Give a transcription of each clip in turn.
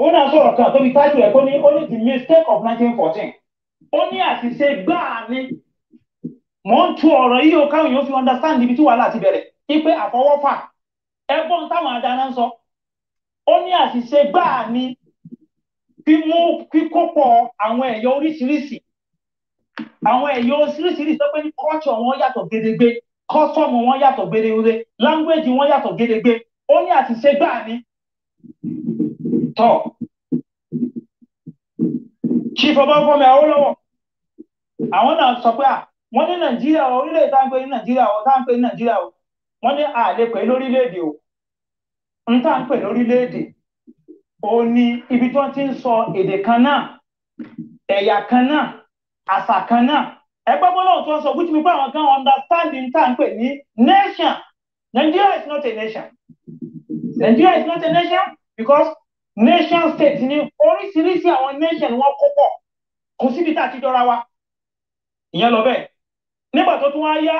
òun náà sọ̀rọ̀ kan tóbi táìtù ẹ̀ kó ní ó the mistake of nineteen fourteen ó ní àṣìṣe gbáà ni mò ń tu ọ̀rọ̀ yìí o fi understand ibi tí wàhálà ti bẹ̀rẹ̀ ipe àfọwọ́fà ẹgbọ́n táwọn adáná ń sọ ó ní àṣìṣe gbáà ni mímú kíkópọ̀ àwọn ẹ̀yà oríṣiríṣi àwọn ẹ̀yà oríṣiríṣi sọ pé ní wọn yàtọ̀ gédégbé, wọn yàtọ̀ tọ chief ọbáfọmi awólọ́wọ̀ Awọn na sọ pé à wọ́n ní nàìjíríà o orílẹ̀ tá ní nàìjíríà o tá ń ní nàìjíríà o wọ́n ní èdè o nta tá ń pè èdè o ni ibi tí wọ́n èdè kan náà ẹ̀yà kan àṣà kan àwọn understand nation Nigeria is not a nation Nigeria is not a nation because nation state ní oríṣiríṣi àwọn nation wọn kó pọ̀ kò síbi tá a ti jọra wa ìyẹn lọ bẹ́ẹ̀ nígbà tó tún wá yá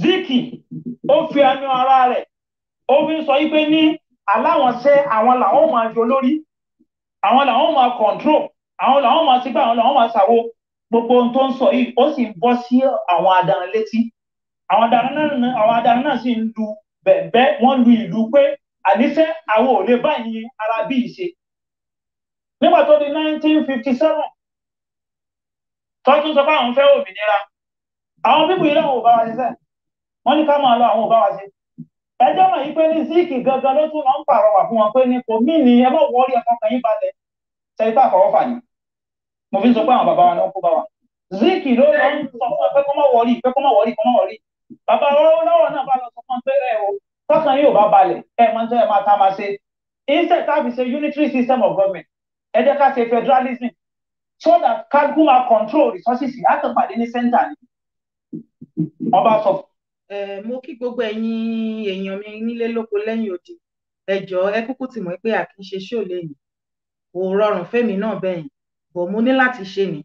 Zik ó fi àmì ara rẹ̀ ó fi ń sọ yí pé ní aláwọn ṣe àwọn làwọn máa jọ lórí àwọn làwọn máa control àwọn làwọn máa sígbà àwọn làwọn máa ṣàwo gbogbo ohun tó ń sọ yìí ó sì ń bọ́ sí àwọn adarí létí àwọn adarí náà sì ń lu bẹ̀ẹ̀bẹ́ wọ́n lu ìlú pé àníṣe àwọn ò lè báyìí ara bí ìṣe nígbà tó di 1957 tọ́jú sọ pé àwọn fẹ́ òmìnira àwọn bíbù yìí làwọn ò bá wa ṣiṣẹ́ wọ́n ní ká máa lọ àwọn ò bá wa ṣe ẹjọ́ mọ̀ yí pé ní síìkì gangan ló tún lọ ń pàrọwà fún wọn pé ní kò mí ni ẹ bá wọrí ẹ kọkàn yín balẹ̀ ṣẹ́yìn tá àfọwọ́ fà ní mo fi ń sọ pé àwọn bàbá wa ni wọ́n kó bá wa síìkì ló lọ ń sọ fún ẹ pé kó má wọrí pé kó má wọrí kó má wọrí bàbá wa láwọn náà bá lọ sọ fún ẹ pé ẹ o tọ́kàn yóò bá balẹ̀ ẹ máa ń tọ́ ẹ máa tá a máa ṣe instead táàbì ṣe unitary system of government ẹ jẹ́ ká ṣe federalism so that kálukú máa control resources àtọ̀pàdé ní center ni wọ́n bá sọ. mo kí gbogbo ẹ̀yin èèyàn mi nílé lóko lẹ́yìn odi ẹ ẹ kúkú tì mọ́ pé àkínṣe ṣó lè yìn kò rọrùn fẹ́mi náà bẹ́yìn bọ̀ mo ní láti ṣe ni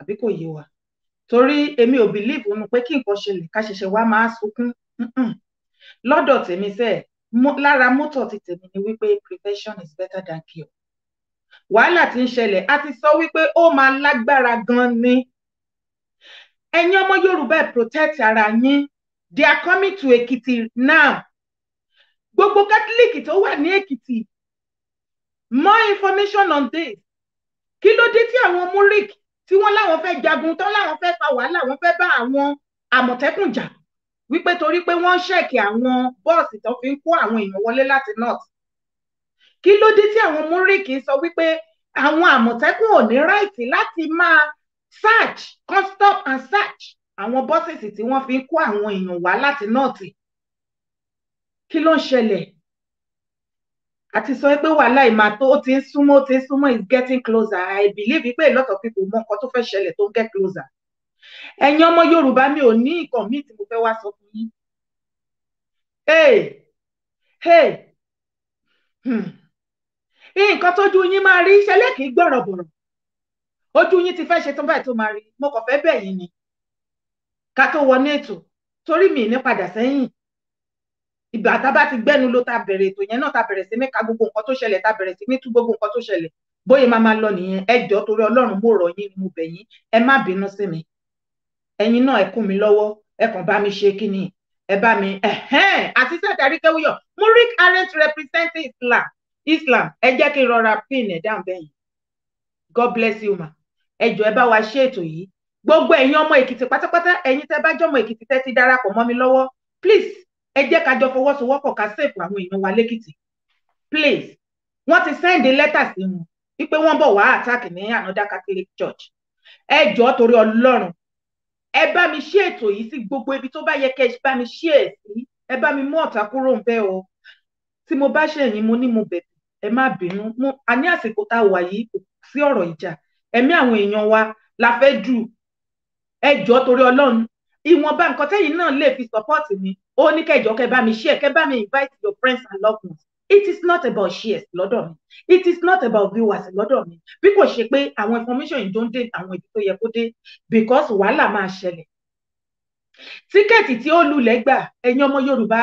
àbí kò yé wa torí èmi ò bìlíìfù nu pé kí nǹkan ṣẹlẹ̀ ká ṣẹ̀ṣẹ̀ wá máa sunkún lọ́dọ̀ tèmi sẹ́ lára mọ́tò ti tèmi ni wípé prevention is better than cure wàhálà tí ń ṣẹlẹ̀ a ti sọ wípé ó máa lágbára gan ni ẹ̀yin ọmọ Yorùbá ẹ̀ protect ara yín they are coming to Ekiti now gbogbo Catholic tó wà ní Ekiti. more information on this kí ló dé tí àwọn Murik tí wọ́n láwọn fẹ́ jagun tán láwọn fẹ́ fa wàhálà wọ́n fẹ́ bá àwọn Àmọ̀tẹ́kùn jà wípé torí pé wọ́n ṣẹ̀kì àwọn bọ́ọ̀sì tó fi ń kó àwọn èèyàn wọlé láti north kí ló dé tí àwọn múríkì sọ wípé àwọn àmọ̀tẹ́kùn ò ní ráìtì láti máa search kan stop and search àwọn bọ́sẹ̀sì tí wọ́n fi ń kó àwọn èèyàn wá láti north kí ló ń ṣẹlẹ̀ àti sọ pé wàhálà ìmàtó ó ti ń súnmọ́ ó ti ń súnmọ́ is getting closer I believe pé a lot of people mọ nǹkan tó fẹ́ ṣẹlẹ̀ tó ń get closer ẹ̀yin ọmọ Yorùbá mi ò ní nǹkan míì tí mo fẹ́ wá sọ fún yín hmm. nǹkan tójú yín máa rí ṣẹlẹ̀ kì í ojú yín ti fẹ́ ṣe tán báyìí tó máa rí mo kàn fẹ́ bẹ̀ yín ni ká tó wọ ní ètò torí mi ní padà sẹ́yìn ìgbà tá bá ti gbẹ́nu ló ta bẹ̀rẹ̀ ètò yẹn náà ta bẹ̀rẹ̀ sí ní ka gbogbo nǹkan tó ṣẹlẹ̀ ta bẹ̀rẹ̀ sí ní tú gbogbo nǹkan tó ṣẹlẹ̀ bóyá máa máa lọ nìyẹn ẹ jọ̀ọ́ torí Ọlọ́run mo rọ̀ yín mo bẹ̀ yín ẹ má bínú sí mi ẹ̀yin náà ẹ kún mi lọ́wọ́ ẹ kàn bá mi ṣe kíni ẹ bá mi àti sẹ́ẹ̀dì àríkẹ́wúyọ̀ Murik aren't representing Islam Islam ẹ jẹ́ kí n rọra pin ẹ̀ dáhùn bẹ́ẹ̀ God bless you ma ẹ jọ̀ọ́ ẹ bá wa ṣe ètò yìí gbogbo ẹ̀yin ọmọ Èkìtì pátápátá ẹ̀yin tẹ́ bá jọmọ Èkìtì tẹ́ ti darapọ̀ mọ́ mi lọ́wọ́ please ẹ jẹ́ ká jọ fọwọ́sowọ́pọ̀ ká sèpù àwọn èèyàn wa lẹ́kìtì please wọ́n ti send a sí wọn wípé wọ́n bọ̀ wá attack ní Another Catholic Church ẹ jọ̀ọ́ torí Ọlọ́run ẹ bá mi ṣí ètò yìí sí gbogbo ibi tó bá yẹ kẹ́ ẹ bá mi ṣí ẹ̀ sí ẹ bá mi mú ọ̀tá kúrò ń bẹ̀ o tí mo bá ṣe yín mo ní mo bẹ̀bẹ̀ ẹ má bínú a ní àsìkò tá a wà yìí kò sí ọ̀rọ̀ ìjà ẹ̀mí àwọn èèyàn wa la fẹ́ dù ẹ jọ̀ọ́ torí Ọlọ́run ìwọ̀nba nǹkan tẹ́yìn náà lè fi support mi ó ní kẹjọ kẹ́ bá mi share kẹ́ bá mi invite your friends and loved ones it is not about shares lọ́dọ̀ mi it is not about viewers lọ́dọ̀ mi bí kò ṣe pé àwọn information yìí tó ń dé àwọn ìdí tó yẹ kó dé because wàhálà máa ṣẹlẹ̀ tíkẹ́ẹ̀tì tí ó lulẹ̀ gbà ẹ̀yin ọmọ Yorùbá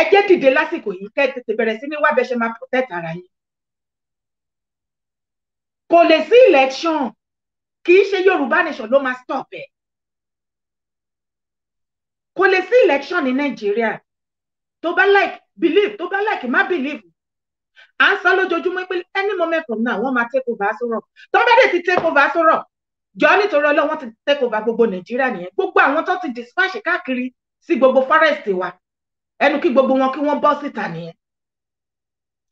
ẹ jẹ́ dìde lásìkò yìí kẹ́ ẹ tètè bẹ̀rẹ̀ sí ní wá bẹ́ẹ̀ ṣe máa protect ara yín kò lè sí election kì í ṣe Yorùbá nation ló máa stop ẹ̀ kò lè sí election ní Nàìjíríà tó bá like believe tó bá like má believe à ń sọ lójoojúmọ́ pé any moment from now wọ́n máa take over aṣọ́rọ̀ tó bá dẹ̀ ti take over aṣọ́rọ̀ jọ nítorí ọlọ́wọ́n ti take over gbogbo nàìjíríà nìyẹn gbogbo àwọn tó ti dispatch káàkiri sí gbogbo forest wa ẹnu kí gbogbo wọn kí wọ́n bọ́ síta nìyẹn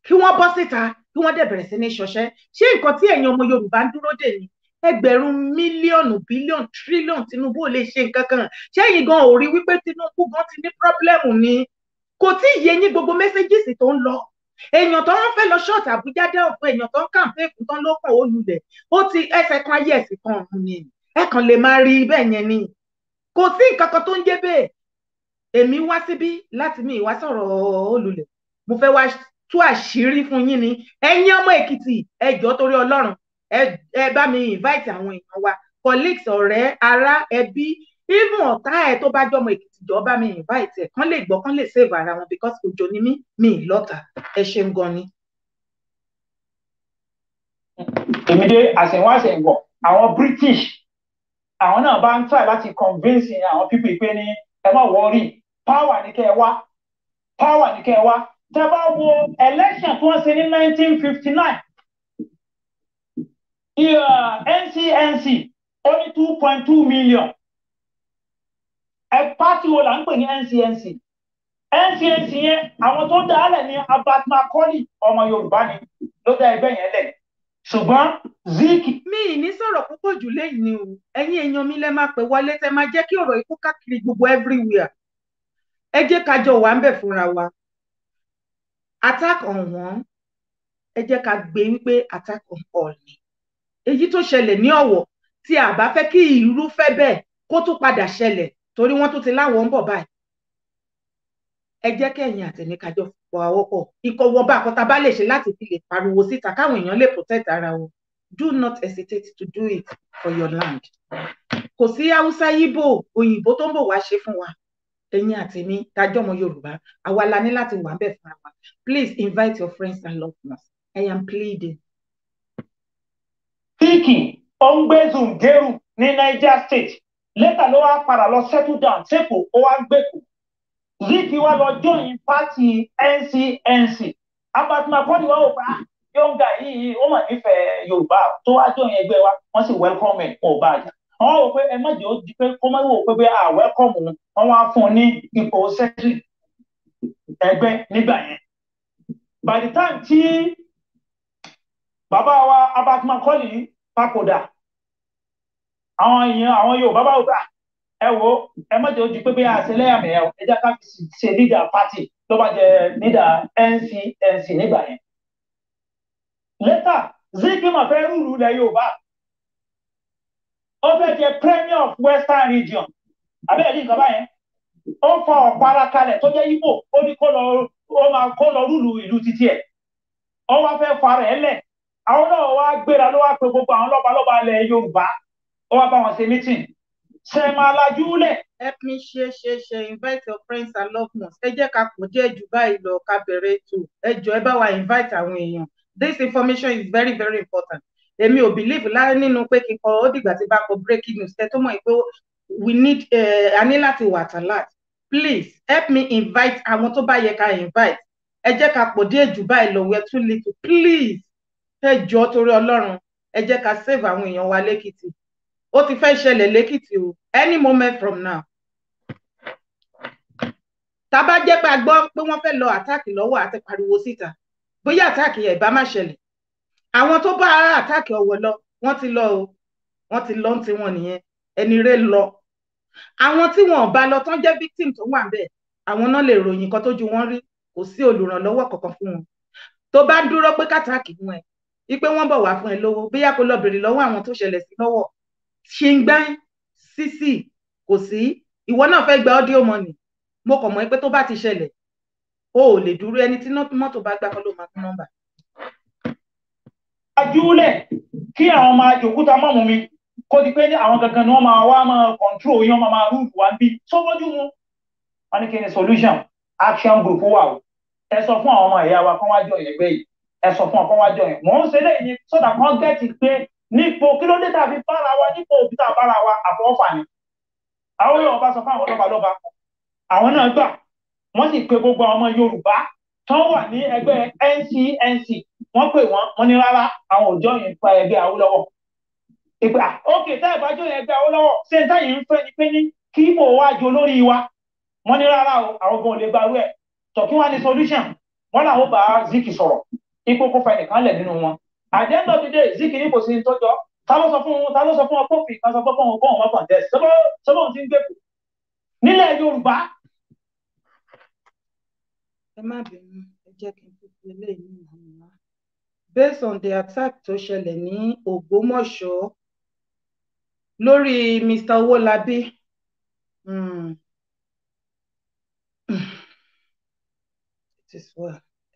kí wọ́n bọ́ síta kí wọ́n dẹ̀ bẹ̀rẹ̀ sí ní ṣọṣẹ́ ṣé nǹkan tí ẹ̀yin ọmọ yorùbá ń dúró dè ní ẹgbẹ̀rún mílíọ̀nù bílíọ̀nù tírílíọ̀nù tinubu ò lè ṣe nǹkan kan ṣé ẹ̀yin gan ò rí wípé tinubu gan ti ní pírọ́blẹ́mù ni kò tí ì yé yín gbogbo mẹ́sẹ́gìsì tó ń lọ èèyàn tó ń fẹ́ lọ ṣọ́ọ̀tì àbújá dé ọ̀pọ̀ èèyàn tó ń kàǹpé fún tán ló pọ̀ ó lulẹ̀ ó ti ẹsẹ̀ kan ayé ẹ̀sìn kan ọ̀hún ni ẹ kàn lè máa rí bẹ́ẹ̀ yẹn ni kò sí nǹkan kan tó ń jẹ́ bẹ́ẹ̀ èmi wá síbí láti mi ìwá sọ̀rọ̀ olùlẹ̀ mo fẹ́ wá tú àṣírí fún yín ni ẹ̀yin ọmọ èkìtì ẹ jọ̀ọ́ torí ọlọ́run ẹ bá mi invite àwọn èèyàn wa colleagues ọ̀rẹ́ ará ẹbí even ọ̀tá ẹ̀ tó bá jọmọ èkìtì jọba mi invite ẹ̀ kán lè gbọ́ kán lè save ara wọn because òjò ni mí mi lọ́tà ẹ ṣeun gan ni. èmi dé àṣẹ̀wọ̀n àṣẹ̀wọ̀ àwọn British àwọn náà bá ń try láti convince àwọn pípé pé ní ẹ má wọrí power ni kẹ́ ẹ wá power ni kẹ́ ẹ wá tẹ bá wo election tí wọ́n ṣe ní 1959 NCNC ó ní 2.2 million ẹ pátì wo là ń pè ní NCNC NCNC yẹn àwọn tó dá lẹ̀ ní Abat Macaulay ọmọ Yorùbá ni ló dá ẹgbẹ́ yẹn lẹ̀ ṣùgbọ́n Zik. mi ì ní sọ̀rọ̀ púpọ̀ jù lẹ́yìn ni o ẹ̀yin èèyàn mi lẹ́ máa pè wọlé tẹ́ máa jẹ́ kí ọ̀rọ̀ ikú káàkiri gbogbo everywhere ẹ jẹ́ ká jọ wà ń bẹ̀ fúnra wa attack on one ẹ jẹ́ ká gbé e wípé attack on all ni èyí tó ṣẹlẹ̀ ní Ọ̀wọ̀ tí a bá fẹ́ kí irúfẹ́ bẹ́ẹ̀ kó tún padà ṣẹlẹ̀ torí wọ́n tún ti láwọn ń bọ̀ báyìí ẹ jẹ́ kẹ́yìn àtẹ̀mí kájọ fọ àwọ́pọ̀ ikọ̀ wọba àkọ́tà bá lè ṣe láti fi lè pariwo síta káwọn èèyàn lè protect ara wọn do not hesitate to do it for your land kò sí haúsá yíbò òyìnbó tó ń bọ̀ wá ṣe fún wa ẹ̀yin àtẹ̀mí tajọ́mọ yorùbá àwa la ní láti wà bẹ́ẹ̀ fún wa please invite your friends and loved ones i am pleading. kíkì ó ń gbé zungeru ní niger state lẹ́tà ló wá padà lọ settle down sẹ́kọ̀ọ́ ó wá gbẹ̀kọ̀ Ziki wá lọ join party NCNC Albert Macaulay wá wò pa ah, yóńgà yìí ó mà nífẹ̀ẹ́ Yorùbá tó wá join ẹgbẹ́ wa wọ́n sì welcome ẹ̀ kó o bá yà wọ́n wò pé ẹ má jẹ́ ó di pé kó má wò pé bí a ah, welcome òun wọ́n wá fún un ní ipò sẹ́kìrì ẹgbẹ́ nígbà yẹn by the time tí bàbá wa Albert Macaulay papòdà àwọn èèyàn àwọn Yorùbá bá wùdà ah, ẹ wo ẹ mọ̀jẹ̀ ojú pé bí a ṣe lẹ́yàmẹ̀ ẹ ẹ jẹ́ ká fi ṣe leader party ló bá jẹ leader NCNC nígbà yẹn. lẹ́tà Zikima fẹ́ rúlu ilẹ̀ Yorùbá ó fẹ́ jẹ premier of Western Region abẹ́ẹ̀lì nǹkan báyẹn ó fa ọ̀pára kalẹ̀ tó jẹ́ Ìgbò ó ní kó lọ ó máa kó lọ rúlu ìlú títí ẹ̀ ó wá fẹ́ fara ẹ̀ lẹ̀ àwọn náà wá gbéra ló wá pe gbogbo àwọn lọ́balọ́ba ilẹ̀ Yorùbá ó wá bá wọn ṣe meeting ṣe máa lajú lẹ̀. help me share share share invite your friends and loved ones ẹ jẹ́ ká kò díẹ̀ jù báyìí lọ ká bẹ̀rẹ̀ ètò ẹ jọ ẹ bá wa invite àwọn èèyàn this information is very very important èmi ò believe láyé nínú pé kíkọ ó dìgbà tí bá kọ breaking news ẹ tó mọ̀ pé we need a ní láti wà alert please help me invite àwọn tó bá yẹ ká invite ẹ jẹ́ ká pọ̀ díẹ̀ jù báyìí lọ we're too little please ẹ jọ torí ọlọ́run ẹ jẹ́ ká save àwọn èèyàn wa lẹ́kìtì ó ti fẹ́ ṣẹlẹ̀ lẹ́kìtì o any moment from now tá a bá jẹ́ pé a gbọ́ pé wọ́n fẹ́ lọ àtáàkì lọ́wọ́ àti pariwo síta bóyá àtáàkì yẹn ìbá má ṣẹlẹ̀ àwọn tó bá ara àtáàkì ọ̀wọ̀ lọ wọ́n ti lọ o wọ́n ti lọ ti wọn nìyẹn ẹni rẹ lọ àwọn tí wọn ò bá lọ tán jẹ́ victim tó wà bẹ́ẹ̀ àwọn náà lè ròyìn kan tójú wọn rí kò sí olùrànlọ́wọ́ kankan fún wọn tó bá dúró pé kàtàkì fún ẹ wípé wọ́n bọ̀ wá fún ẹ lówó bóyá kó lọ bèrè lọ́wọ́ àwọn tó ṣẹlẹ̀ sí lọ́wọ́ ṣe ń gbá sísì kò sí ìwọ náà fẹ́ gba audio money mo kàn mọ̀ pé tó bá ti ṣẹlẹ̀ o ò lè dúró ẹni tí mọ́tò bá gbá kọ́ ló máa fún nọ́mbà. ajúlẹ̀ kí àwọn máa jòkúta mọ́mú mi kó di pé àwọn gangan ni wọ́n máa wá máa kọ̀ǹtró yẹn wọ́n máa rúùbù wá ń bí sọ́wọ́jú mu wọ́n ní kí ni solution action group wà o ẹ sọ fún àwọn ọmọ ìyá wa kán wá jọ yẹn gbé yìí ẹ sọ fún ọ kán wá mò ń ṣe lẹ́yìn sọ́dà kan gẹ́tì pé nípò kí ló dé tá a fi bára wa nípò òbí tá a bára wa àfọwọ́fà ni àwọn yóò bá sọ fún àwọn lọ́ba lọ́ba àwọn náà gbà wọ́n sì pe gbogbo àwọn ọmọ Yorùbá tán wà ní ẹgbẹ́ NCNC wọ́n pè wọ́n wọ́n ní rárá àwọn òjò yẹn pa ẹgbẹ́ Awólọ́wọ̀ ìgbà ókè tá ìbájọ yẹn ẹgbẹ́ Awólọ́wọ̀ ṣé níta yìí ń fẹ́ ni pé ní kí mò wá jo lórí wa wọ́n ní rárá o àwọn gan ò lè gbarú ẹ̀ tọ́kí wá ní solution wọ́n làwọn bá Zik sọ̀rọ̀ ipò kó fa ẹnìkan lẹ̀ nínú wọn at the end of the kò sí tọ́jọ́ ta ló sọ fún ta ló sọ fún ọkọ̀ fìkà sọ fún ọkọ̀ ọmọ kọ̀ǹtẹ́sì sọ́bọ̀n ti ń gbé nílẹ̀ Yorùbá. ẹ má bínú ẹ jẹ́ kí n fi fi eléyìí ní ìhànà based on the attack tó ṣẹlẹ̀ ní Ògbómọ̀ṣọ́ lórí Mr. Owólabí. Mm.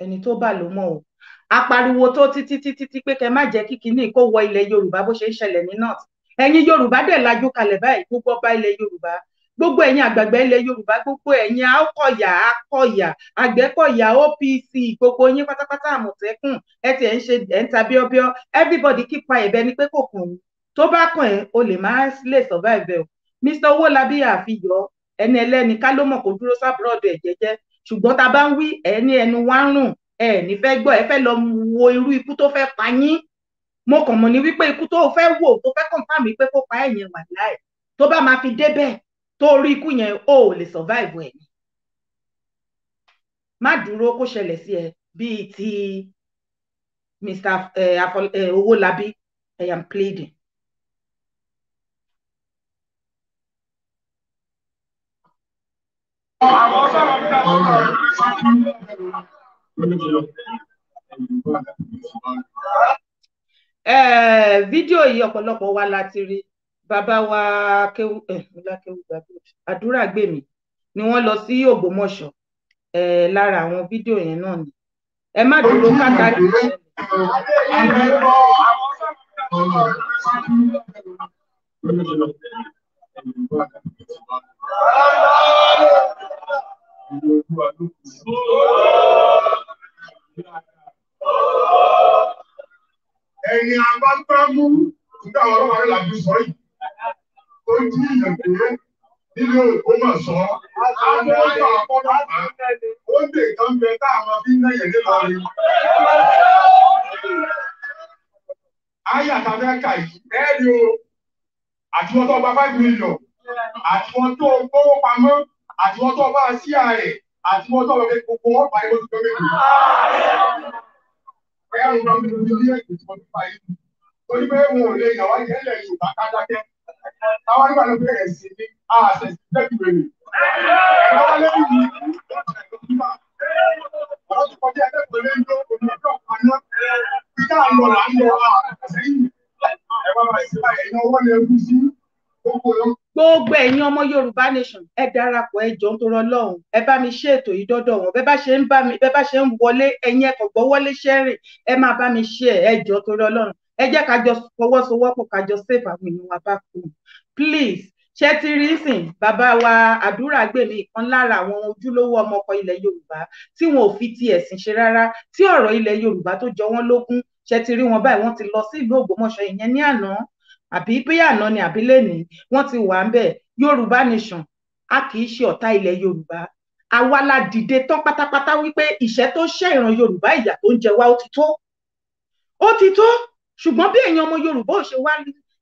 ẹni tó bá ló mọ̀ o apariwo tó títí títí tí pé kẹ má jẹ́ kí kinní kó wọ ilẹ̀ yorùbá bó ṣe ń ṣẹlẹ̀ ní north ẹ̀yin yorùbá dẹ̀ lajú kalẹ̀ báyìí gbogbo ọba ilẹ̀ yorùbá gbogbo ẹ̀yin àgbàgbà ilẹ̀ yorùbá gbogbo ẹ̀yin akọ̀yà akọ̀yà àgbẹ̀kọ̀yà opc gbogbo yín pátápátá àmọ̀tẹ́kùn ẹ ti ń ṣe ẹ̀ ń ta bíọ́bíọ́ everybody keep quiet bẹ́ẹ̀ ni pé kò kàn yín tó bá kàn ẹ́ o lè má lè survive ẹ̀ o mr owólabí àfihàn ẹni ẹlẹ́ni ká ló mọ̀ kó dúró sábúrọ̀dù ẹ̀ jẹ́jẹ́ ṣùgbọ́n tá a bá ń wí ẹni ẹnu wá ń rùn ẹ ní fẹ́ gbọ́ ẹ fẹ́ lọ wo irú ikú tó fẹ́ pa yín mo kàn mọ̀ ní wípé ikú tó fẹ́ wò tó fẹ́ confirm pé kó pa ẹ̀yẹn wà láì tó bá máa fi débẹ̀ tó rí ikú yẹn o ò lè survive ẹ̀ ni má dúró kó ṣẹlẹ̀ sí ẹ bíi ti Mr. Owólabí I am pleading. Àwọn sọ̀rọ̀ bí ká lọ́kọ̀ọ́ fídíò yìí ọ̀pọ̀lọpọ̀ wa la ti rí bàbá wa kéwú àdúrà gbèmí ni wọ́n lọ sí Ògbómọ̀ṣọ́ lára àwọn fídíò yẹn náà ni ẹ má dúró káàkiri. Thank you. Ẹ̀yin agbágbámú nígbà ọ̀rọ̀ wa là ń sọ yìí. Ó jí ìyàn pé nínú òkú mà sọ. Àwọn ọjọ́ àkọ́kọ́ bá ó dè kan bẹ tá a máa fi ń lẹ́yìn nílọrin. Ayé àtàbẹ́ kà yìí, ẹ̀rí o, àti wọ́n tó gba five million, àti wọ́n tó gbówó pamọ́, àti wọ́n tó bá a sí ààrẹ. E, àti wọ́n tọ̀wọ́ pé gbogbo wọn pa ìwọ́n tó méjì. Ẹ̀yà ń gbọ́ mi lórí ilé ìgbè tí wọ́n ti pa ìlú. Torí pé wọn ò lè yàwá jẹ́ ilẹ̀ Yorùbá kájákẹ́. Táwọn nígbà ló bẹ̀rẹ̀ sí ní àṣẹ ìtẹ́jú rẹ̀. Ẹ̀yà wọlé ìlú ọ̀rọ̀ tó kọjá ẹgbẹ́ pẹ̀lú ẹjọ́ omi ẹjọ́ kaná. Ìjà ń lọ là ń lọ àtẹ̀sẹ́yìn. Ẹ̀wọ̀n bá ìsìlá ẹ̀yàn wọlé ẹgúsí gbogbo ẹ̀yin ọmọ yorùbá nation ẹ darapọ̀ ẹ jọ ń torọ lọ́hùn ẹ bá mi ṣe ètò yìí dọ́dọ̀ wọn bẹ́ẹ̀ bá ṣe ń bá mi bẹ́ẹ̀ bá ṣe ń wọlé ẹ̀yin ẹ̀kọ́ gbọ́ wọlé ṣẹ́rìn ẹ máa bá mi ṣe ẹ jọ torọ lọ́rùn ẹ jẹ́ ká jọ fọwọ́sowọ́pọ̀ ká jọ save àwọn èèyàn wa bá kú please ṣé ti rí sìn bàbá wa àdúrà gbèmí kan lára àwọn ojúlówó ọmọkọ ilẹ̀ yorùbá tí wọn ò fi ti ẹ̀sìn ṣe rárá tí ọ̀rọ̀ ilẹ̀ yorùbá tó jọ wọ́n lógún ṣé ti rí wọn báyìí wọ́n ti lọ sí ìlú ògbómọ̀ṣọ́ ìyẹn ní àná àbí bóyá àná ni àbí lẹ́nìí wọ́n ti wà ń bẹ̀ yorùbá nation a kì í ṣe ọ̀tá ilẹ̀ yorùbá àwa la dìde tán pátápátá wípé ìṣẹ́ tó ṣẹ́ ìran yorùbá ìyà tó ń jẹ wá ó ti tó ó ti tó ṣùgbọ́n bí èèyàn ọmọ yorùbá ò ṣe wá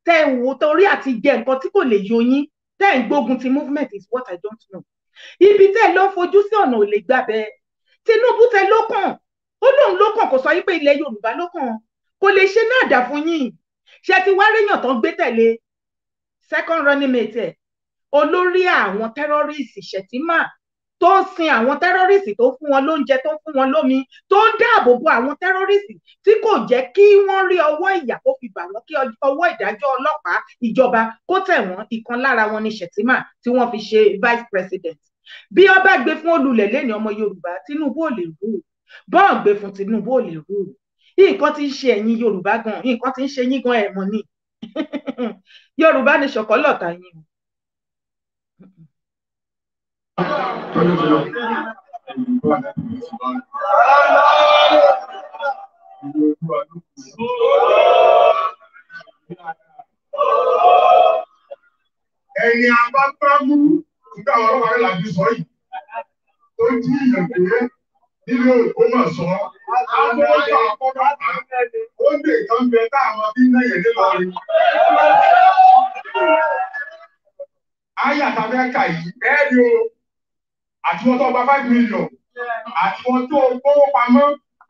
tẹ wò torí àti jẹ nǹkan tí kò lè yoyin tẹ ń gbógun ti movement is what i don't know ibi tẹ lọ fojú sí ọ̀nà ò lè gbà bẹ́ẹ̀ tinubu tẹ lọ́kàn ó lóun lọ́kàn kò sọ wípé ilẹ̀ yorùbá lọ́kàn kò lè ṣe náà dà fún yín ṣé ti wá réyàn tó ń gbé tẹ̀lé second running mate ẹ̀ olórí àwọn tẹ́rọ́rìsì Shettima tó ń sin àwọn tẹ́rọ́rìsì tó ń fún wọn lóúnjẹ tó ń fún wọn lómi tó ń dáàbò bo àwọn tẹ́rọ́rìsì tí kò jẹ́ kí wọ́n rí ọwọ́ ìyà kó fi bà wọ́n kí ọwọ́ ìdájọ́ ọlọ́pàá ìjọba kó tẹ̀ wọ́n ìkan lára wọn ni Shettima tí wọ́n fi ṣe vice president bí ọba gbé fún olùlẹ̀ lẹ́ni ọmọ Yorùbá Tinubu ò lè rú bọ́ọ̀ gbé fún Tinubu ò lè rú nǹkan tí ń ṣe ẹ̀yin yorùbá gan nǹkan tí ń ṣe yín gan ẹ̀ mọ̀ ni yorùbá ni ṣọ̀kọ́ yín o. ẹ̀yin abáfáàmù nígbà wọn wà sọ yìí tó jí ìyàn nínú Ògbómọ̀ṣọ́ àwọn ọjọ́ àkọ́kọ́ ó dé kan bẹ tá àwọn bí náà yẹn nílọrin. ayé àtàwọn ẹ̀ka yìí bẹ́ẹ̀ o àti wọn tó gba five million àti wọn tó gbówó pamọ́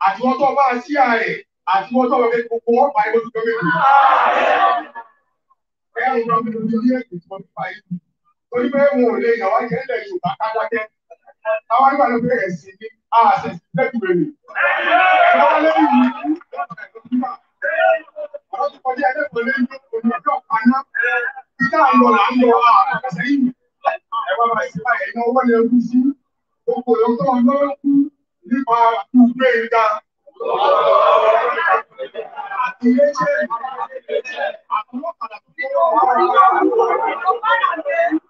àti wọn tó bá a sí ààrẹ àti wọn tó wọlé gbogbo wọn bá ẹgbẹ́ tuntun méjì. ẹ̀rù náà ló ní ilé ẹ̀kọ́ tí wọ́n fi fa ò lè yàn jẹ́ ilẹ̀ Yorùbá káwọ́ jẹ́ àwọn àgbà ló bẹ̀rẹ̀ sí ní àṣẹ lẹ́gbẹ̀rẹ̀ ẹ̀rọ lẹ́yìn yìí ọ̀rọ̀ tó kọjá ẹlẹ́gbẹ̀rẹ̀ lẹ́yìn omi ọjọ́ paná títà ń lọ là ń lọ àkàṣẹ yìí ẹ̀wọ̀n máa ṣe báyìí ẹ̀yìn ọwọ́ lè sí gbogbo ìyọ̀ tó ń lọ́wọ́ kú nípa kú gbé e ga. tó ń bọ̀ wá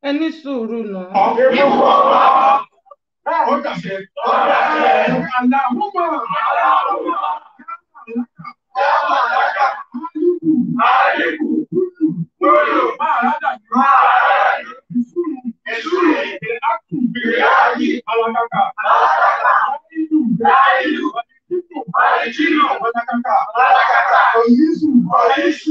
ẹ ní sùúrù náà. ọ̀gbìn mú kọ́ ọ́ dàṣẹ. ọ́ dàṣẹ. àlà àwùmọ̀. àlà àwùmọ̀. yàrá àlàkà. àlùkù. àlùkù. lóyò. máa rádà jù. máa rádà jù. ìṣúlù. ìṣúlù. ìlàkùn. ìlàkì. àlàkàkà. àlàkàkà. Brasil, Valentino, Maracatá, Isso, Valente,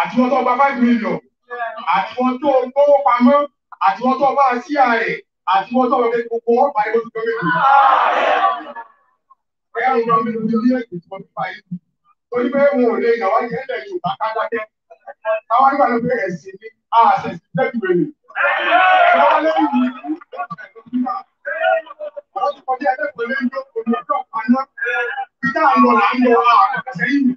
àti wọn tó gba five million àti wọn tó gbówó pamọ́ àti wọn tó bá a sí ààrẹ àti wọn tó wọlé gbogbo wọn bá yóò tó méjì. ẹ̀yà ń rán mi lórí ilé ẹ̀jẹ̀ tí wọ́n fi báyìí torí pé wọn ò lè yàwá ní ẹ̀jẹ̀ Yorùbá kájákẹ́ táwọn nígbà ló bẹ̀rẹ̀ sí ní àṣẹ sí lẹ́gbẹ̀ẹ́ rẹ̀. táwọn lẹ́yìn ní ìlú ọ̀rọ̀ tó kọjá ẹgbẹ́ pẹ̀lú ẹgbẹ́ pẹ̀lú ọjọ́ kan náà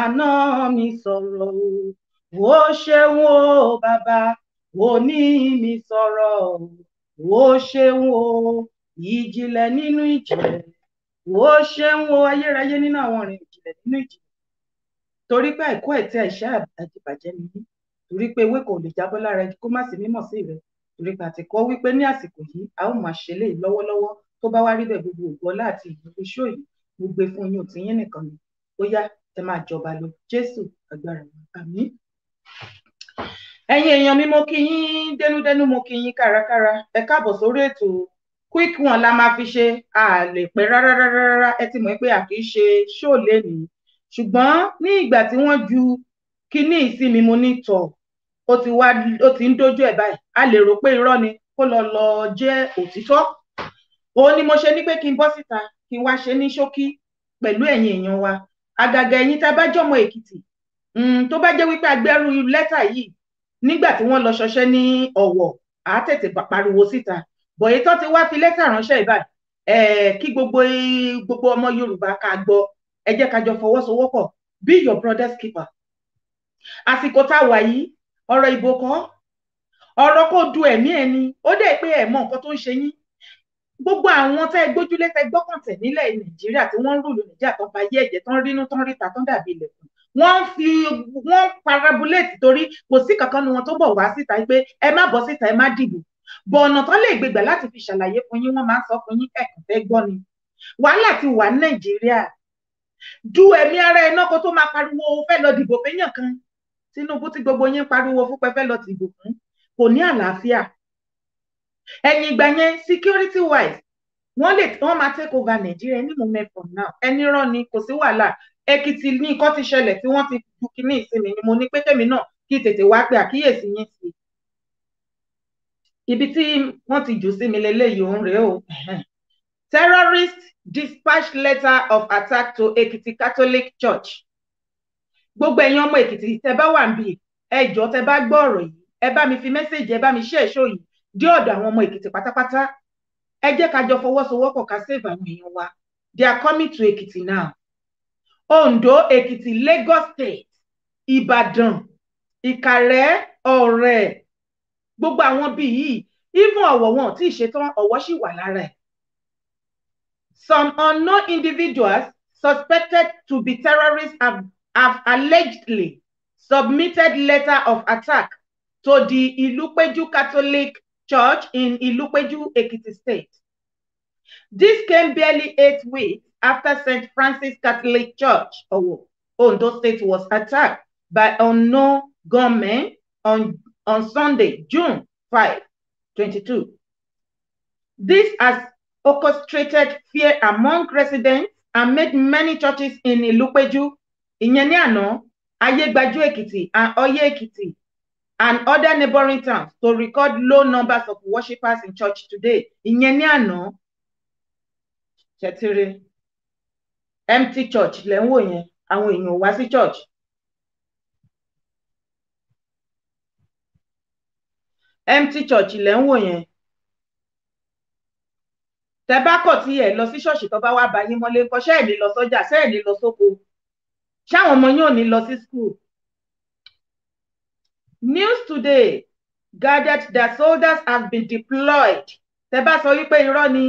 àná mi sọ̀rọ̀ o wo ṣeun o bàbá òní mi sọ̀rọ̀ o wo ṣeun o ìjìnlẹ̀ nínú ìjìnlẹ̀ wo ṣeun o ayérayé nínú àwọn ọ̀rìn ìjìnlẹ̀ nínú ìjìnlẹ̀ torí pé àìkú ẹ̀tí àìṣe àjẹbàjẹ́ ni mí torí pé ewé kò lè jábọ́ lára igi kó má sì mímọ̀ sí rẹ̀ torí pé àti kọ́ wípé ní àsìkò yìí a ó máa ṣe léyìí lọ́wọ́lọ́wọ́ tó bá wá rí bẹ́ẹ̀ gbogbo ògbọ́lá àti ìgbòho yìí mo gbé yín òtí yín nìkan ni ó yá tẹ máa jọba lọ jésù agbára wa àmín. ẹ̀yin èèyàn mi mo kí yín dẹnudẹnu mo kí yín kárakára ẹ káàbọ̀ sórí ètò quick one la máa fi ṣe a lè pẹ́ rárá rárá rárá ẹ ti mọ̀ pé a kì í ṣe ṣóò lẹ́nu ṣùgbọ́n ní ìgbà tí wọ́n ju kinní ìsinmi mo ní tọ̀ ó ti ń dójú ẹ̀ báyìí a lè rò pé irọ́ ni kó lọ lọ jẹ́ òtítọ́ òun ni mo ṣe ní pé kí n bọ́ síta kí n wá ṣe ní ṣókí pẹ̀lú ẹ̀yin èèyàn wa àgàgà ẹ̀yin tá a bá jọmọ èkìtì mm, tó bá jẹ́ wípé agbẹ́rú lẹ́tà yìí nígbà tí wọ́n lọ ṣọṣẹ́ ní ọ̀wọ̀ àá tètè pariwo síta bọ̀yé tó ti wá fi lẹ́tà ránṣẹ́ ìbáyìí kí gbogbo gbogbo ọmọ yorùbá ká gbọ́ ẹ jẹ́ ká jọ fọwọ́sowọ́pọ̀ be your brother's keeper àsìkò tá a wà yìí ọ̀rọ̀ ìbò kọ́ ọ̀rọ̀ kò du ẹ̀mí ẹni ó dẹ̀ pé ẹ̀ mọ nǹkan tó ń ṣe yín gbogbo àwọn tẹ́ gbójúlé tẹ́ gbọ́kàntẹ̀ nílẹ̀ nàìjíríà tí wọ́n ń rúlu nàìjíríà tó ń ba ayé ẹ̀jẹ̀ tó ń rínú tó ń ríta tó ń dàbí ilẹ̀kùn wọ́n ń fi wọ́n parabulate torí kò sí kankan nu wọn tó bọ̀ wá síta pé ẹ má bọ́ síta ẹ má dìbò bọ̀ ọ̀nà tán lè gbégbà láti fi ṣàlàyé fún yín wọ́n máa ń sọ fún yín ẹ̀kàn fẹ́ gbọ́ ni wàhálà ti wà ní nàìjíríà du ẹ̀mí ara ẹ̀ kó tó máa pariwo fẹ́ lọ dìbò fẹ́yàn kan Tinubu tí gbogbo yín pariwo fún fẹ́ lọ dìbò fún kò ní àlàáfíà ẹ̀yìn ìgbà yẹn security wise wọ́n lè wọ́n máa take over Nàìjíríà any moment from now ẹni rán ni kò sí wàhálà Èkìtì ní nǹkan ti ṣẹlẹ̀ tí wọ́n ti ju kínní ìsinmi ni mo ní pé tèmi náà kí tètè wá pé àkíyèsí yín sí ibi tí wọ́n ti jù sí mi lélẹ́yìí òun rèé o terrorist dispatch letter of attack to Èkìtì Catholic Church gbogbo ẹ̀yin ọmọ Èkìtì tẹ́ bá wà níbí ẹ jọ̀ọ́ tẹ́ bá gbọ́ ọ̀rọ̀ yìí ẹ bá mi fi mẹ́sẹ̀gì ẹ bá mi ṣe èso yìí dé ọ̀dọ̀ àwọn ọmọ Èkìtì pátápátá ẹ jẹ́ ká jọ fọwọ́sowọ́pọ̀ ká save àwọn èèyàn wa they are coming to Èkìtì now Ondo Èkìtì Lagos State Ìbàdàn Ìkàrẹ́ Ọ̀rẹ́ gbogbo àwọn bíi yìí even Ọ̀wọ̀ wọn tí ì ṣetán sì wà lára ẹ̀ some unknown individuals suspected to be terrorists have, have allegedly submitted letter of attack to the Ilupeju Catholic Church in Ilupeju, Ekiti State. This came barely eight weeks after St. Francis Catholic Church, Ondo State, was attacked by unknown gunmen on, on Sunday, June 5, 22. This has orchestrated fear among residents and made many churches in Ilupeju, Inyaniano, Ayegbaju Ekiti, and Oye Ekiti and other neighboring towns to record low numbers of worshippers in church today. Ìyẹn ní àná. Empty church lẹ̀ ń wò yẹn. Àwọn èèyàn church. Empty church lẹ̀ ń wò yẹn. Tẹ bá kọ̀ tí ẹ̀ lọ sí ṣọ́ọ̀ṣì tó bá wá bá yín mọ́lé ńkọ́, ṣé ẹ̀ lè lọ sọ́jà, ṣé ẹ̀ lè lọ sóko? Ṣé àwọn ọmọ yín school? news today gathered that soldiers have been deployed tẹ bá sọ wípé irọ́ ni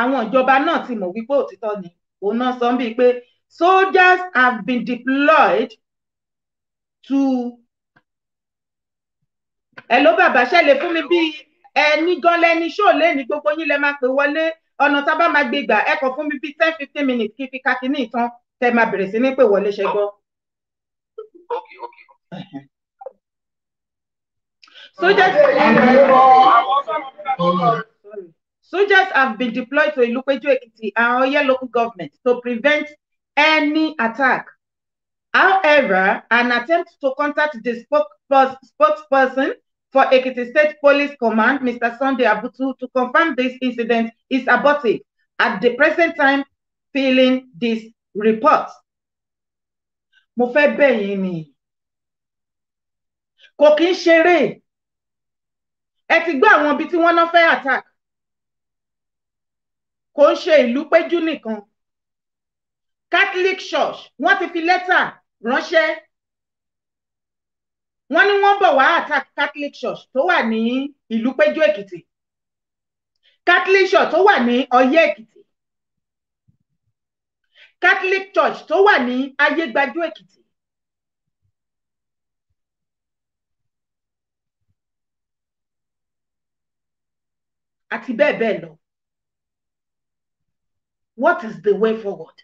àwọn ìjọba náà ti mọ̀ wípé òtítọ́ ni òun náà sọ bíi pé soldiers have been deployed to ẹ ló bàbá ṣẹlẹ̀ fún mi bíi ẹni gan lẹni ṣó lé gbogbo yín lẹ máa pè wọlé ọ̀nà tá a bá máa gbé gbà ẹ kọ fún mi bíi ten fifteen minutes kí fi kakí ní ìtàn tẹ máa bẹ̀rẹ̀ sí ní pè wọlé ṣẹgbọ́. ok Soldiers, soldiers have been deployed to Ilupeju Ekiti and Oye local government to prevent any attack. However, an attempt to contact the spokesperson for Ekiti State Police Command, Mr. Sunday Abutu, to confirm this incident is aborted at the present time, filling this report. Mo fẹ́ bẹ̀yìn ni. Kò kí ṣeré. ẹ ti gbọ́ àwọn ibi tí wọ́n náà fẹ́ attack kò ń ṣe ìlú péjú nìkan Catholic Church wọ́n ti fi lẹ́tà ránṣẹ́ wọ́n ní wọ́n bọ̀ wá attack Catholic Church tó wà ní ìlú péjú Èkìtì Catholic Church tó wà ní Ọ̀yẹ́ Èkìtì Catholic Church tó wà ní Ayégbájú Èkìtì àti bẹ́ẹ̀ bẹ́ẹ̀ lọ what is the way forward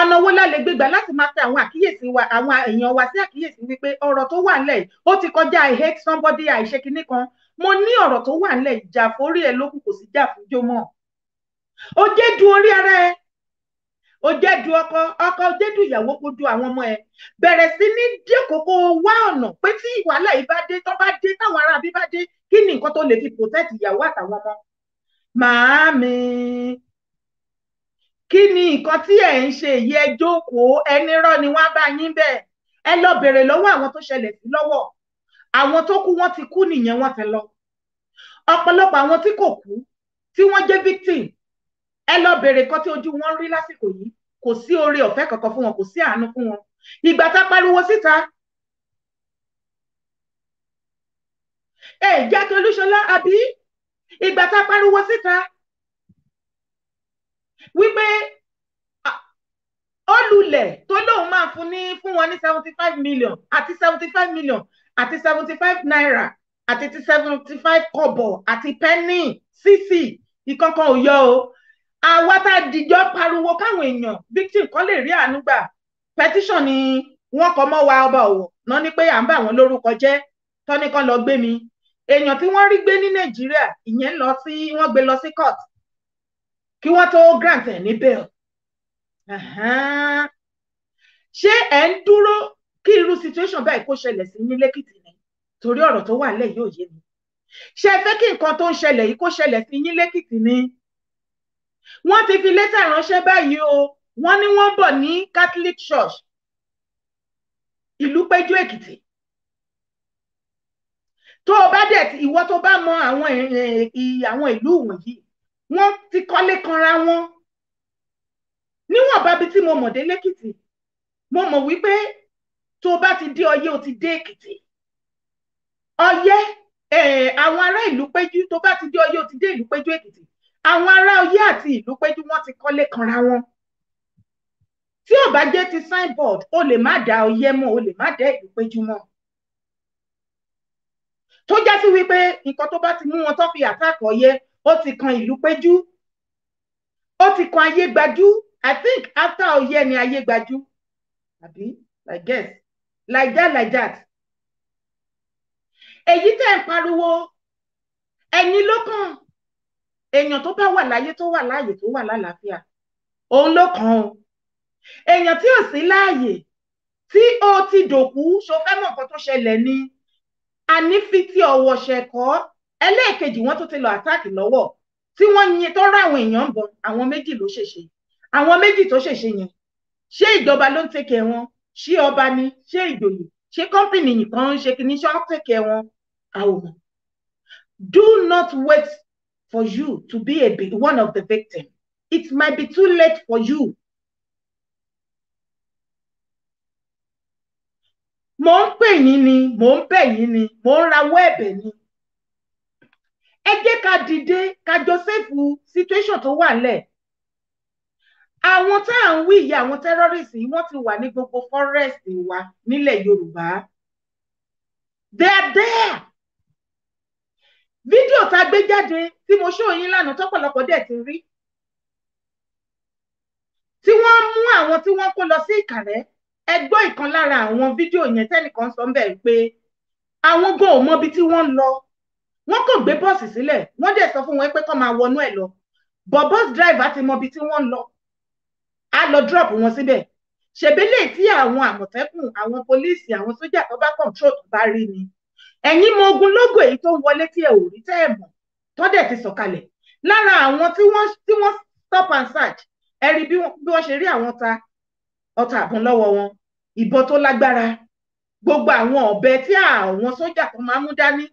ọ̀nà wo la lè gbégbà láti máa pe àwọn àkíyèsí wa àwọn èèyàn wa sí àkíyèsí wípé ọ̀rọ̀ tó wà nílẹ̀ ó ti kọjá i hate somebody àìṣe kinní kan mo ní ọ̀rọ̀ tó wà nílẹ̀ ìjà forí ẹ lókùn kò sí jà fúnjó mọ́ ó jẹ́ du orí ara ẹ ó jẹ́ du ọkọ ọkọ ó jẹ́ du ìyàwó kó du àwọn ọmọ ẹ bẹ̀rẹ̀ sí ní díẹ̀ kókó wá ọ̀nà pé tí wàhálà yìí bá dé tó bá dé táwọn ará bí bá dé kí ni nǹkan tó lè fi protect ìyàwó àtàwọn ọmọ màámi kí ni nǹkan tí ẹ̀ ń ṣe yìí jókòó ẹni rọ́ ni wọ́n bá yín bẹ́ẹ̀ ẹ lọ bèrè lọ́wọ́ àwọn tó ṣẹlẹ̀ sí lọ́wọ́ àwọn tó kú wọ́n ti kú nìyẹn wọ́n ti lọ ọ̀pọ̀lọpọ̀ àwọn tí kò kú tí wọ́n jẹ́ victim ẹ lọ bèrè nǹkan tí ojú wọn rí lásìkò yìí kò sí oore ọ̀fẹ́ kankan fún wọn kò sí àánú fún wọn ìgbà tá pariwo síta ẹ jẹ́ kí Olúṣọlá àbí ìgbà tá a pariwo síta wípé olùlẹ̀ tó lóun máa fún ní fún wọn ní seventy five million àti seventy five million àti seventy five naira àti ti seventy five kọ́bọ̀ àti penny. sísì ìkankan ò yọ o àwa tá a dìjọ pariwo káwọn èèyàn victim kan lè rí àánú gbà petition ni wọ́n kọ mọ́ wa ọba òwò náà ni pé à ń bà wọ́n lórúkọ jẹ́ tọ́nìkan lọ gbé mi èèyàn tí wọ́n rí gbé ní nàìjíríà ìyẹn lọ sí wọ́n gbé lọ sí court kí wọ́n tó grant ẹ̀ ní bail ṣé ẹ ń dúró kí irú situation báyìí kó ṣẹlẹ̀ sí ní lẹ́kìtì ni torí ọ̀rọ̀ tó wà lẹ̀ yóò yé mi ṣé ẹ fẹ́ kí nǹkan tó ń ṣẹlẹ̀ yìí kó ṣẹlẹ̀ sí yín lẹ́kìtì ni wọ́n ti fi lẹ́tà ránṣẹ́ báyìí o wọ́n ní wọ́n bọ̀ ní Catholic Church ìlú péjú èkìtì tó o bá dẹ̀ ìwọ tó bá mọ àwọn àwọn ìlú wọ̀nyí wọ́n ti kọ́lé kanra wọn níwọ̀n bábi tí mo mọ̀ dé lẹ́kìtì mo mọ̀ wípé tó o bá ti dé ọyẹ́ o ti dé èkìtì ọyẹ́ àwọn ará ìlú péjú tó bá ti dé ọyẹ́ o ti dé ìlú péjú èkìtì àwọn ará ọyẹ́ àti ìlú péjú wọ́n ti kọ́lé kanra wọn tí ò bá jẹ́ ti signboard o lè má dá ọyẹ́ mọ́ o lè má dá ìlú péjú mọ́ tó já sí wípé nǹkan tó bá ti mú wọn tó fi àtàkọ yẹ ó ti kan ìlú péjú ó ti kan ayé gbajú i think after oyè ni ayé gbajú àbí i guess like that like that èyí tẹ́ ń pariwo ẹni ló kàn èèyàn tó bá wà láyé tó wà láàyè tó wà lálàáfíà òun ló o èèyàn tí ò sí láàyè tí ó ti dòkú ṣo fẹ́ mọ̀ nǹkan tó ṣẹlẹ̀ ni ànífítì ọ̀wọ̀ṣẹ̀kọ́ ẹlẹ́ẹ̀kejì wọ́n tó ti lọ àtáàkì lọ́wọ́ tí wọ́n yin tó rá àwọn èèyàn bọ̀ àwọn méjì ló ṣèṣe àwọn méjì tó ṣèṣe yẹn ṣé ìjọba ló ń tẹkẹ wọn ṣé ọba ni ṣé ìjòyè ṣé kọ́ńpìnì nìkan ń ṣe kìíní ṣé wọ́n tẹkẹ wọn àwòrán do not wait for you to be a, one of the victims it might be too late for you mò ń pè yín ni mò ń bẹ̀ yín ni mò ń rawọ́ ẹ̀bẹ̀ ni ẹ jẹ́ ká dìde ká jọ sẹ́fù situation tó wà lẹ̀ àwọn tá à ń wí ìyá àwọn tẹ́rọ́rìsì wọ́n ti wà ní gbogbo forest wa nílẹ̀ Yorùbá they are there fídíò tá a gbé jáde tí mo ṣó yín lánàá tọ́pọ̀lọpọ̀ dẹ̀ ti rí tí wọ́n mú àwọn tí wọ́n kó lọ sí Ìkàrẹ́ ẹ gbọ́ ìkan lára àwọn fídíò yẹn tẹ́nìkan sọ bẹ́ẹ̀ pé àwọn gan ò mọbi tí wọ́n ń lọ wọ́n kò gbé bọ́ọ̀sì sílẹ̀ wọ́n dẹ̀ sọ fún wọn pé kó máa wọnú ẹ̀ lọ bọ̀ bọ́ọ̀sì dráìvà ti mọbi tí wọ́n ń lọ á lọ drop wọn síbẹ̀ ṣèbélé tí àwọn àmọ̀tẹ́kùn àwọn pólíìsì àwọn sójà tó bá control tó bá rí ni ẹ̀yin mọ ogun lógo èyí tó ń wọlé tí ẹ ò rí tẹ́ ẹ̀ mọ̀ tó dẹ̀ ti sọ̀kalẹ̀ lára àwọn tí wọ́n stop and search ẹ rí bí wọ́n ṣe rí àwọn ta ọta àbọn lọ́wọ́ wọn ìbọn tó lágbára gbogbo àwọn ọ̀bẹ tí àwọn sójà kan máa ń mú dání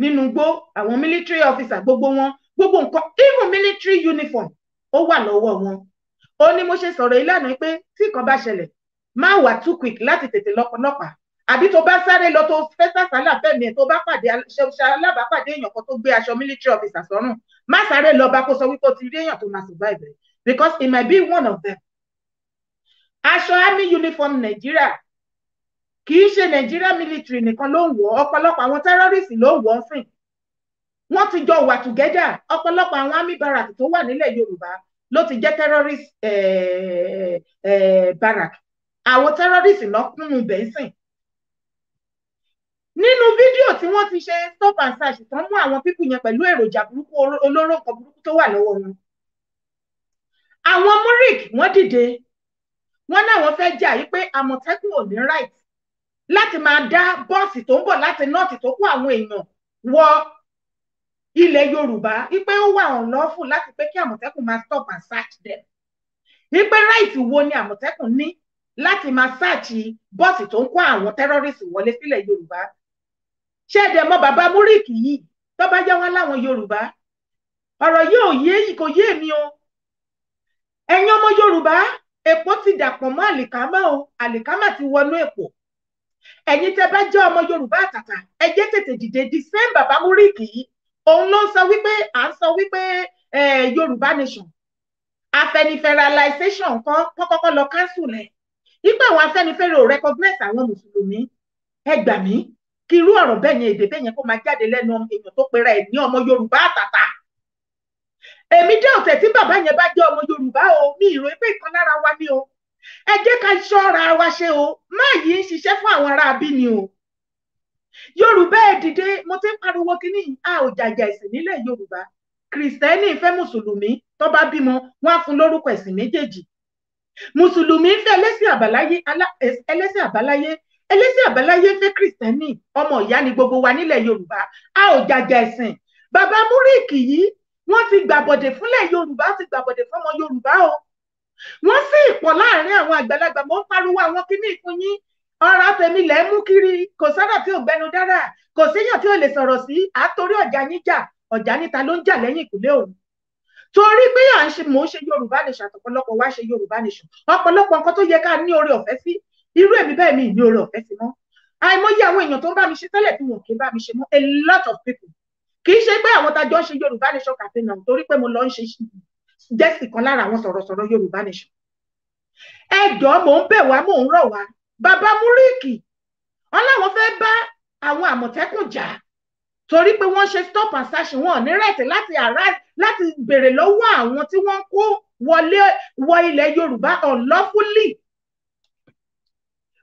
nínú igbó àwọn military officer gbogbo wọn gbogbo nǹkan even military uniform ó wà lọ́wọ́ wọn ó ní mo ṣe sọ̀rọ̀ ìlànà pé tí nǹkan bá ṣẹlẹ̀ má wà too quick láti tètè lọ́pọ̀lọpọ̀ àbí tó bá sáré lọ tó fẹ́ sàsálà fẹ́mi ẹ̀ tó bá pàdé alábàápàdé èèyàn kan tó gbé aṣọ military officer sọ́rùn má sáré lọ bá kó sọ wípé o ti rí èèyàn tó máa survive because it might be one of them aṣọ army uniform nàìjíríà kì í ṣe nàìjíríà military nìkan ló ń wọ̀ ọ̀pọ̀lọpọ̀ àwọn terrorist ló ń wọ̀ ọ́ sìn wọ́n ti jọ wà tùgẹ́dà ọ̀pọ̀lọpọ̀ àwọn army barrack tó wà nílẹ̀ yorùbá ló ti jẹ́ terrorist eh, eh, barrack àwọn terrorist náà kúnnú bẹ́ńsìn nínú fídíò tí wọ́n ti ṣe stop and search tán mú àwọn pípù yẹn pẹ̀lú èròjà burúkú olóró kan burúkú tó wà lọ́wọ́ wọn àwọn murik wọ́n dìde wọ́n náwọn fẹ́ jà yí pé àmọ̀tẹ́kùn ò ní right láti máa dá bọ́ọ̀sì tó ń bọ̀ láti nọ́ọ̀tì tó kó àwọn èèyàn wọ ilẹ̀ yorùbá wípé ó wà ọ̀lọ́fù láti pé kí àmọ̀tẹ́kùn máa stop and search them wípé right wo ni àmọ̀tẹ́kùn ní láti máa sáàchì bọ́ọ̀sì tó ń kó àwọn tẹ́rọ́rìsì wọlé sílẹ̀ yorùbá ṣé ẹ̀dẹ̀ mọ bàbá múríkì yìí tó bá jẹ́ wá láwọn yorùbá ọ̀rọ̀ yóò yé kò yé mi o ẹ̀yin ọmọ yorùbá èpo ti dàpọ̀ mọ́ àlìkámà o àlìkámà ti wọnú èpo ẹ̀yin tẹ́ bá jẹ́ ọmọ yorùbá àtàtà ẹ jẹ́ tètè dìde the same baba Múríkì yìí òun ló ń sọ wípé à ń sọ wípé yorùbá nation afẹnifẹralization kan kọ́kọ́kọ́ lọ cancel ẹ̀ nígbà àwọn afẹnifẹre ò recognize àwọn mùsùlùmí ẹ gbà mí kí irú ọ̀rọ̀ bẹ́ẹ̀ yẹn èdè bẹ́ẹ̀ yẹn kó máa jáde lẹ́nu èèyàn tó pera ẹ̀ ní ọmọ yorùbá àtàtà èmi dé ọ̀tẹ̀ tí bàbá yẹn bá jẹ́ ọmọ Yorùbá o mi ìròyìn pé ìkan lára wa ni o ẹ jẹ́ ká ṣọ́ra wa ṣe o má yìí ń ṣiṣẹ́ fún àwọn ará abíni o Yorùbá ẹ dìde mo ti ń pariwo kínní a ò jàjà ẹ̀sìn nílẹ̀ Yorùbá Kìrìsìtẹ́nì fẹ́ Mùsùlùmí tó bá bímọ wọ́n á fún lórúkọ ẹ̀sìn méjèèjì Mùsùlùmí fẹ́ ẹlẹ́sìn àbáláyé ẹlẹ́sìn àbáláyé ẹlẹ́sìn àbáláyé fẹ́ Kìrìsìtẹ́nì ọmọ ìyá ni gbogbo wa nílẹ̀ Yorùbá a ò jàjà ẹ̀sìn bàbá múríkì yìí wọ́n ti gbàbọ̀dè fúnlẹ̀ yorùbá ti gbàbọ̀dè fọmọ yorùbá o wọ́n sì pọ̀ láàrin àwọn àgbàlagbà mo ń pariwo àwọn kíní ìfún yín ọ̀rọ̀ tèmi lẹ̀ mú kiri kò sọ́dọ̀ tí ò gbẹnu dára kò séyàn tí ò lè sọ̀rọ̀ sí àtòrí ọ̀jà yín jà ọ̀jà níta ló ń jà lẹ́yìn ìkúlẹ̀ òun torí pé à ń ṣe mò ń ṣe yorùbá nation àtọ̀pọ̀lọpọ̀ wá ṣe yorùbá nation ọ̀pọ̀lọpọ̀ nǹkan tó yẹ ká ní oore ọ̀fẹ́ sí irú èmi bẹ́ẹ̀ mi ní oore ọ̀fẹ́ sí mọ́ àìmọye àwọn èèyàn tó ń bá mi ṣe tẹ́lẹ̀ tí wọn kì í bá mi ṣe mọ́ a lot of people kì í ṣe pé àwọn tajọ ṣe yorùbá nation campaign náà torí pé mo lọ ń ṣe jẹ́sì kan lára àwọn sọ̀rọ̀sọ̀rọ̀ yorùbá nation ẹ̀dọ́ mò ń bẹ̀ wá mò ń rọ̀ wá bàbá múríkì wọn láwọn fẹ́ bá àwọn àmọ̀tẹ́kùn jà torí pé wọ́n ṣe stop and search wọn ní rẹ̀tì láti arrive láti béèrè lọ́wọ́ àwọn tí wọ́n kó wọlé wọ ilẹ̀ yorùbá unlawfully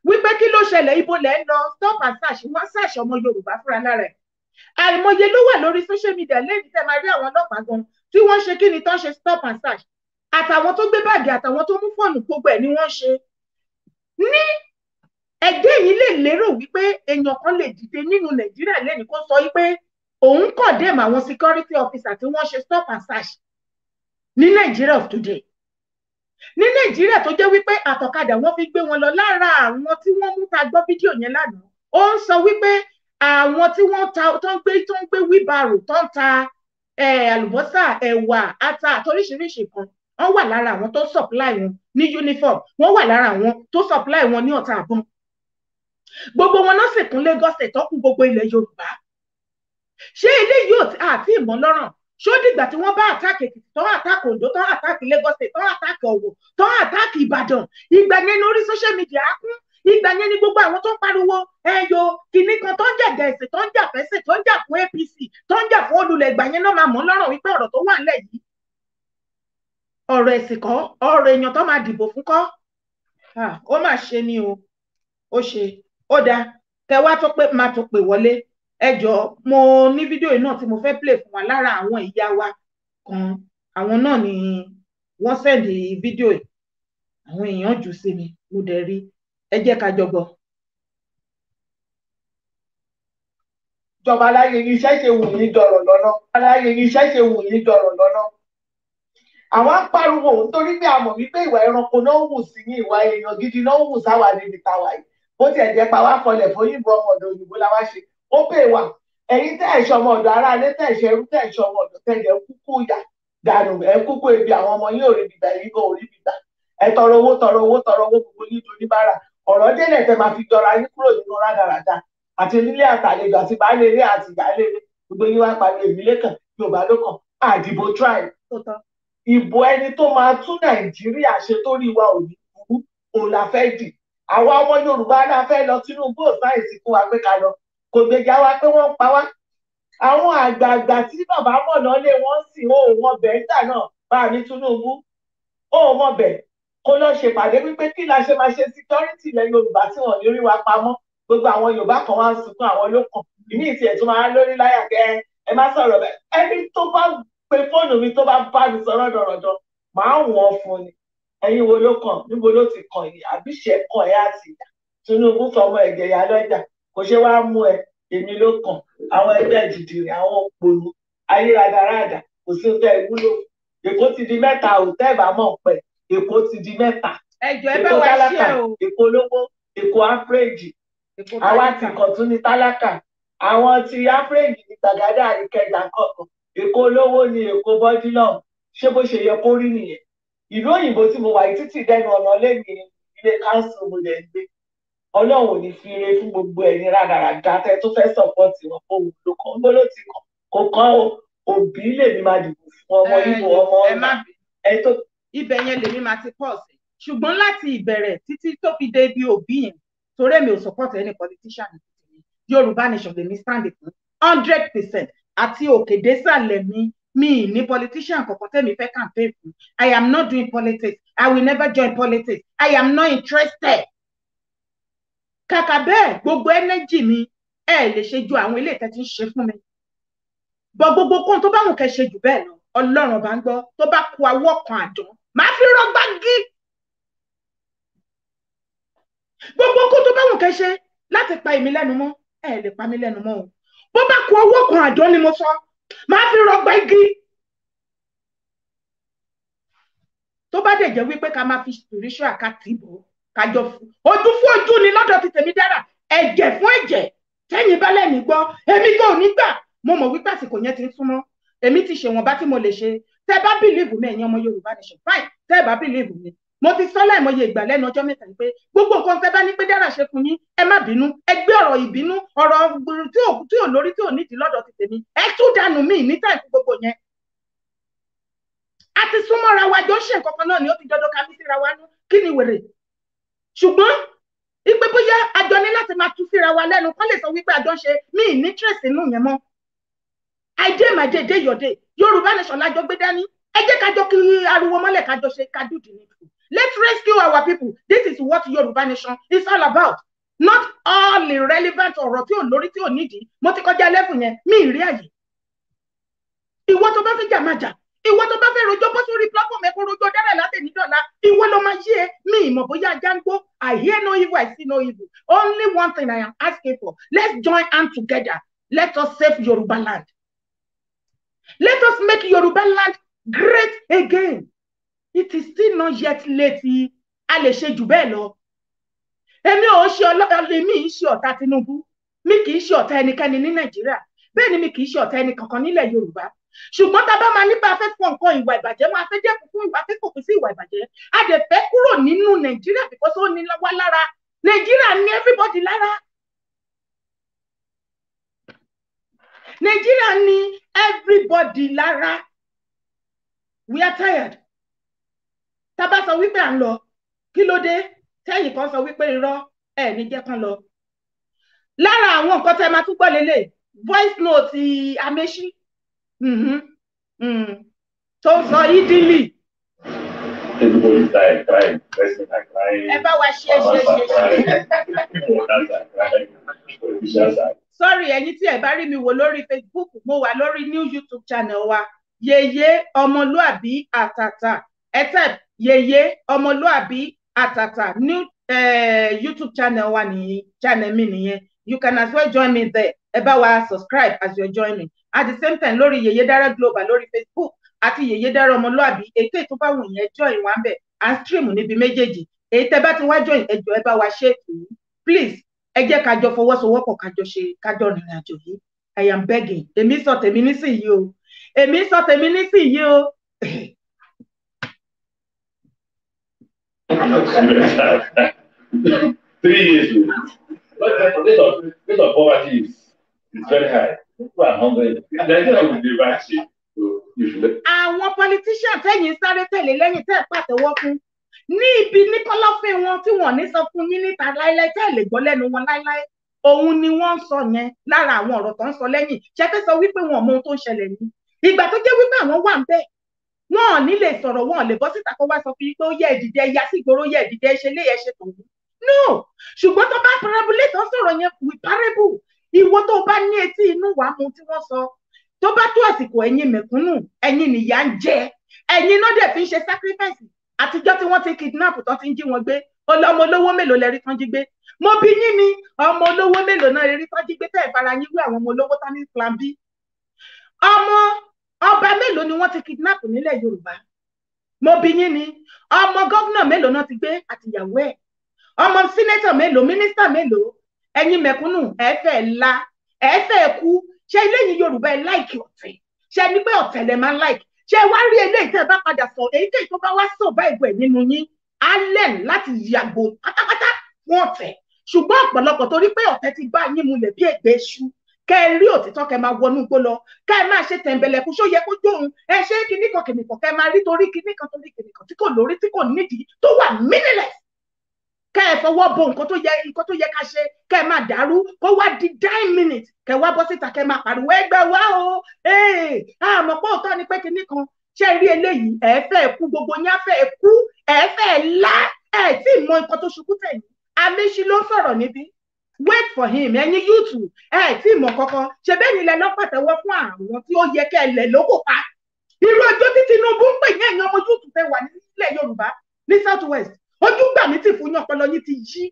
wípé kí ló ṣẹlẹ̀ ibo lẹ́ lọ stop and search wọ́n search ọmọ yorùbá fúra lára ẹ̀ àìmọye ló wà lórí social media lẹ́yìn tẹ́ máa rí àwọn ọlọ́pàá gan tí wọ́n ṣe kí ni tán ṣe stop and search àtàwọn tó gbé báàgì àtàwọn tó mú fóònù gbogbo ẹ̀ ni wọ́n ṣe ní ẹgbẹ́ yìí lè lérò wípé èèyàn kan lè dìde nínú nàìjíríà lẹ́nu kó sọ wípé òun condemn àwọn security officer tí wọ́n ṣe stop and search ní nàìjíríà of today ní nàìjíríà tó jẹ́ wípé àtọ̀kadà wọ́n fi gbé wọn lọ lára àwọn tí wọ́n mú ta gbọ́ fídíò yẹn lánàá ó ń sọ wípé àwọn tí wọ́n ta tó ń gbé tó ń gbé wíbarò tó ń ta àlùbọ́sà ẹ̀wà ata àtọ́ríṣiríṣi kan wọ́n wà lára àwọn tó supply wọn ní uniform wọ́n wà lára àwọn tó supply wọn ní ọ̀tá àbọ̀n gbogbo wọn náà sì kún Lagos State tọ́kùn gbogbo ilẹ̀ Yorùbá ṣé ilé yóò àti ìmọ̀ lọ́rùn ṣó dìgbà tí wọ́n bá àtàkì èkìtì tán àtàkì ondo tán àtàkì Lagos State tán àtàkì ọ̀wọ̀ tán àtàkì Ìbàdàn ìgbà yẹn ní orí social media á kún ìgbà yẹn ni gbogbo àwọn tó ń pariwo ẹyọ kìnnì kan tó ń jàgà ẹ̀sìn tó ń jà fẹ́sẹ̀ tó ń jà fún APC tó ń jà fún olùlẹ̀ ìgbà yẹn náà máa mọ̀ lọ́rùn wípé ọ̀rọ̀ tó wà nílẹ̀ yìí ọ̀rọ̀ ẹ̀sìn kọ́ ọ̀rọ̀ èèyàn tó máa dìbò fún kọ́ ó mà ṣe ni o ó ṣe ó dáa kẹwàá tó pé máa tó pè wọlé ẹjọ mo ní fídíò yìí náà tí mo fẹ́ play fún wa lára àwọn ìyá wa kan àwọn náà ni wọ́n sẹ́ndì fídíò yìí àwọn èèyàn jù sí mi mo dẹ̀ rí i ẹ jẹ́ ká jọ gbọ́. ìjọba aláyé yín iṣẹ́ ṣe wù yín dọ̀rọ̀ lọ́nà aláyé yín iṣẹ́ ṣe wù yín dọ̀rọ̀ lọ́nà. àwọn apariwo nítorí pé a mọ̀ wípé ìwà ẹranko náà ń wù sí ní ìwà èèyàn gidi náà ń wù sáwà níbi táwa yìí bó tiẹ̀ jẹ́ pa wá kọlẹ̀ fún yìnbọn ọmọdé òyìnbó la wá ṣe ó bè wà ẹ̀yin tẹ́ ẹ̀ṣọ́ ọmọ ọ̀dọ̀ ara alẹ́ tẹ́ ẹ̀ṣẹ́ irú tẹ́ ẹ̀ṣọ́ ọmọ ọ̀dọ̀ tẹ́ ẹ̀ kúkú ìyà dànù ẹ̀ kúkú ebi àwọn ọmọ yín ò yín kò rí ẹ̀ tọrọ owó tọrọ owó tọrọ owó gbogbo yín tó níbàárà ọ̀rọ̀ délẹ̀ tẹ máa fi jọra yín kúrò nínú rádaràda àti onílé àtàlejò àti baálé ilé àti ìyáálé ilé gbogbo yín wá parí ìdílé kan yorùbá ló kàn àdìbò tribe ìbò ẹni tó máa tún nàìjíríà ṣe tó rí wa òní burú òun la fẹ́ dì àwa ọmọ yorùbá la fẹ́ lọ tinubu òsáyèsí fún wa pé ká lọ kò gbèjà wa pé wọ́n pa wá àwọn àgbààgbà tí bàbá mọ̀nà lé wọ́n sì ó mọ bẹ́ẹ̀ ń kó lọ ṣèpàdé wípé kí la ṣe máa ṣe security ilẹ̀ yorùbá tí wọ́n ní orí wa pamọ́ gbogbo àwọn yorùbá kan wá ń sunkún àwọn ló kàn ìní ìtì ẹ̀tún máa lórí láyà kẹ ẹ má sọ̀rọ̀ bẹ́ẹ̀ ẹni tó bá pe fóònù mi tó bá bá mi sọ̀rọ̀ dọ̀rọ̀dọ̀ máa wọ̀n fún ni ẹ̀yin wo ló kàn níbo ló ti kàn yìí àbíṣe kàn ẹ́ àti ìyá Tinubu fọmọ ẹ̀jẹ̀ yà lọ́jà kò ṣe wá mú ẹ èmi ló kàn àwọn ẹgbẹ́ ìdìdìrì àwọn òpònú ayéradàradà kò sí nǹkan ìwúlò Èkó ti di mẹ́ta òtẹ́ẹ̀bà mọ̀ pẹ̀lú èkó ti di mẹ́ta èkó tálákà èkó olówó èkó áfírèjì àwa ti kọ̀tún ní tálákà àwọn ti áfírèjì ní gbàgádà ìkẹjà kọ̀ọ̀kan èkó olówó ni èkó bọ́dílọ̀ ṣé bó ṣe yẹ kó rí nìyẹn ìlú òyìnbó tí mo wà yìí títí dẹnu ọ̀nà lẹ́yìn ilé káńsù mo lè gbé ọlọ́run ò ní fi re fún gbogbo ẹ̀yin rádaràda tẹ́ tó fẹ́ sọ̀pọ̀tì wọn kó wúlò kan bó ló ti kàn kó kàn ó òbí lèmi máa dìbò fún ọmọ ìbò ọmọ ọmọ ẹ tó ibẹ̀ yẹn lèmi máa ti kọ́ ọ̀sẹ̀ ṣùgbọ́n láti ìbẹ̀rẹ̀ títí tó fi dé ibi òbí yẹn torí èmi ò support any politician nìkan Yorùbá nation lèmi stand fún hundred percent àti òkè désàlẹ̀ mi mi ní politician kankan tẹ́mi fẹ́ campaign fún I am not doing politics I will never join politics I am not interested kàkà bẹ́ẹ̀ gbogbo ẹnẹ́jì mi ẹ lè ṣe ju àwọn ilé ìtẹ́tí ń ṣe fún mi bọ gbogbo kóhun tó bá wù kẹ́ ṣe jù bẹ́ẹ̀ lọ Ọlọ́run bá ń gbọ́ tó bá ku awọ́ kan àdán màá fi rọgbà gí gbogbo kó tó bá wọn kẹ ṣe láti pa èmi lẹ́nu mọ́ ẹ lè pa mí lẹ́nu mọ́ o bó bá kù owó kan àjọ ni mo sọ màá fi rọgbà igi tó bá dẹ̀ jẹ́ wípé ká máa fi spiritual ká tì bọ̀ ká jọ fún ojú fún ojú ni lọ́dọ̀ ti tèmi dára ẹ̀jẹ̀ fún ẹ̀jẹ̀ tẹ́yìn bá lẹ́nu gbọ́ èmi gan ò ní gbà mo mọ̀ wípé àsìkò yẹn ti ń súnmọ́ èmi ti ṣèwọ̀nba tí mo lè ṣe tẹ bá bìlíìfù mi ẹ̀yin ọmọ Yorùbá nation fine tẹ bá bìlíìfù mi mo ti sọ láìmọye ìgbà lẹ́nu ọjọ́ mẹ́ta ni pé gbogbo nǹkan tẹ bá ní pé dára ṣe fún yín ẹ má bínú ẹ gbé ọ̀rọ̀ ìbínú ọ̀rọ̀ tí ò tí ò lórí tí ò nídìí lọ́dọ̀ ti tèmi ẹ tún dànù mí ní táì fún gbogbo yẹn. a ti súnmọ́ra wa jọ ṣe nǹkan kan náà ni ó ti dọdọ ká mí síra wa nú kí ni wèrè ṣùgbọ́n ìpè bóyá àjọ ní láti máa tú síra wa lẹ́nu kán lè sọ wípé àjọ ṣe mí ní tírèsì inú yẹn mọ́ I day my day, day your day. Yorùbá nation lájọ gbé dání. Ẹ jẹ́ kájọ kiri ariwo mọ́lẹ̀ kájọ ṣe kájú dì ní kù. Let's rescue our people. This is what Yorùbá nation is all about. Not all irrelevant ọ̀rọ̀ tí ò lórí tí ò nídìí. Mo ti kọjá level yẹn, mi ì rí àyè. Ìwọ tó bá fẹ́ jà máa jà. Ìwọ tó bá fẹ́ rojọ́ bó sórí platform ẹ̀ kó rojọ́ dára láti ní dọ̀la. Ìwọ ló máa yé ẹ. Mi ìmọ̀ bóyá ajá ń gbó. I hear no evil, I see no evil. Only one thing I am asking for. Let's join hands together. Let us save Yorùbá land. Let us make Yoruba land great again. It is still not yet late. A lè ṣe jù bẹ́ẹ̀ lọ. Èmi ò ṣe ọlọ́ọ̀lẹ́ mi ń ṣe ọ̀tá Tinubu. Mi kì í ṣe ọ̀tá ẹnikẹ́ni ní Nàìjíríà. Bẹ́ẹ̀ ni mi kì í ṣe ọ̀tá ẹnìkankan nílẹ̀ Yorùbá. Ṣùgbọ́n tá a bá máa nípa afẹ́ fún nǹkan ìwà ìbàjẹ́, máa fẹ́ jẹ́kùn fún ìwà fífò kù sí ìwà ìbàjẹ́. A dẹ̀ fẹ́ kúrò nínú Nàìjíríà because ó ní wá lára. Nàìjíríà ní everybody lára. Nigeria, ni everybody Lara. we are tired tá a bá sọ wípé à ń lọ kí ló dé tẹ́yìn kan sọ wípé irọ́ ẹ̀ ní jẹ́ kán lọ lára àwọn nǹkan tẹ́ máa tún gbọ́ lélẹ̀ voice note ameshi mm-hmm. Mm-hmm. tó sọ ìdílì. Everybody's tired, Ẹ bá wa ṣe ṣe ṣe ṣe sorry ẹ̀yin tí ẹ bá rí mi wò lórí facebook mo wà lórí new youtube channel wa yeye ọmọlúàbí àtàtà ẹ type yeye ọmọlúàbí àtàtà new uh, youtube channel wa nìyí channel mi nìyẹn you can as well join me there ẹ bá wa subscribe as you join me at the same time lórí yeye dara global lórí facebook àti yeye dara ọmọlúàbí ètò ètò bá wù yẹn join wa ń bẹ à stream níbi méjèèjì èyí tẹ bá ti wá join ẹjọ ẹ bá wa ṣe é please ẹ jẹ́ ká jọ fọwọ́sowọ́pọ̀ ká jọ ṣe ká jọ rìnrìn àjò yìí i am begging èmi sọ tèmi nísìnyí o èmi sọ tèmi nísìnyí o. three years ago rate of rate of poverty is is very high people are hungry And Nigeria will be right shape so you should. àwọn politician tẹ̀yìn sáré tẹ̀lé lẹ́yìn tẹ́ pàtẹ́wọ́ fún ní ibi ní kọ́lọ́fín wọn tí wọ́n ní sọ fún yín níta láéláé tẹ́ ẹ̀ lè gbọ́ lẹ́nu wọn láéláé òun ni wọ́n ń sọ yẹn lára àwọn ọ̀rọ̀ tó ń sọ lẹ́yìn ṣe fẹ́ sọ wípé wọn ò mọ ohun tó ń ṣẹlẹ̀ ní ìgbà tó jẹ́ wípé àwọn wà ń bẹ̀ wọn ò ní lè sọ̀rọ̀ wọn ò lè bọ́ síta kó wá sọ fún yín pé ó yẹ ìdìde ẹ̀yà sí ìgboro yẹ ìdìde ẹ̀ṣẹ̀ lé ẹ̀ṣẹ̀ tòun no ṣùgbọ́n tó bá parabulé tó sọ̀rọ̀ yẹn with parable ìwọ tó bá ní etí inú wàá mu tí wọ́n sọ tó bá tó àsìkò ẹ̀yin mẹ̀kúnnù ẹ̀yin nìyà ń jẹ ẹ̀yin náà dẹ̀ fi ń ṣe sacrifice àtijọ́ tí wọ́n ti kidnap tán ti ń jí wọn gbé ọmọ olówó mélòó lẹ rí tán jí gbé mo bí yín ni ọmọ olówó mélòó náà lẹ rí tán jí gbé tẹ́ ẹ̀ fara yín wí àwọn ọmọ olówó tán ní plan b ọmọ ọba mélòó ni wọ́n ti kidnap nílẹ̀ Yorùbá mo bí yín ni ọmọ gómìnà mélòó náà ti gbé àtìyàwó ẹ̀ ọmọ sínétọ̀ mélòó mínísítà mélòó ẹ̀yin mẹ̀kúnnù ẹ fẹ́ la ẹ fẹ́ kú ṣé ilé yìí Yorùbá ẹ láìkì ọ̀tẹ̀ ṣe ni pé ọ̀tẹ̀ lẹ máa ń láìkì ṣé wá rí eléyìí tẹ́ ẹ bá padà sọ èyíkéyìí tó bá wá sọ bá ìwẹ̀ nínú yín allen láti yàgò pátápátá fún ọ̀tẹ̀ ṣùgbọ́n ọ̀pọ̀lọpọ̀ torí pé ọ̀tẹ̀ ti bá yín mulẹ̀ bí ẹ̀gbẹ́ iṣu kẹ ẹ rí òtítọ́ kẹ máa wọnú igbó lọ kẹ ẹ máa ṣe tẹ̀m̀bẹ̀lẹ̀kù ṣó yẹ kó jóun ẹ ṣe kíní kan kìnìkan kẹ máa rí torí kíní kan torí kìnìkan tí kò lórí tí kò nídìí tó wà meaningless kẹ́ ẹ fọwọ́ bo nǹkan tó yẹ nǹkan tó yẹ ká ṣe kẹ́ ẹ máa dàrú kó wá di nine minutes kẹ́ wá bọ́ síta kẹ́ máa pariwo ẹgbẹ́ wá o àmọ́ pé òótọ́ ni pé kinní kan ṣé rí eléyìí ẹ fẹ́ kú gbogbo yín á kú ẹ fẹ́ lá ẹ tí ì mọ nǹkan tó ṣubú tẹ̀yìn Amaechi ló sọ̀rọ̀ níbí wait for him ẹ̀yin yúùtù ẹ tí ì mọ kankan ṣe bẹ́ẹ̀ ni ilẹ̀ lọ́ pàtẹ́wọ́ fún àwọn tí ó yẹ kẹ́ ẹ lẹ̀ lóko pa irú ọjọ́ tí Tinubu ń pè ní ẹ̀yin ọmọ yúùtù fẹ́ wà nílẹ̀ Yorùbá ní South West ojú gbà mí ti fún yín ọpọlọ yín ti yí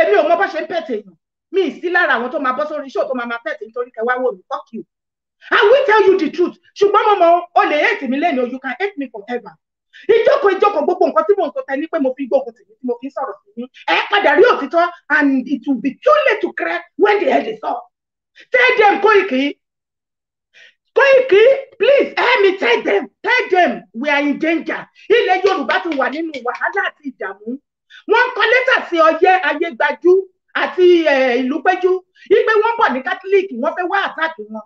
èmi ò mọ bá ṣe ń pẹ̀tẹ̀ èèyàn mi ì sí lára àwọn tó máa bọ́ sórí iṣẹ́ tó máa máa pẹ̀tẹ̀ nítorí kẹwàá wò mí fuck you i will tell you the truth ṣùgbọ́n mo mọ o lè hate mi lẹ́nu you can hate me forever ìjókòó ìjókòó gbogbo nǹkan tí mò ń sọ tẹni pé mo fi gbógun tèmi tí mo fi sọ̀rọ̀ sí yín ẹ padà rí òtítọ́ and it will be too late to cry when the head is up tẹ́ẹ̀dẹ̀ nǹkan ìkì Koiki please help me tell them tell them we are in danger ilẹ̀ Yorùbá ti wà nínú wàhálà àti ìdààmú wọ́n ń kọ lẹ́tà sí ọyẹ́ ayégbájú àti eh, ìlúpẹ́jú ipe wọ́n bọ̀ ní catholic wọ́n fẹ́ wá àtàkì wọn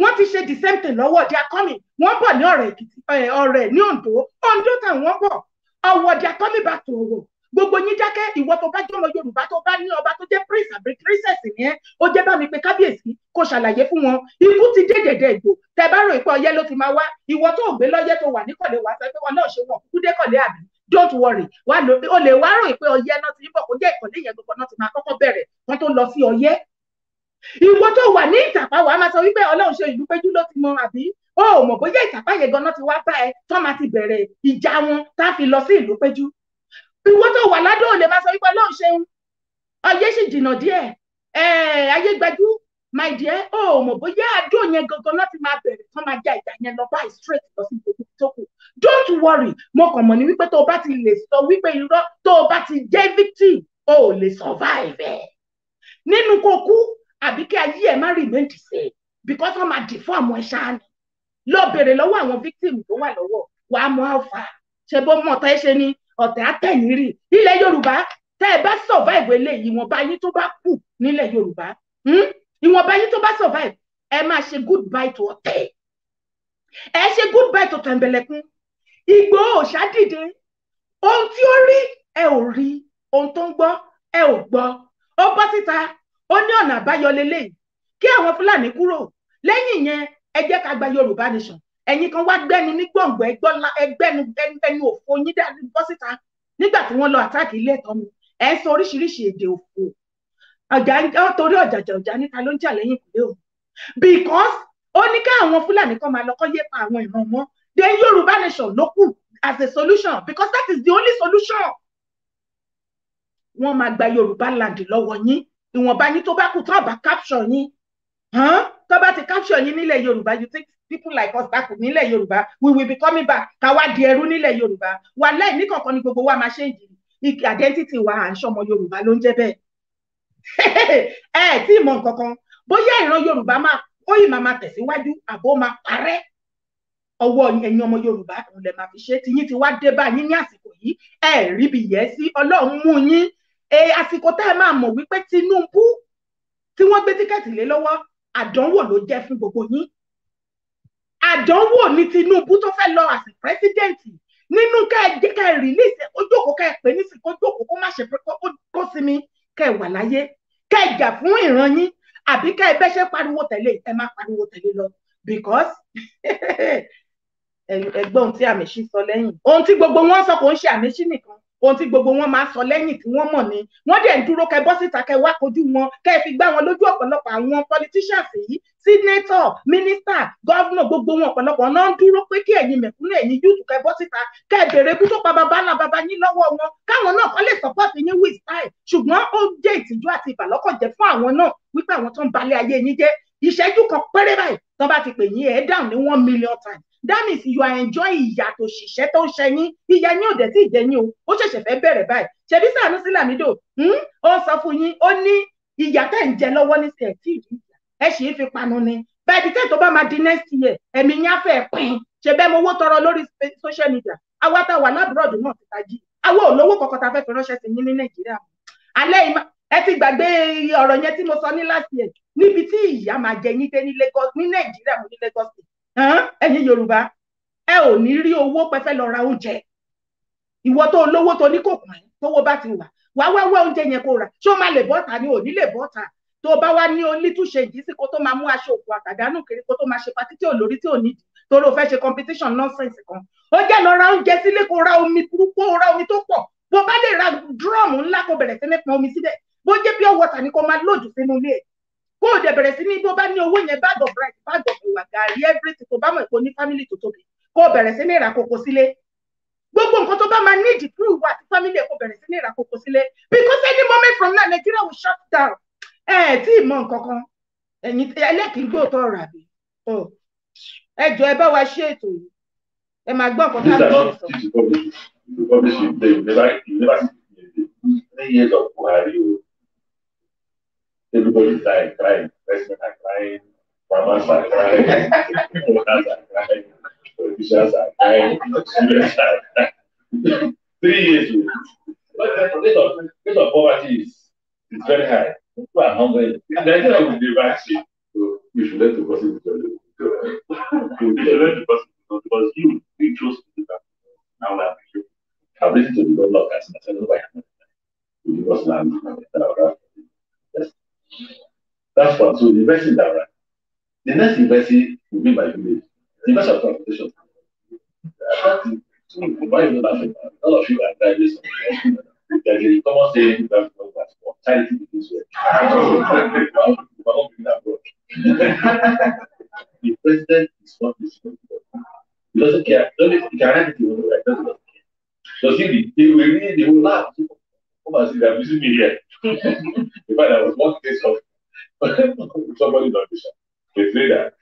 wọ́n ti ṣe the same thing lọ́wọ́ they are coming wọ́n bọ̀ ní ọ̀rẹ́ èkìtì eh, ní Ondo Ondo tàn wọ́n bọ̀ Ọ̀wọ̀ they are coming back to Ọ̀wọ̀ gbogbo yín jákẹ́ ìwọ tó bá jọmọ yorùbá tó bá ní ọba tó jẹ́ prince àbí princess nìyẹn ó jẹ́ bá mi kábíyèsí kó ṣàlàyé fún wọn ikú ti dé dẹ̀dẹ̀ ìgbò tẹ bá rò pé ọyẹ́ ló ti máa wá ìwọ tó gbé lọ́yẹ́ tó wà níkọ̀lé wà sọ wọn náà ṣe wọn kúkú dé kọ̀lé àbí don't worry wà ló o lè wá rò pé ọyẹ́ náà ti bọ̀ kó jẹ́ ìkọ̀lé yẹn gbogbo náà ti máa kọ́kọ́ bẹ̀rẹ̀ wọn tó lọ sí ọyẹ́ ìwọ tó wà ní ìtàpá wàá máa sọ wípé ọlọ́run ṣe ìlú péjú ló ti mọ àbí ó mọ̀ bóyá ìtàpá yẹn ganan ti wá bá ẹ tó máa ti bẹ̀rẹ̀ ìjà wọn tá a fi lọ sí ìlú péjú ìwọ tó wà ládùn ò máa sọ wípé Ọlọ́run ṣeun ayé sì jìnnà díẹ̀ ayé gbajú my dear ó mọ̀ bóyá àdùn yẹn gangan láti máa bẹ̀rẹ̀ tán máa ja ìjà yẹn lọ báyìí straight lọ sí gbogbo tó kù don't worry mo kàn mọ̀ ní wípé tó o bá ti lè sọ wípé irọ́ tó o bá ti jẹ́ victim o ò lè survive ẹ̀ nínú kó kú àbí kí ayé ẹ̀ má remain the same because wọ́n máa dì fún àwọn ẹ̀ṣá ni lọ bèrè lọ́wọ́ àwọn victim tó wà lọ́wọ́ wàá mọ alpha ṣe bó mọ̀ tá ẹ ṣe ni ọ̀tẹ̀ àtẹ̀yìn rì ilẹ̀ yorùbá tẹ́ ẹ bá survive eléyìí ìwọ̀nba yín tó bá kù nílẹ̀ yorùbá hmm? ìwọ̀nba yín tó bá survive ẹ máa ṣe goodbye to ọ̀tẹ̀ ẹ ṣe goodbye to tẹ̀m̀bẹ̀lẹ̀kún Ìgbòho òòṣà dìde ohun tí ó rí ẹ ò rí ohun tó ń gbọ́ ẹ ò gbọ́ ó bọ́ síta ó ní ọ̀nà àbáyọ leléyìí kí àwọn fúlàní kúrò lẹ́yìn yẹn ẹ jẹ́ ká gba yorùbá nation ẹ̀yin kan wá gbẹ́nu ní gbọ̀ngbọ̀ ẹgbẹ́nu ẹnu òfo yín dáadé bọ́ síta nígbà tí wọ́n lọ àtáàkì ilé ẹ̀tọ́ mi ẹ̀ ń sọ oríṣiríṣi èdè òfo ọjà torí ọ̀jàjà ọ̀jà níta ló ń jà lẹ́yìn ìpínlẹ̀ òun because ó ní ká àwọn Fúlàní kan máa lọ kọ́ yépa àwọn ìran wọn then Yorùbá nation ló kù as a solution because that is the only solution wọ́n máa gba Yorùbá land lọ́wọ́ yín ìwọ̀nba yín tó bá kù tó bá capture yín tó bá ti capture yín nílẹ̀ Yorùbá you think people like us back nílẹ̀ yorùbá we will be coming back káwá di ẹrú nílẹ̀ yorùbá wà lẹ́yìn níkọ̀ọ̀kan ni gbogbo wa máa ṣe ń di identity wa à ń ṣọmọ yorùbá ló ń jẹ́ bẹ́ẹ̀ ẹ tí ì mọ nǹkan kan bóyá ìran yorùbá máa ó yìí máa máa tẹ̀síwájú àbó máa parẹ́ ọwọ́ ẹ̀yin ọmọ yorùbá òun lè máa fi ṣe tiyín ti wá dé bá yín ní àsìkò yìí ẹ ríbi yẹ sí ọlọ́run mú yín àsìkò tẹ́ ẹ máa mọ̀ wípé tinubu tí wọ́n gbé tíkẹ́ẹ̀tì lé lọ́wọ́ àdánwò ló jẹ́ fún gbogbo yín àdánwò ní Tinubu tó fẹ́ lọ as president nínú ká ẹ jẹ́ ká ẹ release ó jókòó ká ẹ pè ní sí kó jókòó kó má ṣe kó sinmi ká ẹ wà láyé ká ẹ jà fún ìran yín àbí ká ẹ pariwo tẹ̀lé ẹ má pariwo tẹ̀lé lọ because ẹgbẹ́ ohun tí àmẹ́sí sọ lẹ́yìn ohun tí gbogbo wọn sọ kò ń ṣe àmẹ́sí nìkan ohun tí gbogbo wọn máa sọ lẹ́yìn tí wọ́n mọ̀ ni wọ́n dẹ̀ ń dúró kẹ bọ́ síta kẹ wá kojú wọn kẹ fi gbá wọn lójú ọ̀pọ̀lọpọ̀ àwọn politicians yìí sínétọ̀ mínísítà gọ́vnà gbogbo wọn ọ̀pọ̀lọpọ̀ náà ń dúró pé kí ẹ̀yin mẹ̀kúnnù ẹ̀yin yúùtù kẹ́ bọ́ síta kẹ́ bèrè bí tó pa bàbá náà bàbá yín lọ́wọ́ wọn káwọn náà kọ́ lè support yín with style ṣùgbọ́n ó jẹ́ ìtìjú àti ìbàlọ́kọ̀jẹ́ fún àwọn náà wípé àwọn tó ń balẹ̀ ayé yín jẹ́ ìṣẹ́jú kan péré báyìí tó bá ti pè yín ẹ̀ down ní one million times that means you are enjoying ìyà tó ṣiṣẹ́ tó ń ṣe yín ìyà yín ò dẹ̀ tí ì jẹ yín o ó ṣẹ̀ṣẹ̀ fẹ́ bẹ̀rẹ̀ báyìí ṣebí Sànúsí Lamido hmm, ó sọ fún yín ó ní ìyà tẹ̀ ń jẹ lọ́wọ́ ní sẹ̀tì yìí ẹ sì ń fi panu ni bẹ́ẹ̀ di tẹ́tọ́ bá máa di next year ẹ̀mí yín á fẹ́ pín ṣe bẹ́ẹ̀ mo wó tọrọ lórí social media àwa tá a wà lábúròdù náà ti ta jí àwa ò lówó kankan tá a fẹ́ fi ránṣẹ́ sí yín ní nàìjíríà alẹ́ ìmọ̀ ẹ ti gbàgbé ọ̀rọ̀ yẹn tí mo sọ ní last year níbi tí ìyá máa jẹ yín dé ní Lagos ní nàìjíríà mo ní Lagos ẹ̀yin yorùbá ẹ ò ní rí owó pẹfẹ lọ ra oúnjẹ ìwọ tó olówó tó ní kòkùnrin tówó bá ti wà wá wá oúnjẹ yẹn kó rà ṣé ó lè bọ́ta ni ò ní lè bọ́ta tó bá wá ní onítúnṣe yìí sí kó tó máa mú aṣọ òkú àtàdánù kiri kó tó máa ṣe patí tí ò lórí tí ò nídìí torí o fẹ́ ṣe competition nonsense kan ó jẹ́ lọ ra oúnjẹ sílé kó ra omi burúkú ó ra omi tó pọ̀ bó bá lè ra dúrọ́ọ̀mù ńlá kó bẹ̀rẹ̀ sí ní pọn omi síbẹ̀ bó jẹ́ pure water ni kó máa lòdù sínú ilé ẹ̀ kó o dẹ̀ bẹ̀rẹ̀ sí ní bó bá ní owó yẹn bag of rice bag of ìwà gàrí everything tó bá mọ̀ ìpò ní family tó tóbi kó o bẹ̀rẹ̀ sí ní ra koko sílé gbogbo nǹkan tó bá máa ní ìdí fún ìwà àti family ẹ̀ kó bẹ̀rẹ̀ sí ní ra koko sílé because any moment from now Nigeria will shut down ẹ ẹ tí ì mọ nǹkan kan ẹ̀yin ẹlẹ́kìngbò tó ọ̀rọ̀ àbí ẹ jọ ẹ bá wa ṣe ètò yìí ẹ máa gbọ́ nǹkan táwọn ọ̀rọ̀ sọ. Everybody die crying, president are crying, farmers are crying, workers are crying, politicians are crying, students crying. Three years ago, rate of, rate of poverty is, is very high. Well, we you should let the person do You should let the person because you, you chose to do that. Now that you have listened to the God of and I said, I can't. You give us land. That's one. So the best that, right? The next investing will be by The best of transportation. I can't. All of you are this. that the common saying in that world that mortality begins here. the president is not listening He doesn't care. Don't he can write it in right? doesn't care. So see, they will read, they will laugh. Come and see, they're using me here. In fact, I was one case of somebody in audition. They say that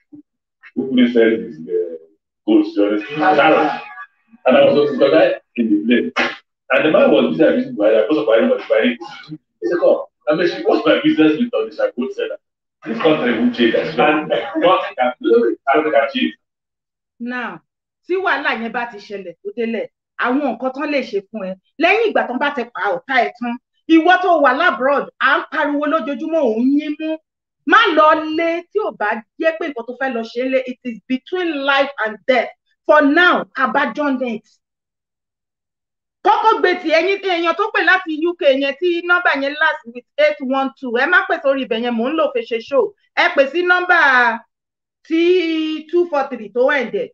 who really said is the to you understand? And I was also the guy in the plane. And the man was busy abusing Buhari, because of Buhari was Buhari. He said, Come, I mean, what's my business with the Shagun seller? This country will change as well. Nothing can, nothing can change. Now, tí wàhálà yẹn bá ti ṣẹlẹ̀ tó délẹ̀, àwọn nǹkan tán lè ṣe fún ẹ. Lẹ́yìn ìgbà tán bá ti pa ọ̀tá ẹ̀ tán, ìwọ tó wà lábroad, à ń pariwo lójoojúmọ́ òun yín mú. Má lọ lé tí ò bá jẹ́ pé nǹkan tó fẹ́ lọ ṣe é lé. It is between life and death. For now, abandon it kọ́kọ́ gbé ti ẹ̀yin èèyàn tó pè láti UK yẹn tí nọ́mbà yẹn last with eight one two ẹ má pè sórí ibẹ̀ yẹn mò ń lò fi ṣe show ẹ pè sí nọ́mbà tí two four three tó wẹ̀ dẹ̀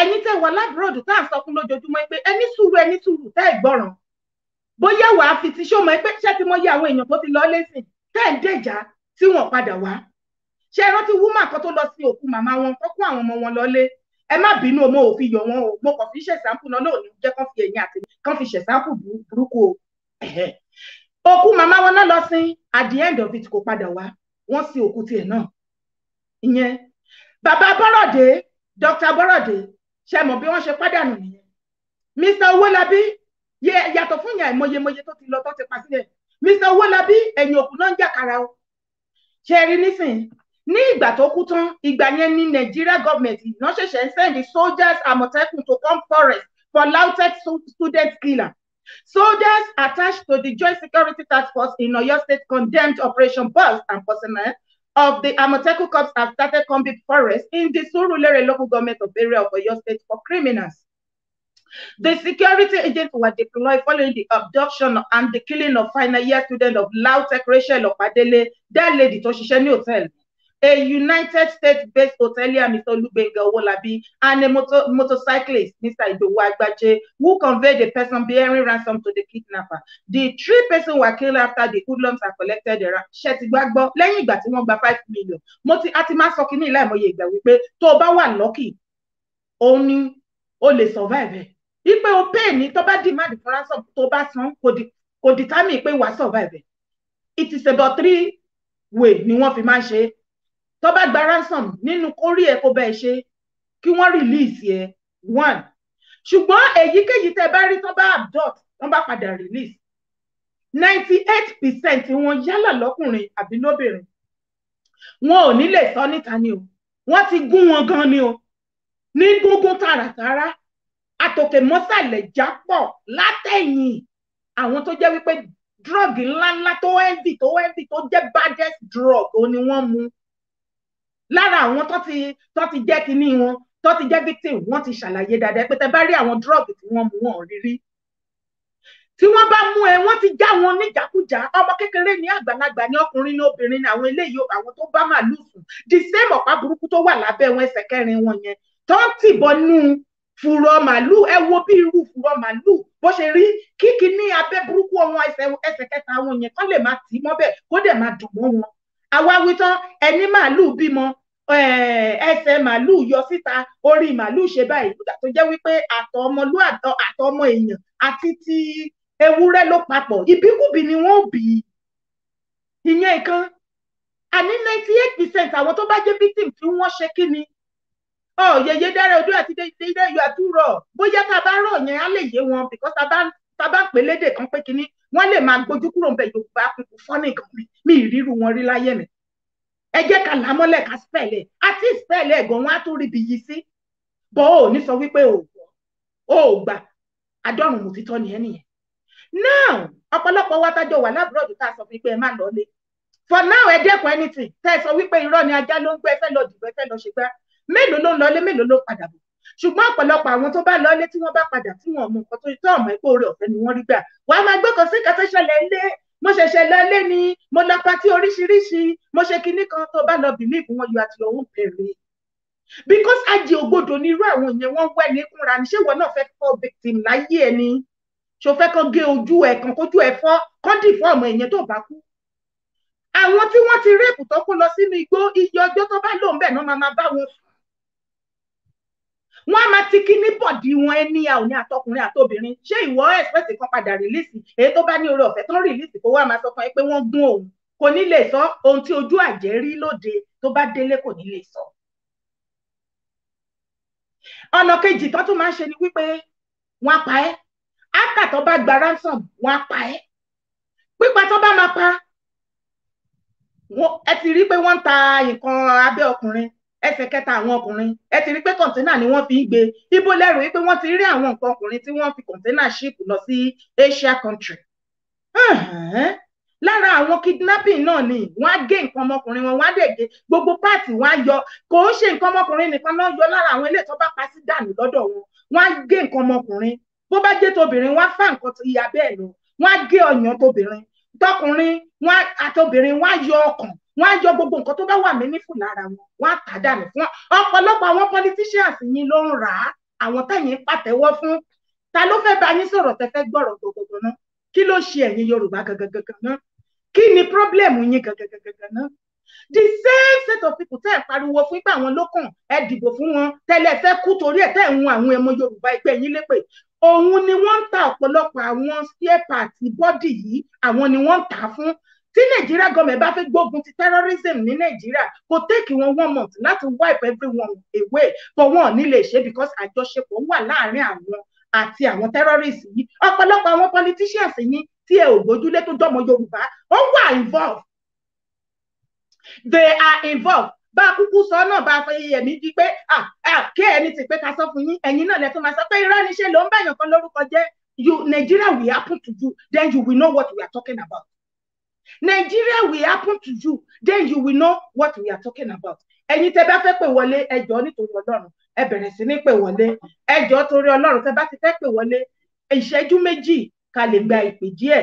ẹ̀yin tẹ́ wà lábúròdù tá à ń sọ fún lójoojúmọ́ pé ẹni sùúrù ẹni sùúrù tẹ́ ẹ̀ gbọ́ràn bóyá wàá fi ti ṣó mọ pé ṣé ti mọ yẹ àwọn èèyàn tó ti lọ lẹ́sìn tẹ́ ẹ̀ ń dẹ̀já tí wọ́n padà wá ṣe é rántí wúmà kan tó lọ sí òkú màmá wọn kó àwọn ọmọ wọn lọlé ẹ má bínú o mo ò fi yọ wọn o mo kàn fi ṣe sáǹpù náà náà ní jẹ́ fi ẹ̀yìn àti kán fi ṣe sáǹpù burúkú o òkú màmá wọn náà lọ sin at the end of it kò padà wá wọ́n sin òkú tiẹ̀ náà ìyẹn bàbá bọ́rọ̀dé dr bọ́rọ̀dé ṣe mọ̀ bí wọ́n ṣe pàdánù nìyẹn mr owólabí yàtọ̀ fún yàn àìmọyemọye tó ti lọ tó ti pa sílẹ̀ mr owólabí ẹ̀yìn òkú náà ń jàkàrà o ṣe rí nísìnyí ní ìgbà tó kú tán ìgbà yẹn ni Nigeria government No, ṣẹ̀ṣẹ̀ ń send the soldiers Àmọ̀tẹ́kùn to come forest for lautech student killer soldiers attached to the Joint Security Task Force in Oyo State condemned Operation Burst and personnel of the Amoteku cops have started combing forest in the Surulere local government of area of Oyo State for criminals. The security agents were deployed following the abduction and the killing of final year student of Lautech Rachel Opadele, that lady tó ṣiṣẹ́ ní a United States-based hotelier, Mr. Lubenga Owolabi, and a motor motorcyclist, Mr. Idowu Agbaje, who conveyed a person bearing ransom to the kidnapper. The three persons were killed after the hoodlums had collected their ṣe ti gbàgbọ́ lẹ́yìn ìgbà tí wọ́n gba five million. Mo ti a ti máa sọ kínní láìmọye ìgbà wípé tó o bá wà lọ́kì, òun ni o lè survive ẹ̀. Ipe o pay ni tó bá demand for ransom tó bá san kò determine pé wàá survive ẹ̀. It is about three way ni wọ́n fi máa ń ṣe é tó bá gba ransom nínú kórí ẹ kó bẹ́ẹ̀ ṣe kí wọ́n release ẹ one ṣùgbọ́n èyíkéyìí tẹ́ bá rí tó bá abduct wọ́n bá padà release ninety eight percent wọn yálà lọ́kùnrin àbí lóbìnrin wọn ò ní lè sọ níta ni o wọ́n ti gún wọn gan ni o ní gúngún tààràtàrà àtòkè mọ́sàlẹ̀ jápọ̀ látẹ̀yìn àwọn tó jẹ́ wípé drug ńláńlá tó envy tó envy tó jẹ́ baddest drug ó ni wọ́n mu lára àwọn tó ti tó ti jẹ́ kinní wọn tó ti jẹ́ victim wọ́n ti ṣàlàyé dáadáa pé tẹ bá rí àwọn drug tí wọ́n mú wọn rírí tí wọ́n bá mú ẹ wọ́n ti já wọn níjàkújà ọmọ kékeré ní àgbàlagbà ní ọkùnrin ní obìnrin ní àwọn eléyìí àwọn tó bá màlúù sùn the same ọ̀pá burúkú tó wà lábẹ́ wọn ẹsẹ̀ kẹrin wọn yẹn tó ń tìbọnú fùrọ̀ màlúù ẹ wo bí irú fùrọ̀ màlúù bó ṣe rí kíkì ní abẹ́ burúkú ọmọ ẹsẹ̀ kẹta wọn yẹn kán lè máa tì í mọ́bẹ̀ kó dẹ̀ máa dùn mọ́ wọn àwáwí tán ẹni màálùú bímọ eh, ẹsẹ̀ màálùú yọ síta orí màálùú ṣe báyìí nígbà tó jẹ́ wípé àtọ̀ ọmọlúàtọ̀ àtọ̀ ọmọ èèyàn àti ti ewúrẹ́ ló papọ̀ ìbíkúbi ni wọ́n bí ìyẹn nǹkan àní ninety eight percent àwọn tó bá jẹ́ victim tí wọ́n ṣe kí ni ọ yẹyẹ dára ojú àti dédé ilé ìyọ àtúrọ bóyá tá a bá rọ yẹn á lè yé wọn because tá a bá tábà pé lédè kan pé kínní wọn lè máa gbójú kúrò nbẹ yorùbá kúkú fọ́nì kan mi mi ìrírú wọn rí láyé mi ẹ jẹ́ ká lámọ́lẹ̀ ká spẹ̀lẹ̀ àti spẹ̀lẹ̀ gan wọn á tún ríbi yìí sí bọ́ ò ní sọ wípé ò gbọ́ ò gbà adọ́rùn mò títọ́ ni ẹ nìyẹn now ọ̀pọ̀lọpọ̀ wa tájọ wà lábúròdù tá a sọ wípé ẹ má lọ for now ẹ dẹ́kun anything tẹ́ ẹ sọ wípé irọ́ ni ajá ló ń gbé ẹ lọ dìbò ẹ fẹ́ lọ ṣègbà mélòó ló ń lọlé mélòó ló padà bọ̀ ṣùgbọ́n ọ̀pọ̀lọpọ̀ àwọn tó bá lọlé tí wọ́n bá padà tí wọ́n mọ nǹkan tó tó ọmọ ẹ̀kọ́ orí ọ̀fẹ́ ni wọ́n rí gbà wàá máa gbọ́kàn sí nǹkan tó ṣẹlẹ̀ lé mo ṣẹ̀ṣẹ̀ lọlé ni mo lọ patí oríṣiríṣi mo ṣe kinní kan tó bá lọ bìlí ìbùn wọn yọ àti ọ̀hún bẹ̀rẹ̀ because ajé ògbódò ni irú àwọn yẹn wọ́n wẹ̀ ní kúnra ni ṣé ìwọ náà fẹ́ àwọn tí wọ́n ti rẹ́pù tó kó lọ sínú igbó iye ọjọ́ tó bá lòun bẹ̀ náà máa bá wọn wọn a máa ti kí ní bọ̀dì wọn ẹni a ò ní àtọkùnrin àtobìnrin ṣé ìwọ express kan padà rìlíìsì èyí tó bá ní orí ọ̀fẹ́ tán rìlíìsì kó wá máa sọ fún ẹ pé wọ́n gún òun kò ní lè sọ ohun tí ojú àjẹ́ rí lóde tó bá délé kò ní lè sọ. ọ̀nà kejì tó tún máa ń ṣe ni wípé wọ́n pa ẹ́ ákà tó bá gba ransom wọ́n pa ẹ́ pípa tó bá máa pa ẹ ti rí pé wọ́n ń ta nǹkan abẹ́ ọkùnrin ẹsẹ̀ kẹta àwọn ọkùnrin ẹ ti rí pé kọ̀ǹténà ni wọ́n fi ń gbé ibo lẹ́rù wípé wọ́n ti rí àwọn nǹkan ọkùnrin tí wọ́n fi kọ̀ǹténà ṣíìpù lọ sí Asia country lára àwọn kidnapping náà ni wọ́n á gé nǹkan ọmọkùnrin wọn wọ́n á dẹ̀ gé gbogbo páàtì wọ́n á yọ kò ó ṣe nǹkan ọmọkùnrin nìkan náà yọ lára àwọn ilé tó bá pa sí dànù lọ́dọ̀ wọn wọ́n á gé nǹkan ọmọkùnrin bó bá jẹ́ tobìnrin wọ́n á fà nǹkan ìyá bẹ́ẹ̀ lọ wọ́n á gé ọyàn tobìnrin tọkùnrin wọ́n àtobìnrin wọ́n á yọ ọkàn wọ́n á yọ gbogbo nǹkan tó bá wà mẹ́nífù lára wọn wọ́n á tà dànù fún wọn ọ̀pọ̀lọpọ̀ àwọn politicians yín ló ń rà á àwọn táyìn pàtẹ́wọ́ fún ta ló fẹ́ bá yín sọ̀rọ̀ tẹ́fẹ́ gbọ́rọ̀ gbogbogbò náà kí ló ṣe ẹ̀yin Yorùbá gangan náà kí ni problem yín gangan náà the same set of people tẹ́ ẹ̀ pariwo fún pé àwọn lókàn ẹ dìbò fún wọn tẹ́lẹ̀ fẹ́ kú torí ẹ̀ tẹ́ ẹ̀ ń àwọn ẹmọ Yorùbá ẹgbẹ́ yín lépè òun ni wọ́n ń ta ọ̀pọ̀lọpọ̀ àwọn spare parts bọ́dì yìí àwọn ni wọ́n ń tà fún tí nàìjíríà gọọmẹ̀ntì bá fẹ́ gbógun ti terrorism ní nàìjíríà kò take wọn one month láti wipe everyone away For one, ò ní lè ṣe because àjọṣepọ̀ wà láàárín àwọn àti àwọn terrorists yìí ọ̀pọ̀lọpọ̀ àwọn politicians yìí tí ẹ ò gbójúlé tó jọmọ yorùbá ó wà involved they are involved bá a kúkú sọ náà bá a fẹ ẹmí di pé kí ẹni ti pé ká sọ fún yín ẹ̀yin náà lẹ tún máa sọ pé irọ́ ni ṣe ló ń bẹ̀yàn kan lórúkọ jẹ́ you Nigeria will happen to you then you will know what we are talking about Nigeria will happen to you then you will know what we are talking about ẹ̀yin tẹ́ bá fẹ́ pè wọlé ẹjọ́ nítorí Ọlọ́run ẹ bẹ̀rẹ̀ sí ní pè wọlé ẹjọ́ torí Ọlọ́run tẹ́ bá ti fẹ́ pè wọlé ìṣẹ́jú méjì ká lè gba ìpè díẹ̀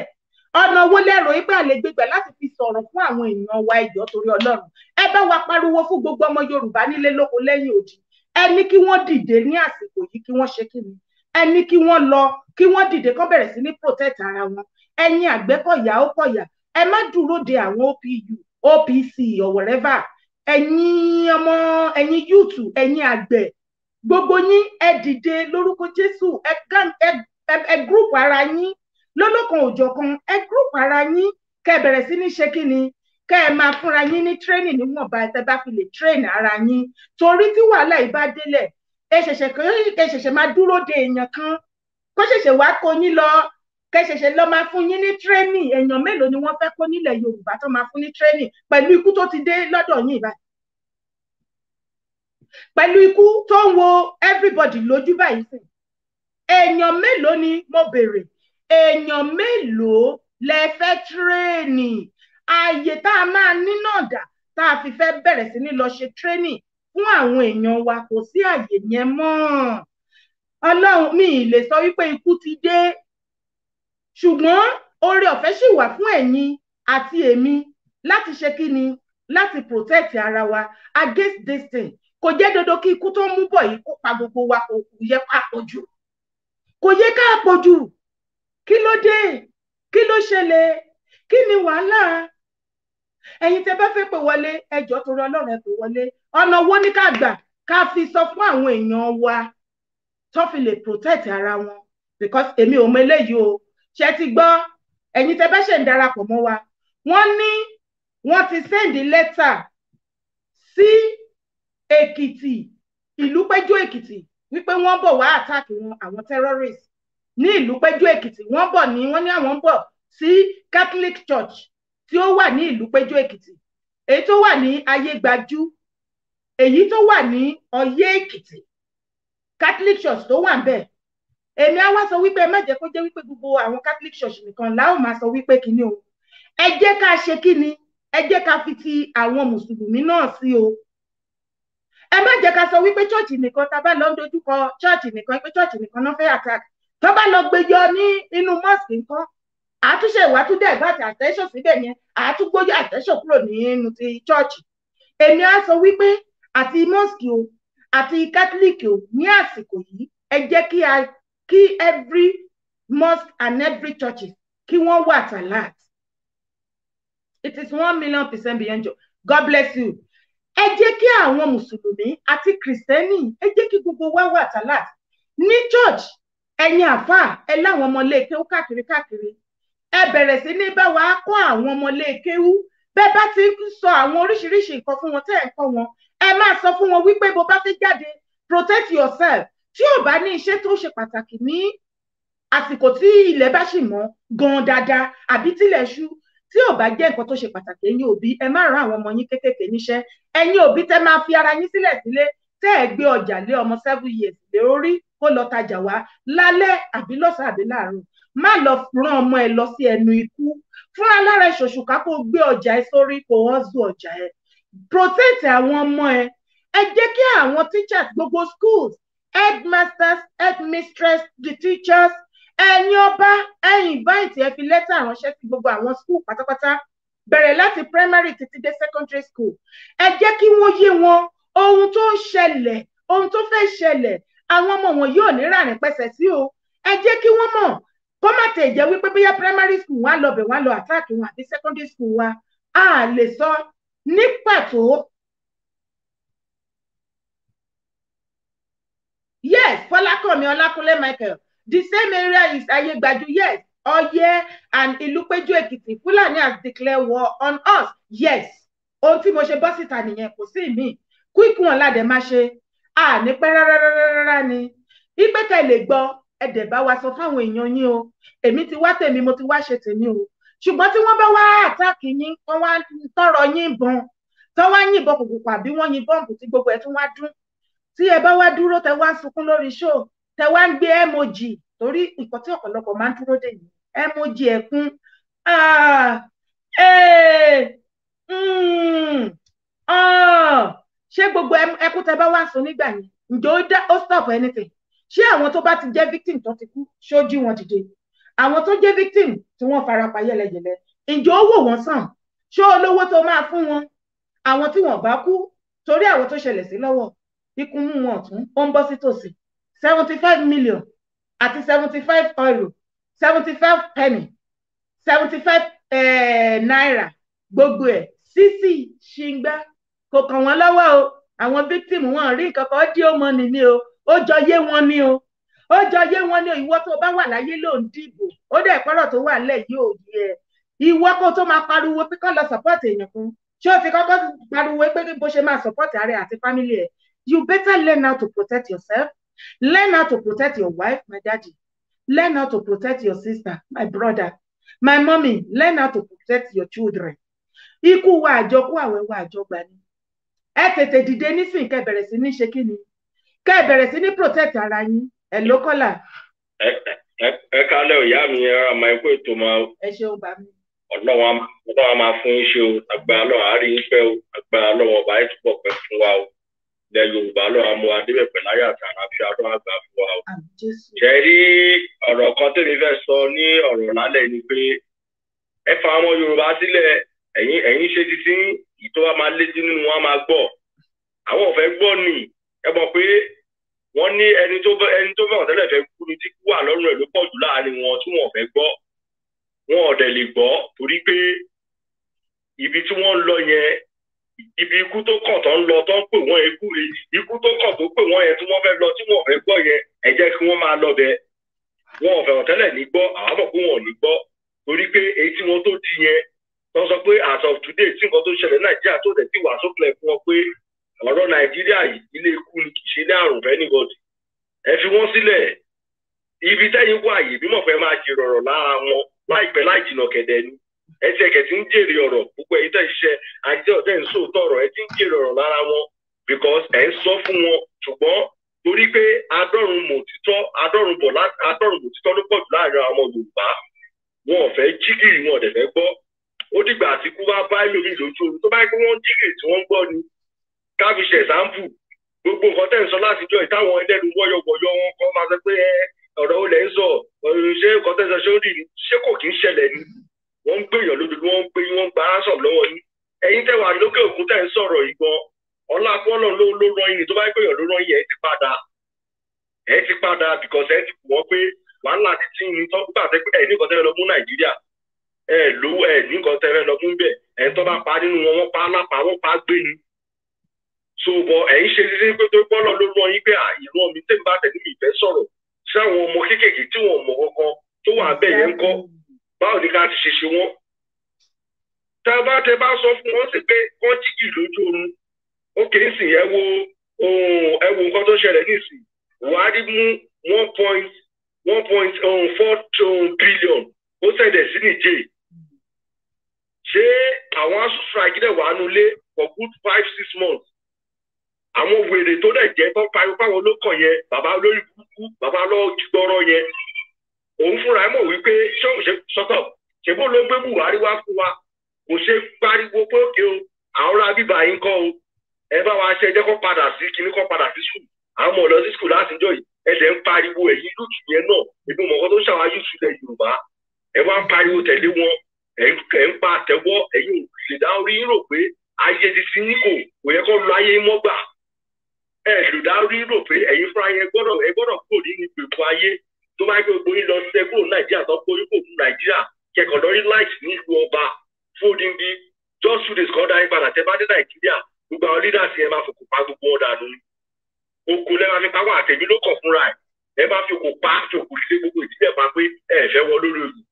ọ̀nà wo lẹ́rọ ipá àlè gbígbà láti fi sọ̀rọ̀ fún àwọn èèyàn wa ẹjọ́ torí Ọlọ́run ẹ bá wa pariwo fún gbogbo ọmọ Yorùbá nílé lóko lẹ́yìn odi ẹ ní kí wọ́n dìde ní àsìkò yìí kí wọ́n ṣe kí ni ẹ ní kí wọ́n lọ kí wọ́n dìde kán bẹ̀rẹ̀ sí ní protect ara wọn ẹ̀yin Àgbẹ̀kọ̀yà ó kọ̀yà ẹ má dúró de àwọn OPU OPC or whatever ẹ̀yin ọmọ ẹ̀yin yúùtù ẹ̀yin àgbẹ̀ gbogbo yín ẹ dìde lórúkọ Jésù ẹ group ara yín lọ́lọ́kan òjọ̀kan ẹ group ara yín kẹ bẹ̀rẹ̀ sí ní ṣe kí ni kẹ ẹ máa fúnra yín ní training níwọ̀nba ẹ bá fi lè train ara yín torí tí wàhálà yìí bá délẹ̀ ẹ ṣẹ̀ṣẹ̀ kan ẹ ṣẹ̀ṣẹ̀ máa dúró de èèyàn kan kó ṣẹ̀ṣẹ̀ wá kó yín lọ kẹsẹsẹ lọ máa fún yín ní training èèyàn mélòó ni wọ́n fẹ́ kó nílẹ̀ Yorùbá tó máa fún ní training pẹ̀lú ikú tó ti dé lọ́dọ̀ yín báyìí pẹ̀lú ikú tó ń wo everybody lójú báyìí sìn èèyàn mélòó ni mo béèrè èèyàn mélòó lẹ fẹ́ tírénì ààyè tá a máa nínà dà tá a fi fẹ́ bẹ̀rẹ̀ sí ní lọ ṣe tírénì fún àwọn èèyàn wa kò sí ààyè yẹn mọ́ ọlọ́run mi ì lè sọ wípé ikú ti dé ṣùgbọ́n oore ọ̀fẹ́ ṣì wà fún ẹ̀yin àti èmi láti ṣe kí ni láti protect ara wa against this thing kò jẹ́ dandan kí ikú tó ń mú bọ̀ yìí kó pa gbogbo wa kò yẹ ká pọ̀ jù kò yẹ ká pọ̀ jù kí ló dé kí ló ṣẹlẹ̀ kí ni wàhálà ẹ̀yin tẹ́ bá fẹ́ pè wọlé ẹjọ́ torí Ọlọ́run ẹ pè wọlé ọ̀nà owó ní ká gbà ká fi sọ fún àwọn èèyàn wa tó fi lè protect ara wọn because èmi ò mọ eléyìí o ṣe ti gbọ́ ẹ̀yin tẹ́ bá ṣe ń darapọ̀ mọ́ wa wọ́n ní wọ́n ti sẹ́ndì lẹ́tà sí Èkìtì Ìlúpéjú Èkìtì wípé wọ́n bọ̀ wá àtàkì wọn àwọn terrorist ní Ìlúpéjú Èkìtì wọ́n bọ̀ ní wọ́n ní àwọn bọ̀ sí Catholic Church tí ó wà ní Ìlúpéjú Èkìtì èyí tó wà ní Ayégbájú èyí tó wà ní Ọ̀yẹ́ Èkìtì Catholic Church tó wà ń bẹ́ẹ̀ èmi á wá sọ wípé ẹ má jẹ́ kó jẹ́ wípé gbogbo àwọn Catholic Church nìkan láwọn máa sọ wípé kíní o ẹ jẹ́ ká ṣe kíni ẹ jẹ́ ká fi ti àwọn mùsùlùmí náà sí o ẹ má jẹ́ ká sọ wípé chọ́ọ̀chì nìkan tá a bá lọ ń dojúkọ chọ́ọ̀chì nìkan pé chọ́ọ̀chì nìkan náà fẹ́ attack tó bá lọ gbé yọ ní inú mosque nǹkan àtúnṣe ìwàtúndẹ̀ ìgbà àti attention síbẹ̀ yẹn àtúgbójú attention kúrò nínú ti chọ́ọ̀chì èmi á sọ wípé àti mosque o àti catholic o ní àsìkò yìí ẹ jẹ́ kí a kí every mosque and every church kí wọ́n wà talat it is one million percent beyond job god bless you ẹ jẹ́ kí àwọn mùsùlùmí àti kìrìsìtẹ́nì ẹ jẹ́ kí gbogbo wa wà talat ní church ẹ̀yin àfáà ẹ láwọn ọmọléèkéwú káàkiri káàkiri ẹ bẹ̀rẹ̀ sí ní bá wa kọ́ àwọn ọmọléèkéwú bẹ́ẹ̀ bá ti ń sọ àwọn oríṣiríṣi nǹkan fún wọn tẹ́ ẹ̀ ń kọ́ wọn ẹ máa sọ fún wọn wípé bó bá ti jáde protect yourself tí ò bá ní iṣẹ́ tó ṣe pàtàkì ní àsìkò tí ilẹ̀ bá ṣì mọ́ gan dáadáa àbí tílẹ̀ ṣú tí ò bá jẹ́ nǹkan tó ṣe pàtàkì ẹ̀yin òbí ẹ má rán àwọn ọmọ yín kéékèèké níṣẹ́ ẹ̀yin òbí tẹ́ máa fi ara yín sílẹ̀ sílé tẹ́ ẹ̀ gbé ọjà lé ọmọ seven years lé orí kó lọ tajà wá lálẹ́ àbí lọ́sàn àbí láàárọ̀ má lọ rán ọmọ ẹ lọ sí ẹnu ikú fúnra lára ṣòṣùká kó gbé ọjà ẹ sórí kó wọ́n zu ọjà ẹ protect àwọn ọmọ ẹ ẹ jẹ́ kí àwọn teachers gbogbo schools headmasters headmistress the teachers ẹ̀yin ọba ẹ̀yin báyìí ẹ fi lẹ́tà ránṣẹ́ sí gbogbo àwọn skul pátápátá bẹ̀rẹ̀ láti primary títí dé secondary school ẹ jẹ́ kí wọ́n yé wọn ohun tó ń ṣẹlẹ̀ ohun tó fẹ́ ṣẹlẹ̀ àwọn ọmọ wọn yóò ní ràrìn pẹ̀sẹ̀ sí o ẹ jẹ́ kí wọ́n mọ̀ kó má tẹ̀ jẹ́ wípé bóyá primary school wa lọ bẹ̀ wá lọ attack wọn àbí secondary school wa a lè sọ ní pàtó yes Fọlákànmí Ọlákúnlé Michael the same area is Ayégbájú yes Ọ̀yẹ́ and Ìlúpéjú Èkìtì Fúlàní has declared war on us yes ohun tí mo ṣe bọ́ síta nìyẹn kò sí mi quick one ládẹ má ṣe à ní pẹ́ rárá rárá rárá ni ipe tẹ́ lè gbọ́ ẹ̀dẹ̀ bá wa sọ fáwọn èèyàn yín o èmi ti wá tèmi mo ti wá ṣe tèmi o ṣùgbọ́n tí wọ́n bá wá àtàkì yín wọ́n wá tọrọ yín bọn tọ́wọ́ yìnbọn kòkòkò àbí wọ́n yìnbọn kò tí gbogbo ẹ̀ tún wá dún tí ẹ bá wá dúró tẹ wá ń sunkún lórí show tẹ wá ń gbé emoji torí nǹkan tí ọ̀pọ̀lọpọ̀ máa ń dúró dè yìí emoji ẹkún ah, eh, hmm, ah, ṣé gbogbo ẹkún tẹ bá wá ń sun nígbà yẹn ǹjẹ́ ó dá ó stop anything ṣé àwọn tó bá ti jẹ́ victim tó ti kú ṣojú wọn dìde àwọn tó jẹ́ victim tí wọ́n farapa yẹlẹyẹlẹ ǹjẹ́ ó wò wọ́n sàn ṣé olówó tó máa fún wọn àwọn tí wọ́n bá kú torí àwọn tó ṣẹlẹ̀ sí lọ́wọ́ ikùnmú wọn ọ̀tún ó ń bọ́ sí tòsí seventy five million àti seventy five euro seventy five penny seventy five eh, naira gbogbo ẹ̀ sísì ṣìngbá kò kàn wọ́n lọ́wọ́ o àwọn victim wọn rí nǹkan kan ó dí ọmọ nì ni o ó jọ yé wọn ni o ó jọ yé wọn ni o ìwọ tó bá wà láyé ló ń dìbò ó dẹ̀ pọ́rọ̀ tó wà lẹ̀ yóò yé ẹ ìwọ kó tó máa pariwo pé kọ́ lọ support èèyàn kan ṣé o ti kọ́kọ́ pariwo pé bó ṣe máa support ààrẹ àti family ẹ̀ You better learn how to protect yourself. Learn how to protect your wife, my daddy. Learn how to protect your sister, my brother. My mommy, learn how to protect your children. Iku wa àjọkú àwẹ̀ wa àjọgbà ni. Ẹ tètè dìde nísìnyí kẹ́ bẹ̀rẹ̀ sí ní ṣe ni? Kẹ́ bẹ̀rẹ̀ sí protect ara E lokola. E kọ́là. Ẹ kálẹ̀ ìyá mi ẹ ra ọmọ ẹkú ètò máa. Ẹ ṣeun bá mi. Ọlọ́run a máa fún iṣẹ́ o, àgbà Ọlọ́run àárín ìfẹ́ o, àgbà Ọlọ́run ọba ẹ̀ túbọ̀ pẹ́ fún wa o ilẹ̀ yorùbá lọ́wọ́ amú adébẹ̀ pẹ̀lú ayé àti àlàáfíà tó àgbà fún wa o. ṣe ọ̀rọ̀ kan tèmi fẹ́ sọ ní ọ̀rọ̀ lálẹ́ ni pé ẹ fa ọmọ yorùbá sílẹ̀ ẹ̀yin ẹ̀yin ṣe ti sín ìtọ́ wa máa létí nínú wa máa gbọ́ àwọn ọ̀fẹ́ gbọ́ ni ẹ mọ̀ pé wọ́n ní ẹni tó ẹni tó fẹ́ ọ̀tẹ́lẹ̀ fẹ́ kú ni tí kú wà lọ́rùn ẹ̀ ló pọ̀ jù láàrin wọn tí wọn fẹ́ gbọ́ wọn ò lè gbọ́ torí pé ibi tí wọ́n ń lọ yẹn ibi ikú tó kàn tó ń lọ tó ń pè wọ́n ikú rẹ̀ ikú tó kàn tó pè wọ́n yẹn tí wọ́n fẹ́ lọ tí wọ́n fẹ́ gbọ́ yẹn ẹ jẹ́ kí wọ́n máa lọ bẹ̀ wọn ò fẹ̀ràn tẹ́lẹ̀ ní gbọ́ àwọn mọ̀ pé wọn ò ní gbọ́ torí pé èyí tí wọ́n tó di yẹn wọ́n sọ pé as of today tí nǹkan tó ṣẹlẹ̀ nàìjíríà tó dẹ̀ ti wà sókè fún wọn pé ọ̀rọ̀ nàìjíríà yìí ilé ikú ni kì í ṣe ilé àrùn fẹ́ nígbọ̀dì ẹ fi wọ́n sílẹ̀ ibi tẹ́yìn wà yìí bí mọ̀ fẹ́ máa jìrọ̀rọ̀ lára wọn láìpẹ́ láì jìnà kẹ̀dẹ̀ ni ẹsẹ̀ kẹ̀ tí ń jèrè ọ̀rọ̀ púpọ̀ èyí tẹ̀ ṣiṣẹ́ ajé ọ̀tẹ̀ ń sòótọ́ ọ̀rọ̀ ẹ ti ń jèrè ọ̀rọ̀ lára wọn because ẹ̀ ń sọ fún wọn ṣùgbọ́n torí pé adọ́run mòtítọ́ adọ́run bọ̀ adọ́run mòtítọ́ ló pọ̀ jù láàrin àwọn Yorùbá wọn ò fẹ́ jígìrì wọn ò dẹ̀ fẹ́ gbọ́ ó dìgbà àti kú bá bá lórí lójú oru tó bá yẹ pé wọ́n jígìrì tí wọ́n ń gbọ́ ni káfíṣẹ̀ sáǹpù gbogbo nǹkan tẹ̀ ń sọ láti jọ ìtàwọn ẹlẹ́nu wọ́yọ̀wọ́yọ̀ wọn kọ́ máa sọ pé ọ̀rọ̀ olè ń sọ ṣé nǹkan tẹ̀ ń sọ ṣé ó dì ní ṣé kò kí ń ṣẹlẹ̀ ni wọ́n ń gbèyàn lójoojú wọ́n ń gbé wọ́n ń gba ransom lọ́wọ́ yín ẹ̀yin tẹ́ wà lókè òkun tẹ́ ń sọ̀rọ̀ yìí gan ọlá akọọlọ ló ló rán yín ni tó bá gbèyàn ló rán yín ẹ ti padà ẹ ti padà ti pé wàhálà ti tó gbà tẹ ẹ nàìjíríà ẹ ló ẹ báwo ni ká ti ṣe ṣe wọ́n tá a bá tẹ bá sọ fún wọn sí pé wọ́n jíjì lójú oorun ó kìí sìn ẹ wo ẹ wo nǹkan tó ṣẹlẹ̀ nísìn wàá rí mú one point one point um, four billion um, ó ṣẹ̀dẹ̀ sí nìjẹ́ ṣé àwọn asòfin àgídẹ̀ wà nulé for good five six months àwọn wèrè tó dẹ̀ jẹ́ tó pariwo fáwọn olókàn yẹn bàbá olórí burúkú bàbá lọ́ọ́ gbọ́rọ̀ yẹn òun fúnra ẹ̀ mọ̀ wípé sọ́tọ̀ ṣèbó ló gbé Buhari wá fún wa kò ṣe pariwo pé òkè o àwọn ará bíbá yín kọ́ o ẹ bá wa ṣe ẹjẹ́ kọ́ padà sí kíní kọ́ padà sí skul àwọn ọmọ ọ̀dọ́ sí skul látijọ́ yìí ẹsẹ̀ ń pariwo ẹ̀yìn yúùtù yẹn náà ebi mọ̀kọ́ tó ṣàwọn yúùtù ilẹ̀ Yorùbá ẹ wá ń pariwo tẹ̀lé wọn ẹ̀ ń pa àtẹ́wọ́ ẹ̀yìn òṣèlú orí rò pé ayé ti ti ní kò yẹ kó lọ ayé mọ́gbà ẹ̀ lùdárí rò pé ẹ̀yin fúnra yẹn gbọ́dọ̀ tó bá gbé gbogbo yín lọ sí ẹgbẹ́ òun nàìjíríà tó kó yín kò fún nàìjíríà kẹkọ̀ọ́ lọ́rí láìsí nílùú ọba fódìndí just two days kọ́ńdà yín padà tẹ́ bá dé nàìjíríà gbogbo àwọn leaders yẹn máa fòkò pa gbogbo ọ̀dà nù ni oko lẹ́wà fi pawọ́ àtẹ̀mí ló kọ̀ fúnra ẹ̀ ẹ bá fi òkò pa fi òkò sílé gbogbo ìdílé pa pé ẹ fẹ́ wọ lórí òyìn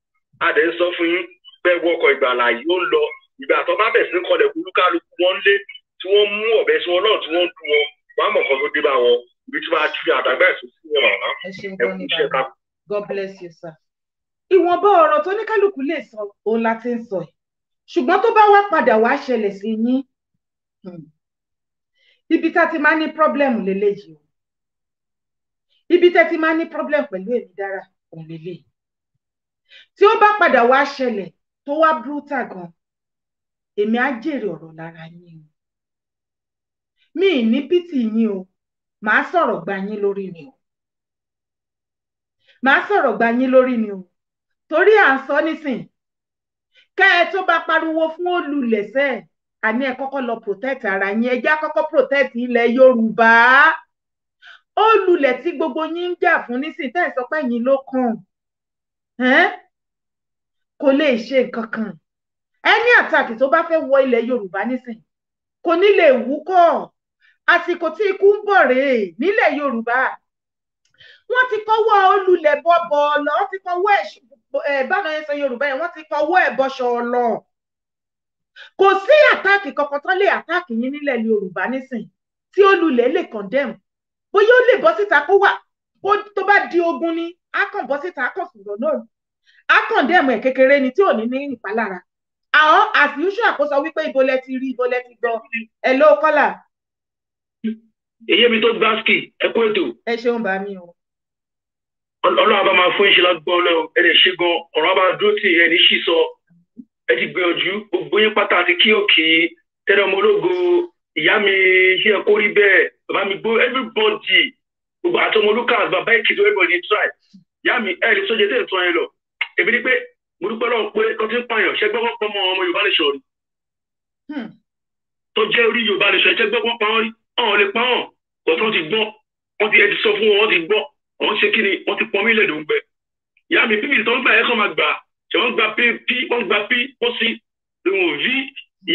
adẹ ń sọ fún yín pé wọkọ̀ ìgbàlà yìí ó ń lọ ìgbà tó bá bẹ̀ sí kọlẹ̀ kúlúkálukú wọn lé tí wọ́n mú ọ̀bẹ sí wọn náà tí wọ́n dùn wọn wọn á mọ̀ kan tó dé bá wọn Which tí wàá fi àdàgbà ẹ̀sùn God bless you sir. ìwọ̀nba ọ̀rọ̀ tó ní kálukú lè sọ òun la ti ń sọ ẹ̀ ṣùgbọ́n tó bá wá padà wá ṣẹlẹ̀ sí yín hmm, ibi tá ti máa ní problem lélẹ́yìí o ibi tá ti máa ní problem pẹ̀lú èmi dára òun lélẹ́yìí tí ó bá padà wá ṣẹlẹ̀ tó wá brutal gan èmi á jèrè ọ̀rọ̀ lára yín o mi ì ní pìtì yín o màá sọ̀rọ̀ gbà yín lórí ni o màá sọ̀rọ̀ gbà yín lórí ni o torí à ń sọ nísìn kẹ́ ẹ tó bá pariwo fún olùlẹ̀sẹ̀ àní ẹ kọ́kọ́ lọ protect ara yín ẹ já kọ́kọ́ protect ilẹ̀ Yorùbá olùlẹ̀ tí gbogbo yín ń jà fún nísìn tẹ́ ẹ sọ pé yín ló kàn kò lè ṣe nǹkan kan ẹni àtàkì tó bá fẹ́ wọ ilẹ̀ Yorùbá nísìn kò ní lè wúkọ́ àsìkò tí ikú ń bọ̀ rèé nílẹ̀ yorùbá wọ́n ti kọ́wọ́ olùlẹ̀ bọ́bọ̀ ọ̀lọ́ wọ́n ti kọ́wọ́ ẹ̀ báwọn yẹn sọ yorùbá yẹn wọ́n ti kọ́wọ́ ẹ̀ bọ́ṣọ ọ̀lọ́ kò sí àtáàkì kankan tán lè àtáàkì yín nílẹ̀ yorùbá nísìn tí olùlẹ̀ lè condemn bóyá ó lè bọ́ síta kó wà tó bá di ogun ni á kàn bọ́ síta á kàn sọ̀rọ̀ náà á condemn ẹ̀ kékeré ni tí ò ní ní ìpalára àwọn as usual àkóso wípé ibo lẹ ti rí ibo lẹ ti gbọ́ ẹ ló kọ́là èyí mi tó gbáàsì ẹ kú ètò. ẹ ṣeun bá mi o. ọlọ́run àbá máa fún ìṣẹ́lá gbọ́ lọ ẹ lè ṣe gan ọ̀rọ̀ àbá dúró tì ẹ ní ṣì sọ ẹ ti gbìyànjú gbogbo yín pátá àti kí òkè tẹ́lẹ̀ ọmọ ológo ìyá mi ṣe ẹ kó rí bẹ́ẹ̀ bàbá mi gbó everybody gbogbo àti ọmọ olúkà bàbá èkìtì everybody try ìyá mi ẹ lè sọjẹ tẹ́lẹ̀ tán ẹ lọ èmi ni pé mo dúpẹ́ lọ́wọ́ pé kọ́ ti ń pààyàn ṣẹ́gbẹ́ wọ́n pọ́ ọmọ ọmọ Yorùbá lè ṣọ̀rí hmm. tó jẹ́ orí Yorùbá lè ṣọ̀rí ṣẹ́gbẹ́ wọ́n pa wọ́n lè pa wọ́n ọtún ti gbọ́ wọ́n ti ẹti sọ fún wọn wọ́n ti gbọ́ wọ́n ṣe kíni wọ́n ti pọnmi ilẹ̀ dòńgbẹ́ ìyá mi pípì tó ń gbà yẹn kọ́ máa gbà ṣe wọ́n gba p p wọ́n gba p ó sì ìwọ̀n v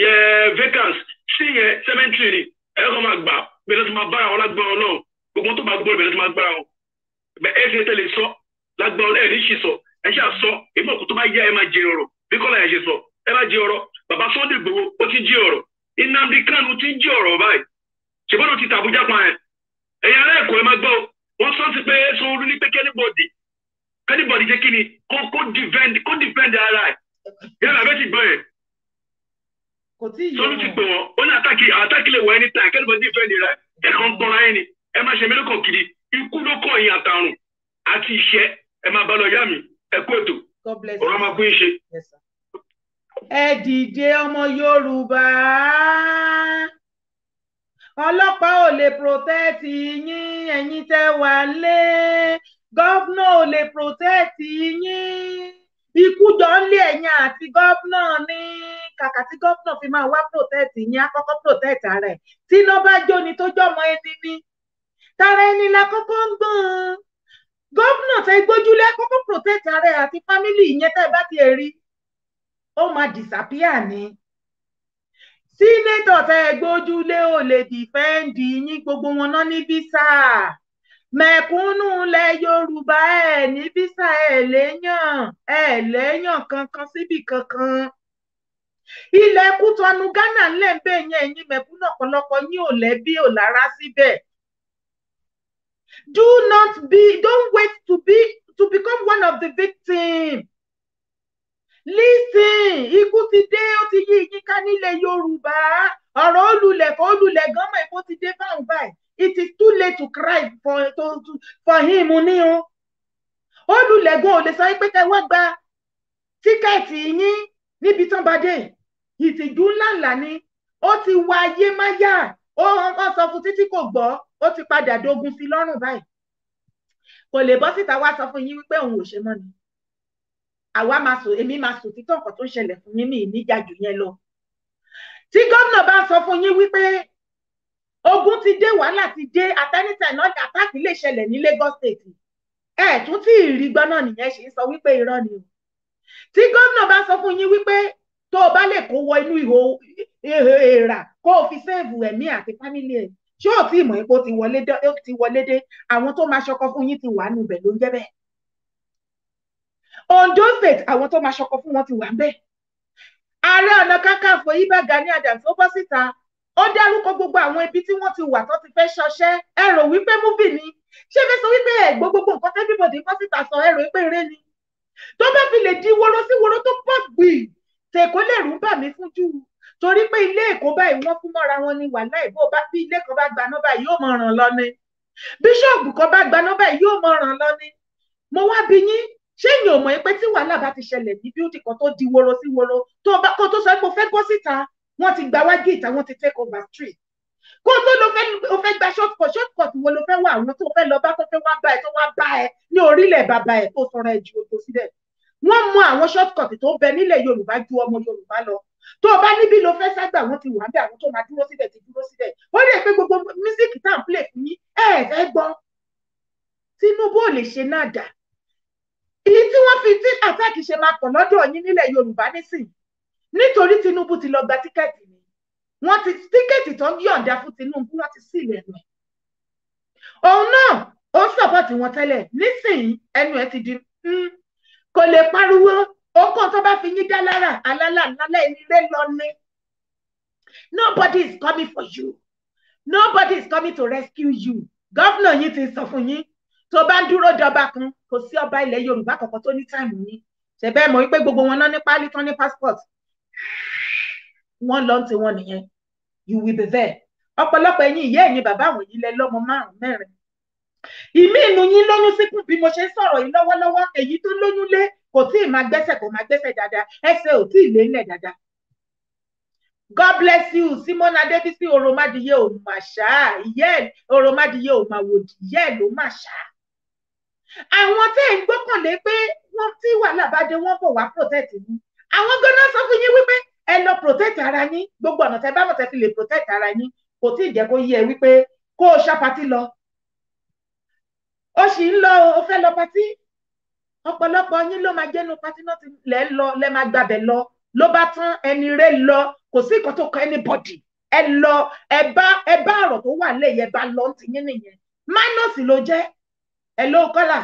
yẹ vacance sí yẹ cemetery ni ẹ̀yẹ́ kọ́ máa gbà bẹ̀rẹ̀ tó máa bára wọn lágbára náà gbogbo tó máa gbọ́ bẹ̀rẹ̀ tó máa gbára wọn bẹ̀ ẹ̀ ṣe tẹ̀lé sọ lágbára ẹ̀ ní ṣì sọ ẹ̀ ṣà sọ èmi òkú tó bá yá ẹ máa jẹ ọ̀rọ̀ bí kọ́lá yẹn ṣe sọ ẹ bá jẹ ọ̀rọ̀ bàbá Sunday Igboho ó ti jẹ ọ̀rọ̀ Nnamdi Kanu ti jẹ ọ̀rọ̀ báyìí ṣùgbọ́n náà ti tàbújá pa ẹ̀ ẹ̀yin ará ẹ̀kọ́ máa gbọ́ wọ́n sọ sí pé Sanwó-Olú ní pé kẹ́nìbọ̀dì kẹ́nìbọ̀dì jẹ́ kí ni kó kó defend kó defend ara ẹ̀ yálà bẹ́ẹ̀ ti gbọ́ ẹ̀ sọ́nù ti pè wọ́n ní àtàkì àtàkì lè wọ ẹni tàn kẹ́nìbọ̀dì defend ara ẹ̀ kàn ń gbọ́ra ẹni ẹ má ṣe mélòó kiri ikú ló kọ́ ìyìn àtàrùn àti ìṣẹ́ ẹ máa bá lọ yá mi ẹ kú ètò ọ̀rọ̀ máa kú ìṣe. ẹ dìde ọmọ Yorùbá ọlọ́pàá ò lè protect yín ẹ̀yin tẹ́ wà lé gọ́fúnà ò lè protect yín ikú jọ ń lé ẹ̀yin àti gọ́fúnà ní kàkà tí gọ́fúnà fi máa wá protect yín àkọ́kọ́ protect ara ẹ̀ tí iná bá jó ni tó jọmọ ẹni ní tara ẹni la kọ́kọ́ ń gbọ́n gọ́fúnà tẹ gbójúlé kọ́kọ́ protect ara àti family yẹn tẹ́ bá ti rí ó máa disappear ni sínétọ̀ tẹ́ ẹ gbójúlé ò lè dìfẹ́ǹdì yín gbogbo wọn náà ní bísà mẹ̀kúnnù ilẹ̀ yorùbá ẹ̀ ní bísà ẹ̀ léyàn ẹ̀ léyàn kankan síbì kankan ilẹ̀ kútọ́nu ghana ńlẹ̀ ń bẹ̀ yẹn ẹ̀yin mẹ̀kúnnù ọ̀pọ̀lọpọ̀ yín ò lẹ́bí ò lára síbẹ̀ do not be don't wait to be to become one of the victims listen ikú ti dé ó ti yí ìyíká nílẹ̀ yorùbá ọ̀rọ̀ olùlẹ̀ kó olùlẹ̀ gánmọ̀ èkó ti dé báwọn báyìí it is too late to cry for to, to for him ní o olùlẹ̀ gan ò lè sọ pé kẹ́ wá gba tíkẹ́ẹ̀tì yín níbi tán bá dé ìtìjú ńláńlá ni ó ti wá ayé máyà ó hàn sọ fún títí kò gbọ́ ó ti padà dogun sí lọ́rùn báyìí kò lè bọ́ síta wá sọ fún yín wípé òun ò ṣe mọ́ ni àwa máa sọ èmi máa sọ títọ́ nǹkan tó ń ṣẹlẹ̀ fún yín mi níjà jù yẹn lọ tí gómìnà bá sọ fún yín wípé ogun ti dé wàhálà ti dé àtẹnitẹ náà àtàkì lè ṣẹlẹ̀ ní Lagos State ẹ tún tí ì rí gbọ́n nìyẹn ṣe ń sọ wípé irọ́ ni o tí gómìnà bá sọ fún yín wípé tó o bá lè kó wọ inú ihò èèrà kó o fi sẹ́ẹ̀bù ẹ̀mí àti fámílì ẹ̀ ṣé ò tí ì mọ̀ pé ti wọlé dé àwọn tó máa ṣọkọ fún yín ti wà nù bẹ̀ ló ń jẹ́ bẹ́ẹ̀ Ondo state àwọn tó máa ṣọkọ fún wọn ti wà bẹ́ẹ̀ ààrẹ ọ̀nà kakanfò Ìbà Gani Adams ó bọ́ síta ó dárúkọ gbogbo àwọn ibi tí wọ́n ti wà tó ti fẹ́ ṣọṣẹ́ ẹ rò wípé múbì ni ṣé fẹ́ sọ wípé ẹ̀gbọ́n gbogbo nǹkan tẹ́ bíbọ̀dé bọ́ síta sọ ẹ rò wípé eré ni tó bá fi lè di woro sí woro tó pọ̀ gbì tèkó lè rú bà mí fúnjú torí pé ilé Èkó báyìí wọ́n fún mọ́ra wọn ni wàhálà ìbò bí ilé kan bá gba nọ́mbà yóò mọ̀ ràn lọ ni bíṣọ̀bù kan bá gba nọ́mbà yóò mọ̀ ràn lọ ni mo wá bi yín ṣé èèyàn ò mọ̀ pé tí wàhálà bá ti ṣẹlẹ̀ ní bíútì kan tó di woro sí woro tó bá kó tó sọ pé o fẹ́ bọ́ síta wọ́n ti gba wájú ìta wọ́n ti take over street kó tó lọ fẹ́ o fẹ́ gba short cut short cut wo ló fẹ́ wà àwọn tó fẹ́ lọ bá tó fẹ́ wá bá ẹ tó wá bá ẹ ní orílẹ̀ bàbá ẹ tó sọ̀rọ̀ ẹ ju ojú sílẹ̀ wọ́n mọ àwọn short cut tó ń bẹ nílẹ̀ Yorùbá ju ọmọ Yorùbá lọ tó bá níbi ló fẹ́ ságbà wọ́n ti wà bẹ́ẹ̀ àwọn tó máa dúró síbẹ̀ ti dúró síbẹ̀ ó lè pé gbogbo mísíkì tá à ń play fún yín ẹ ẹ fẹ́ gbọ́ Tinubu ò lè ṣe náà dà èyí tí wọ́n fi tí àtàkì ṣe máa pọ̀ lọ́dọ̀ yín nílẹ̀ Yorùbá nísìn nítorí Tinubu ti lọ gba tíkẹ́ẹ̀tì ni wọ́n ti tíkẹ́ẹ̀tì tó yọ̀ǹda fún Tinubu wọ́n ti sí ilẹ̀ rẹ̀ òun náà ó ń sọ̀pọ̀tì wọn tẹ́lẹ̀ nísìnyí ẹnu ẹ̀ ti di hmm, kò lè pariwo okó tó bá fi yín dá lára alálà lálẹ́ ilé lọ ni nobody is coming for you nobody is coming to rescue you gọ́fìnà yín ti sọ fún yín tó bá ń dúró dọba kan kò sí ọba ilẹ̀ yorùbá kankan tó ní táìmù ní ṣẹ̀bẹ́ mọ̀ wípé gbogbo wọn náà ní pálí tán ní passport wọ́n lọ ti wọn nìyẹn you will be there ọ̀pọ̀lọpọ̀ ẹ̀yin ìyá ẹ̀yin bàbá àwọn yìí lẹ lọ́mọ márùn mẹ́rin ìmí inú yín lóyún síkùn bí mo ṣe ń sọ̀rọ̀ yìí lọ́wọ́lọ́wọ́ èyí tó lóyún lé kò tí ì máa gbẹ́sẹ̀ kò máa gbẹ́sẹ̀ dáadáa ẹsẹ̀ ò tí ì lé nílẹ̀ dáadáa god bless you simona adébísí oromadiye òmàṣá ìyẹ́ oromadiye òmàwòdì ìyẹ́ ló màṣá àwọn tẹ́ ẹ̀ ń gbọ́kànlé pé wọ́n tí wàhálà bá dé wọ́n bọ̀ wá protect yín àwọn gan-an sọ fún yín wípé ẹ lọ protect ara yín gbogbo ọ̀nà tẹ́ bá mọ̀ tẹ́ fi lè protect ara yín kò tí ì jẹ́ kó yé ẹ wípé kó o ṣá patí lọ ó sì ń lọ o fẹ́ lọ patí ọ̀pọ̀lọpọ̀ yín ló máa jẹ́nu patí náà ti lẹ́ lọ lẹ́ máa gbàbẹ̀ lọ ló bá tán ẹni rẹ̀ lọ kò sí nǹkan tó kọ anybody ẹ lọ ẹ bá ẹ bá ọ̀rọ̀ tó wà lẹ́yìn ẹ bá lọ́ọ́ tì yín nìyẹn minus ló jẹ́ hello kọ́là.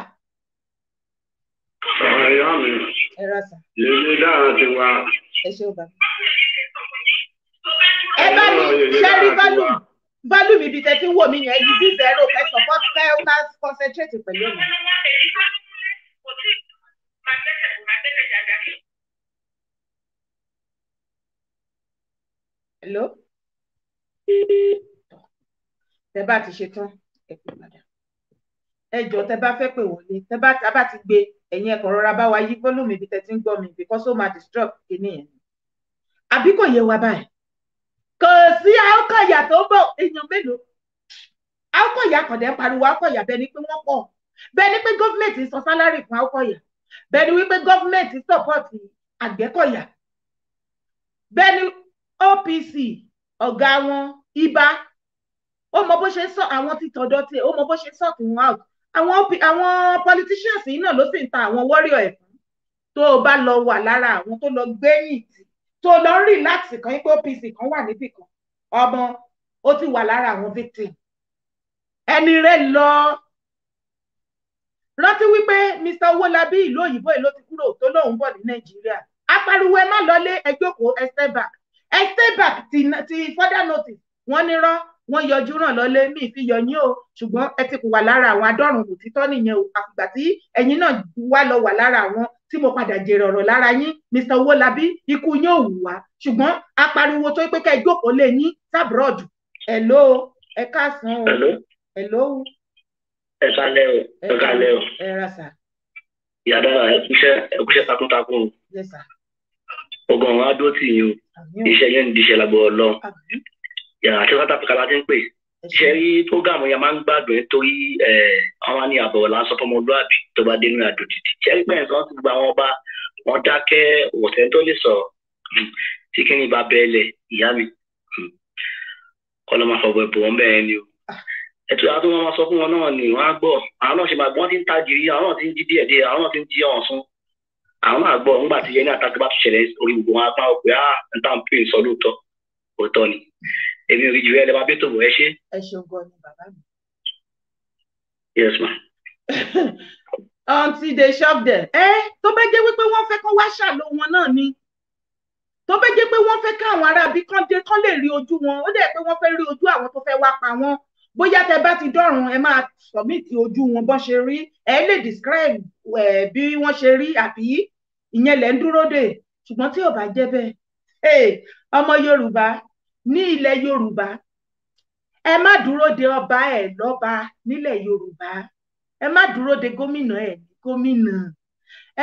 ọ̀rọ̀ ìyá mi lèmi dára ti wá. ẹ ṣe ọba. ẹ bá mi ṣẹ́rí bálù bálù mi ibi tẹ́ ti ń wò mí yẹn yìí bíbẹ̀ ẹ̀rọ fẹ́ support fẹ́ máa concentrate pẹ̀lú mi. hello. tẹ bá ti ṣe tán ẹ pè padà ẹ jọ tẹ bá fẹ́ pè wọlé tẹ bá tá a bá ti gbé ẹ̀yin ẹ̀kọ́ rọra bá wa yí fọ́lùmù ibi tẹ ti ń gbọ́ mi because ó máa disturb kìíní yẹn àbí kò yé wa báyìí kò sí àkọyà tó bọ̀ èèyàn mélòó àkọyà kọ̀dẹ̀ pariwo àkọyà bẹ́ẹ̀ ni pé wọ́n pọ̀ bẹ́ẹ̀ ni pé gọ́fìmẹ̀ntì sọ sálárì fún àkọyà bẹ́ẹ̀ ni wípé gọ́fìmẹ̀ntì sọ̀pọ̀tì àgbẹ̀kọ̀yà bẹ́ẹ̀ ni OPC ọ̀gá wọn ibà ó mọ bó ṣe sọ àwọn títọ́dọ́ tí ó mọ bó ṣe sọ tún out àwọn àwọn politicians yìí náà ló sì ń ta àwọn warrior ẹ̀ fún tó o bá lọ wà lára àwọn tó lọ gbẹ̀yìn tì tó lọ ń relax kan pé OPC kan wà níbì kan ọmọ ó ti wà lára àwọn victim ẹni rẹ lọ rántí wípé Mr. Owólabí ìlú òyìnbó yìí ló ti kúrò tó lóun bọ̀ ní Nàìjíríà apariwo ẹ má lọlé ẹ jókòó ẹ step back ẹ step back ti further notice wọ́n ní rán wọ́n yọjú ràn lọ́lé mí fi yọ yín o ṣùgbọ́n ẹ ti kù wà lára àwọn adọ́rùn òtítọ́ nìyẹn o àfìgbà tí ẹ̀yin náà wá lọ wà lára àwọn tí mo padà jèrè ọ̀rọ̀ lára yín Mr Owólabí ikú yín ò wù wá ṣùgbọ́n apariwo tó pé ká ẹ jókòó lé yín sábúrọ̀dù hello ẹ káàsán o hello o. ẹ kálẹ́ o ẹ kálẹ́ o ẹ ra sà. ìyá dára ẹ takuntakun o ọgọrùn wa tì yín o iṣẹ́ yẹn ń diṣẹ́ lágbó Ọlọ́run àti south africa la ti ń pè ṣe rí programu yẹn máa ń gbádùn nítorí àwọn ní àbọ̀wọ̀ lásán fọmọlúàbí tó bá dé nínú àdòdìdì ṣe rí pẹ́yìn kan ti gba àwọn ọba wọn dákẹ́ òtẹ́ tó lè sọ̀rọ̀ hmm, tí kí ni bàbá ẹ lẹ ìyá mi hmm, kọ́ ló máa fọwọ́ ẹ̀bùn wọn bẹ́ẹ̀ ni o ẹtù àti wọn máa sọ fún wọn náà ni wọn á gbọ́ àwọn náà ṣe máa gbọ́ wọn ti ń ta jìrì àwọn náà ti ń jí díẹ̀ díẹ̀ àwọn náà ti ń jí ọ̀sán àwọn náà gbọ́ nígbà tí yẹn ní àtàkùn bá tún ṣẹlẹ̀ orí gbogbo wọn apá òpè á ń tà ń pè sọ lóòótọ́ òótọ́ ni èmi ò rí jù ẹ lè bí tòun ẹ ṣe. ẹ ṣeun gan ni bàbá mi. yes ma. until they shop there. ẹ tó bẹ́ẹ̀ jẹ́ wípé wọ́n fẹ́ kó wá ṣàlò wọn náà ni tó bẹ́ẹ̀ jẹ́ pé wọ́n fẹ́ káwọn aráabí kan dé kán lè rí ojú wọn ó dẹ̀ pé wọ́n fẹ́ rí ojú àwọn tó fẹ́ wá pa wọ́n bóyá tẹ bá ti dọ̀rùn ẹ máa sọ̀mìtì ojú wọn bọ́n ṣe rí ẹ lè describe ẹ bí wọ́n ṣe rí àbí ìyẹn lẹ̀ ń dúró dè ṣùgbọ́n tí ò bá jẹ́ bẹ́ẹ̀ ọmọ Yorùbá ní ilẹ̀ yorùbá ẹ má dúró de ọba ẹ lọ́ba nílẹ̀ yorùbá ẹ má dúró de gómìnà ẹ gómìnà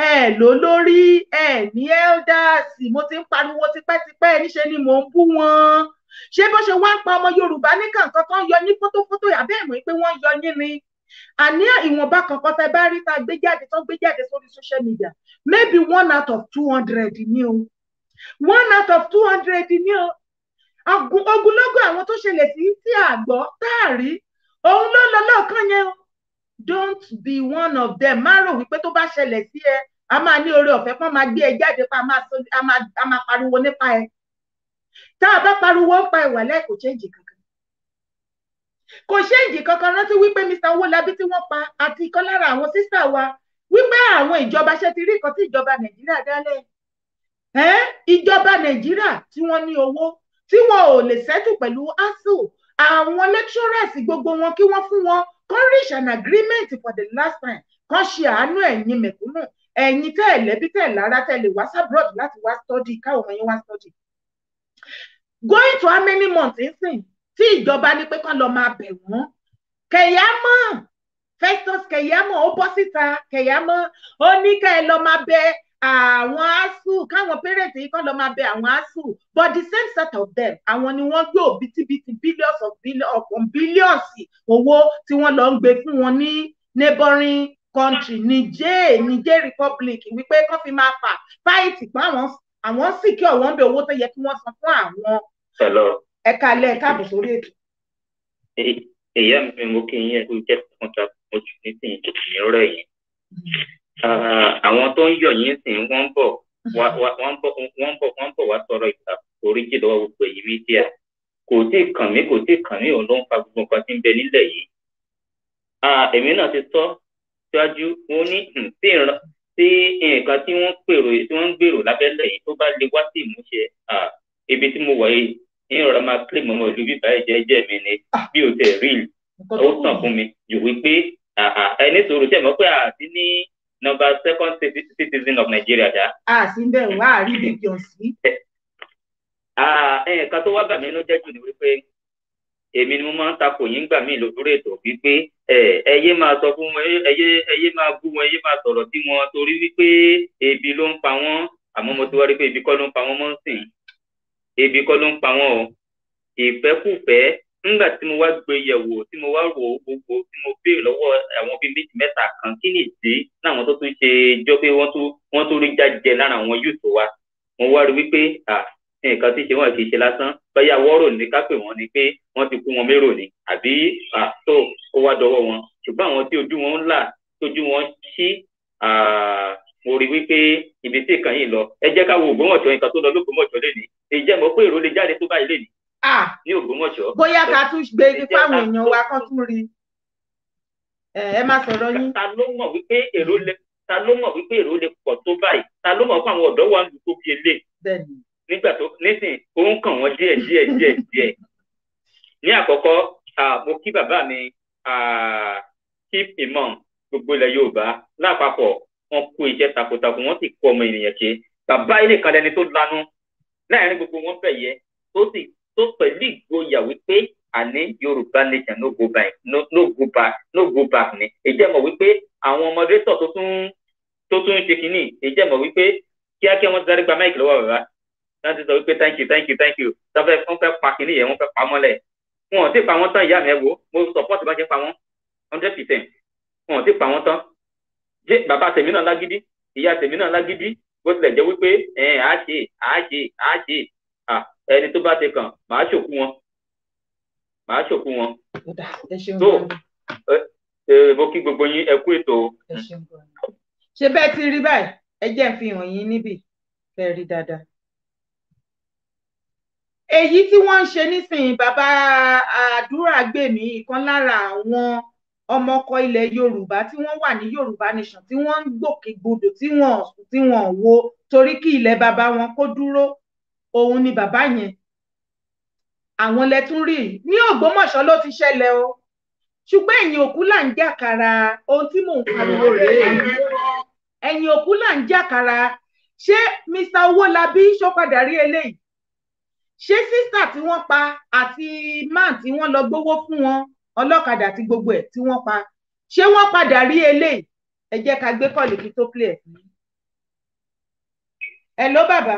ẹ ló lórí ẹ ní elders mo ti ń pariwo tipẹ́tipẹ́ níṣe ni mò ń bú wọn ṣé bó ṣe wá ń pa ọmọ yorùbá ní kàǹkan kan yọ ní fótófótó abẹ́ ìmọ̀ pé wọ́n yọ yín ni àní ìwọ̀nba kankan tẹ bá rí tá gbé jáde tó gbé jáde sórí social media maybe one out of two hundred ni o one out of two hundred ni o ogunlọ́gọ̀ àwọn tó ṣẹlẹ̀ sí tí a gbọ́ tá a rí òun ló lọ lọ́ọ̀kan yẹn don't be one of them má rò wípé tó bá ṣẹlẹ̀ sí ẹ a máa ní oore ọ̀fẹ́ pọ́n máa gbé ẹ jáde pa a máa pariwo nípa ẹ tá a bá pariwo ń pa ìwà lẹ́ẹ̀kọ́ change kankan kò ṣéǹjì kankan rántí wípé Mr Owólabí tí wọ́n pa àti ìkan lára àwọn sísà wa wípé àwọn ìjọba ṣe ti rí nǹkan tí ìjọba Nàìjíríà dálẹ̀ ẹ́ ìjọba Nàìjíríà tí wọ́n ní owó tí wọn ò lè settle pẹ̀lú ASUU àwọn lecturers gbogbo wọn kí wọ́n fún wọn kan reach an agreement for the last time kan ṣe àánú ẹ̀yin mẹ̀kúnnù ẹ̀yin tẹ́ ẹ̀ lẹ́bí tẹ́ ẹ̀ lára tẹ́ ẹ̀ lè wá sábrọ̀d láti wá study káwọn ọmọ yẹn wá study. going to how many months nsìn tí ìjọba ní pé kán lọ máa bẹ̀ wọ́n kẹ̀yàmọ́ Festus kẹ̀yàmọ́ ó bọ́ síta kẹ̀yàmọ́ ó ní ká ẹ lọ máa bẹ̀ àwọn asu káwọn parents yìí kọ́ lọ máa bẹ àwọn asu but the same set of them àwọn ni wọ́n gbé òbítíbitì billions of billions of billions owó tí wọ́n lọ ń gbé fún wọn ní neighboring country Niger Niger Republic wípé kán fi máa fà fáìtì pé àwọn àwọn sìkì ọ̀wọ́n bẹ owó tó yẹ kí wọ́n san fún àwọn ẹ̀ka alẹ́ ẹ̀ka àbùsùn orí ètò. ìyá mi mo kí yín ẹ kó jẹ́ kọ́ńtà mo jù ní tìǹtì ìrọ̀rẹ́ yìí. Uh, àwọn tó ń yọ yín sìn wọ́n bọ̀ mm-hmm. wọ́n bọ̀ wọ́n bọ̀ wọ́n bọ̀ wá sọ̀rọ̀ ìforíjì lọ́wọ́ gbogbo èyí mídíà kò tí ì kàn mí kò tí ì kàn mí òun ló ń fa gbogbo nǹkan tí ń bẹ nílẹ̀ yìí. èmi náà ti sọ síwájú wọ́n ní hmm, tí nǹkan tí wọ́n pèrò tí wọ́n ń gbèrò lábẹ́lẹ̀ yìí tó bá lè wá sí ìmúṣẹ ibi tí mo wà yìí ní ọ̀rọ̀ máa kílè mọ́mọ́ ìlú bíbá ẹ̀jẹ̀ jẹ́ mi ni bí ah. o tẹ̀ rí ó tàn fún mi jù wípé ẹni sòrò tẹ̀ mọ́ pé àti ní number second citizen of Nigeria ṣá. a sì ń bẹ̀rù wá àrí bèbí ọ̀sìn. nǹkan tó wá bà mí ló jẹ́ jù ni wípé èmi ni mo máa ń takò yín gbà mí lórí ètò wípé ma máa sọ fún wọn ẹyé ma máa bú wọn ẹyé máa sọ̀rọ̀ sí wọn torí wípé ebi ló ń pa wọ́n àmọ́ mo ti wá rí pé ebi kọ́ ló ń pa wọ́n mọ́ sìn ebi kọ́ ló ń pa wọ́n o ìfẹ́kùfẹ́ nígbà tí mo wá gbé yẹ̀wò tí mo wá rò ó gbogbo tí mo béèrè lọ́wọ́ àwọn bíi méjì mẹ́ta kan kí ni ìdí láwọn tó tún ṣe jọ pé wọ́n tún wọ́n tún rí jáde lára àwọn yúùtù wa mo wá rí wípé nǹkan tí ṣe wọn kì í ṣe lásán báyà wọ́rọ̀ ní ká pè ni pé wọ́n ti kú wọn mérò ni àbí tó ó wá dọwọ́ wọn ṣùgbọ́n àwọn tí ojú wọn ń là tójú wọn ṣí mo rí wípé ibi tí ìkànnì lọ ẹ jẹ́ ká ògbómọ̀ṣọ́ nǹkan tó lọ lógbómọ̀ṣọ́ lé Ah! ní Ògbómọ̀ṣọ́. bóyá ká tún gbé ní fáwọn èèyàn wa kán tún rí ẹ má sọ̀rọ̀ yín. ta ló mọ̀ wípé èrò lè ta ló mọ̀ wípé èrò lè pọ̀ tó báyìí ta ló mọ̀ pé àwọn ọ̀dọ́ wa ń lu tó fi elé. nígbà tó nísìn ó ń kàn wọ́n díẹ̀ díẹ̀ díẹ̀ díẹ̀. ní àkọ́kọ́ mo kí bàbá mi chief imam gbogbo ilẹ̀ Yorùbá lápapọ̀ wọn kú iṣẹ́ takuntakun wọ́n sì kó ọmọ ènìyàn ṣe bàbá ilé kan lẹni tó lanu láàrin gbogbo wọn fẹ̀yẹ tó sì tó pẹ̀lú ìgboyà wípé àní yorùbá nation no go back no, no go back no go back ni èjẹ́ mọ̀ wípé àwọn moderator tó tún tó tún ṣe kínní èjẹ́ mọ̀ wípé kíákíá wọn ti darí gba máìkì lọ́wọ́ bàbá wọn ti sọ wípé thank you thank you thank you tọ́fẹ́ wọn fẹ́ pa kínní yẹn wọn fẹ́ pa mọ́lẹ̀ wọn ò tí pa wọn tán ìyá mi ẹ wo mo support bá ṣe pa wọn hundred percent wọn ò tí pa wọn tán jẹ bàbá tèmi náà lágídí ìyá tèmi náà lágídí bó tilẹ̀ jẹ́ wípé ẹ̀ á ṣe á ṣe á ṣe ẹni tó bá ti kàn màá ṣòkú wọn màá ṣòkú wọn tó mo kí gbogbo yín ẹ kú ètò. ṣé bẹ́ẹ̀ ti rí báyìí ẹ jẹ́ ń fi hàn yín níbí fẹ́ rí dáadáa. èyí tí wọ́n ń ṣe nísìnyí bàbá àdúrà gbèmí ìkan lára àwọn ọmọkọ ilẹ̀ yorùbá tí wọ́n wà ní yorùbá nation tí wọ́n ń gbòkègbodò tí wọ́n tí wo torí kí ilẹ̀ bàbá wọn kó dúró òun ni bàbá yẹn àwọn lẹ tún rí ní Ògbómọ̀ṣọ́ ló ti ṣẹlẹ̀ o ṣùgbọ́n ẹ̀yin òkú là ń jàkàrà ohun tí mò ń pariwo rèé ẹ̀yin òkú là ń jàkàrà ṣé Mr Owólabí ṣó padà rí eléyìí ṣé sísà tí wọ́n pa àti man tí wọ́n lọ gbowó fún wọn ọlọ́kadà àti gbogbo ẹ̀ tí wọ́n pa ṣé wọ́n padà rí eléyìí ẹ jẹ́ ká gbé kọ́ọ̀lì tó clear. ẹ ló bàbá.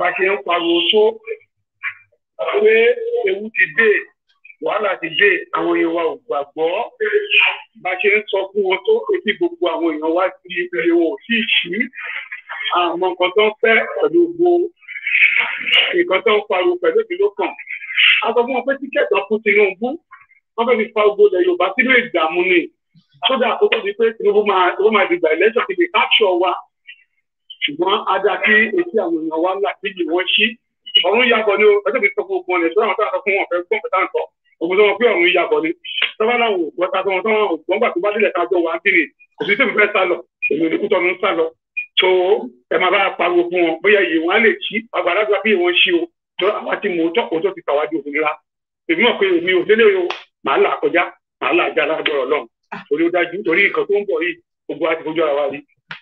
bá ṣe ń pariwo tó pé ewu ti dé wàhálà ti dé àwọn èèyàn wa ò gbàgbọ́ bá ṣe ń sọ fún wọn tó etí gbogbo àwọn èèyàn wa ti ilé wọn ò sí ìṣí àwọn nǹkan tó ń fẹ́ pẹ̀lú gbogbo nǹkan tó ń pariwo pẹ̀lú ìlú kan a sọ fún wọn pé tíkẹ́ẹ̀tì ọkùn Tinubu wọn fẹ́ẹ́ fi fa gbogbo ilẹ̀ Yorùbá sínú ìdààmú ni sódà àkókò di pé Tinubu máa di gbà ẹlẹ́sọ̀ ti káṣọ wa ṣùgbọ́n á dáa kí etí àwọn èèyàn wá là kéjì wọ́n ṣí ọ̀run yàgò ni o ẹjọ́ mi sọ fún ogun ọ̀nà ìṣúra àwọn táwọn wọn fẹ́ gbọ́n pẹ̀tà ń sọ tó wọn pé ọ̀run yàgò ni tọ́ba náà wò wọ́n ta tó wọn tọ́wọ́n ògbọ́n gbà tó bá délẹ̀ ká jọ wà á dì ní kò sí tèmi fẹ́ sá lọ èmi ò ní kútọ́ mi ń sá lọ tó ẹ máa bá pariwo fún wọn bóyá iye wọn á lè ṣí agbàdàgbà bí wọn o tó àwa ti mú o màá là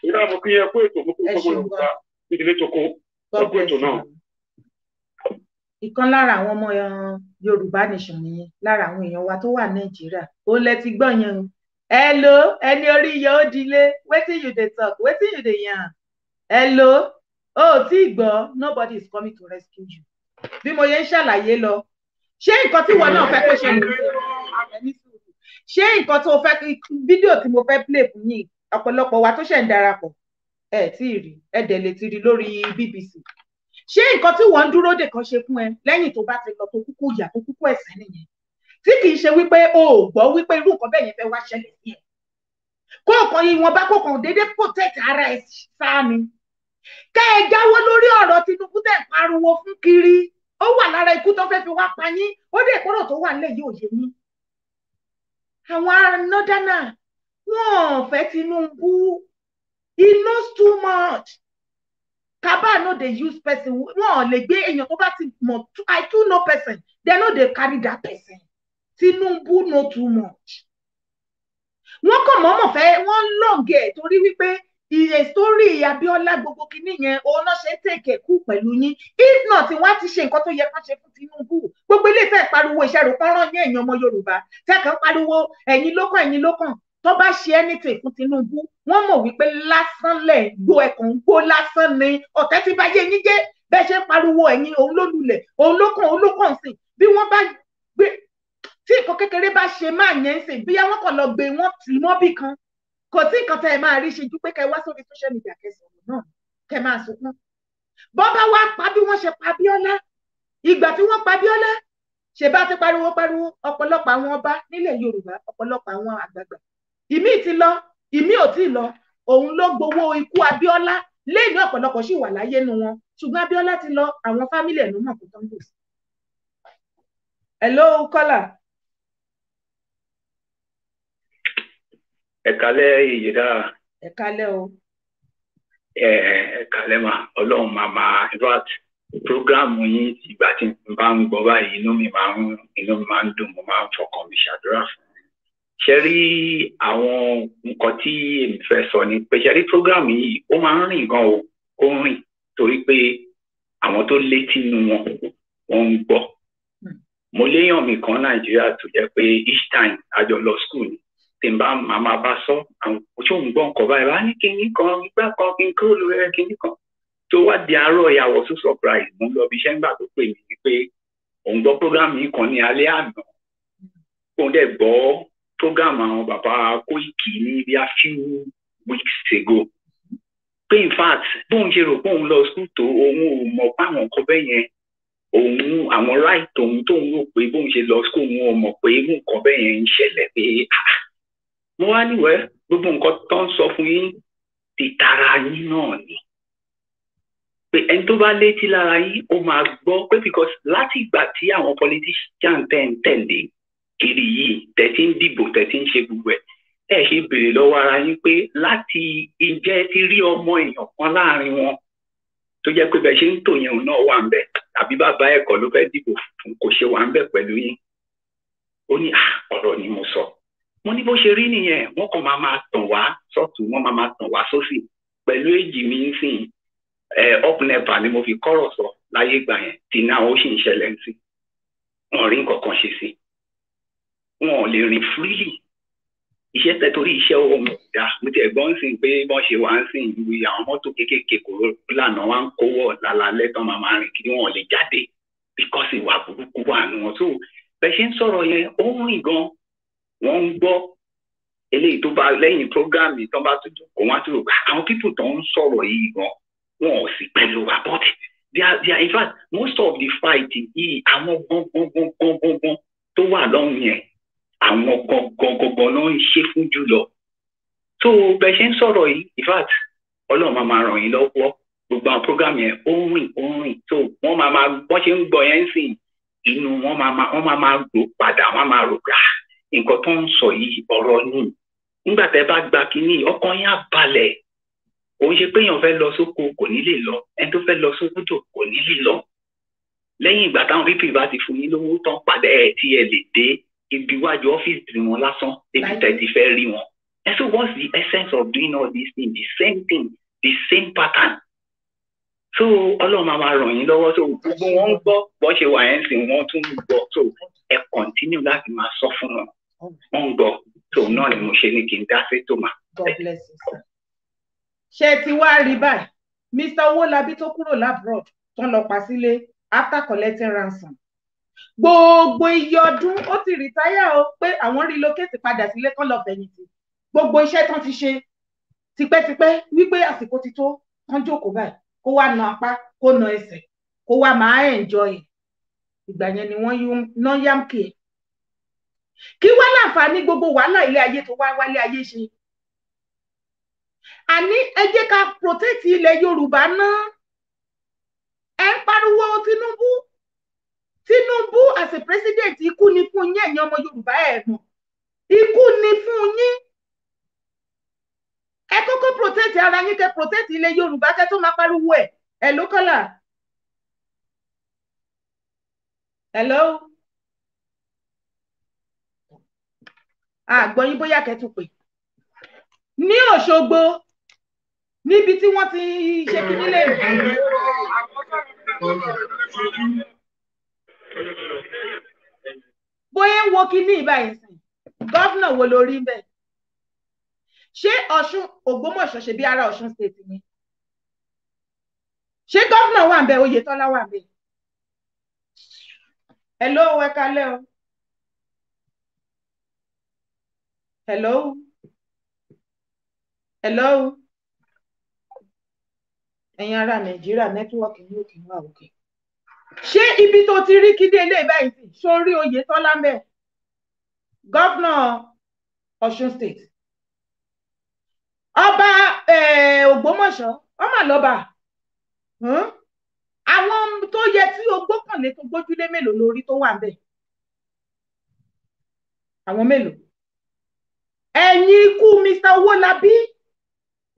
ìdá mo kí ẹ kó ètò mo kó gbogbo yorùbá ìdílé toko ẹkú ètò náà. ìkan lára àwọn ọmọ eh, yorùbá nation nìyẹn lára àwọn èèyàn wa tó wà nàìjíríà ó lẹ ti gbọ́ yẹn o hello ẹni orí yẹ ó dilé wetin you dey talk wetin you dey yarn hello o ò tí ì nobody is coming to rescue you bí mo yẹ ń ṣàlàyé lọ ṣé nǹkan tí ìwọ náà fẹ́ kó ṣe nìyẹn ṣé nǹkan tó fẹ́ fídíò tí mo fẹ́ play fún yìí ọ̀pọ̀lọpọ̀ wa tó ṣẹ̀ ń darapọ̀ ẹ̀ tí ì rí ẹ̀ dẹ̀ lè ti rí lórí BBC ṣé nǹkan tí wọ́n ń dúró dè kan ṣe fún ẹ lẹ́yìn tó bá ti lọ tó kúkú yà tó kúkú ẹ̀sẹ̀ nìyẹn tí kì í ṣe wípé o ò gbọ́ wípé irú nǹkan bẹ́ẹ̀ yẹn fẹ́ wá ṣẹlẹ̀ sí ẹ̀ kóòkan ìwọ̀nba kóòkan déédéé protect ara ẹ̀ sáà ni ẹ jáwọ́ lórí ọ̀rọ̀ Tinubu tẹ̀ pariwo fún kiri ó wà lára ikú tó fẹ́ fi wá pa yín ó dé ìkóró tó wà nílẹ̀ yìí yín àwọn anọ́dánà wọn fẹ́ Tinubu he knows too much kaba no dey use person wọn lè gbé èèyàn tó bá ti mọ̀ i too know person they no dey carry that person Tinubu know too much wọn kàn mọ́mọ́ fẹ́ wọ́n lọ́ọ̀gẹ̀ torí wípé ìyè sórí Abíọ́lá gbogbo kinní yẹn òun náà ṣe ń tèkè kú pẹ̀lú yín if not wọ́n á ti ṣe nǹkan tó yẹ kán ṣe fún Tinubu gbogbo ilé tẹ̀ pariwo ìṣẹ̀rù kan rán ní ẹ̀yìn ọmọ Yorùbá tẹ̀ kàn pariwo ẹ̀yin ló kàn ẹ̀yin ló kàn tó bá ṣe anything fún Tinubu wọ́n mọ̀ wípé lásán lẹ̀ gbó ẹkùn gbó lásán ni ọ̀tẹ̀ ti bá yé yín jẹ́ bẹ́ẹ̀ ṣe ń pariwo ẹ̀yin òun ló lulẹ̀ òun ló kàn òun ló kàn sí bí wọ́n bá gbé tí nǹkan kékeré bá ṣe máa yẹn ń sìn bíyá wọ́n kàn lọ gbé wọn tì mọ́bì kan kò tí nǹkan tẹ́ ẹ máa rí ṣe ju pé kẹ wá sórí social media kẹsàn-án náà kẹ máa sunkún bọ́bá wá pa bí wọ́n ṣe pa Bíọ́lá ìgbà tí wọ́n pa Bíọ́lá ṣèbá ti pariwo pariwo ọ̀pọ̀lọpọ̀ àwọn ọba nílẹ̀ Yorùbá ọ̀pọ̀lọpọ̀ àwọn àgbààgbà ìmí ti lọ ìmí ò tí ì lọ òun ló gbowó ikú Abíọ́lá lẹ́yìn ọ̀pọ̀lọpọ̀ sì wà láyé nu wọn ṣùgbọ́n Abíọ́lá ti lọ àwọn fámìlì ẹ̀ ló mọ̀ kó tán bò sí. hello kọ́là. ẹ̀kálẹ́ iye dára. ẹ̀kálẹ́ o. ẹ̀kálẹ́ mà ọlọ́run máa máa in programu yín ìgbà tí n bá ń gbọ́ báyìí inú mi máa ń inú mi máa ń dùn mo máa ń fọkàn mi ṣàdúrà fún ṣe rí àwọn nǹkan tí èmi fẹ́ sọ ni pé ṣe rí program yìí ó máa ń rìn gan o ó ń rìn torí pé àwọn tó létí nu wọn wọn ń gbọ́ mo léèyàn mi kan nàìjíríà tó jẹ́ pé each time àjọ lọ school ni tí n bá màmá bá sọ àwọn tí òun gbọ́ nǹkan báyìí bá ní kinní kan igbá kan kí n kúrò lórí rẹ kinní kan tó wá di àárọ̀ ìyàwó tó surprise mo ń lọ bí iṣẹ́ ńgbà tó pè mí pé òun gbọ́ program yìí kan ní alẹ́ àná òun dẹ̀ gbọ́ program àwọn bàbá Koiki ní bí a few weeks ago pé in fact bóun ṣe rò pé òun lọ sùn tó òun ò mọ̀ pé àwọn nǹkan bẹ́ẹ̀ yẹn òun àwọn right òun tóun rò pé bóun ṣe lọ sùn òun ò mọ̀ pé nǹkan bẹ́ẹ̀ yẹn ń ṣẹlẹ̀ pé ah, ah. mo wá níwẹ̀ gbogbo nǹkan tó ń sọ fún yín ti tara yín náà ni pé ẹni tó bá létí lára yín ó máa gbọ́ pé because láti ìgbà tí àwọn politician tẹ̀ ń tẹ̀lé kiri yìí tẹ̀sí ń dìbò tẹ̀sí ń ṣe gbogbo ẹ̀ ẹ ṣe béèrè lọ́wọ́ ara yín pé láti ìjẹ́ ti rí ọmọ èèyàn kan láàrin wọn tó jẹ́ pé bẹ́ẹ̀ ṣe ń tò yẹn òun náà wà ń bẹ̀ tàbí bàbá ẹ̀kọ́ ló fẹ́ dìbò fún kò ṣe wà ń bẹ̀ pẹ̀lú yín ó ní ah, ọ̀rọ̀ ni mo sọ mo ní bó ṣe rí nìyẹn wọ́n kàn máa máa tàn wá sọ́tún wọ́n máa máa tàn wá sósì pẹ̀lú èjì mi ń sìn ẹ ọ̀pnẹ́pà ni mo fi kọ́rọ̀ sọ láyé ìgbà yẹn tí náà ó sì ń ṣẹlẹ̀ ń sìn wọ́n rí nǹkan kan ṣe sí i wọn ò lè rìn freely iṣẹ́ tẹ̀torí iṣẹ́ ohun ìdá mo ti ẹ̀gbọ́n sìn pé wọ́n ṣe wá ń sìn ìlú àwọn mọ́tò kéékèèké kòró lànà wá ń kówó lálálẹ́ tán máa máa rìn kiri wọn ò lè jáde because ìwà burúkú wà nù wọn tó bẹ́ẹ̀ ṣe ń sọ̀rọ̀ yẹn ó ń rìn gan wọ́n ń gbọ́ eléyìí tó bá lẹ́yìn program yìí tán bá tún jù kó wọ́n á tún àwọn people tó ń sọ̀rọ̀ yìí gan wọn ò sì pẹ̀lú wa but they in fact most of the fight yìí àwọn gbọ̀ngbọ̀ngbọ̀ngbọ̀ngbọ̀n tó wà lọ́hùn yẹn ọ̀jọ̀gbọ́n náà ń ṣe fún jùlọ tó bẹ ṣe ń sọ̀rọ̀ yìí in ọlọ́run máa ràn yín lọ́wọ́ gbogbo àwọn program yẹn ó rìn ó rìn tó wọ́n máa máa wọ́n ṣe ń gbọ́ yẹn sìn inú wọ́n máa máa wọ́n máa máa rò padà wọ́n máa rò gbà nǹkan tó ń sọ yìí ọ̀rọ̀ ni nígbà tẹ́ bá gba kínní ọkàn yín á balẹ̀ òun ṣe pé èèyàn fẹ́ lọ sóko kò ní lè lọ ẹni tó fẹ́ lọ sókúdò kò ní lè lọ lẹ́yìn ìgbà táwọn pípì bá ti fún yín lówó tán padà ẹ̀ tí ẹ lè dé ibi iwájú ọ́fíìsì wọn lásán débi tẹ̀sí fẹ́ rí wọn. and so what's the essence of doing all these things the same thing the same pattern. so ọlọ́run máa ma ràn yín lọ́wọ́ so gbogbo wọn ń gbọ́ bó ṣe wà yẹn sìn wọ́n tún ń gbọ́ so ẹ continue láti máa sọ fún wọn wọ́n ń gbọ́ so náà ni mo ṣe ní kí n dá sí tó máa. God bless you sir. ṣé ti wá rí báyìí Mr. Owólabí tó kúrò labroad tán lọ pa sílé after collecting ransom gbogbo iye ọdún ó ti rìtáyà o pé àwọn relocate padà sílé kán lọ fẹ̀yìntì gbogbo iṣẹ́ tán ti ṣe tipẹ́tipẹ́ wípé àsìkò ti tó kán jókòó báyìí kó wá na apá kó na ẹsẹ̀ kó wá máa enjoy ìgbà yẹn ni wọ́n ná yamke kí wá láǹfààní gbogbo wàhálà ilé ayé tó wá wálé ayé ṣe àní ẹ jẹ́ ká protect ilẹ̀ Yorùbá náà ẹ ń pariwo Tinubu Tinubu as a president ikú ni fún yín ẹ̀yin ọmọ Yorùbá ẹ̀ mọ̀ ikú ni fún yín ẹ kọ́kọ́ protect ara yín kẹ protect ilẹ̀ Yorùbá kẹ tó máa pariwo ẹ̀ ẹ̀ ló kọ́là. hello àgbọ̀yìn bóyá kẹtùpè ní Òṣogbo níbi tí wọ́n ti ṣe kí nílé rẹ̀ bóyá ń wo kíní ìbáyìí sìn gọ́fìnà wo ló rí ń bẹ̀ ṣé ọ̀ṣun ògbómọ̀ṣọ́ ṣe bí ara ọ̀ṣun state ni ṣé gọ́fìnà wà ń bẹ̀ oyetola wà ń hello wẹ́kálẹ́ o hello hello ẹ̀yin ará nàìjíríà nẹ́tíwọ́ọ̀kì ní òkè wà òkè. Okay ṣé ibi tó ti rí kíndé ilé báyìí sí sórí oyetola ń bẹ gọ́fúnà ọ̀ṣun state ọba eh, ògbómọ̀ṣọ́ wọn mà lọ́ba hmm? àwọn tó yẹ tí o gbọ́kànlé tó gbójúlé mélòó lórí tó wà bẹ́ẹ̀ àwọn mélòó ẹ̀yìn ikú mr owólabí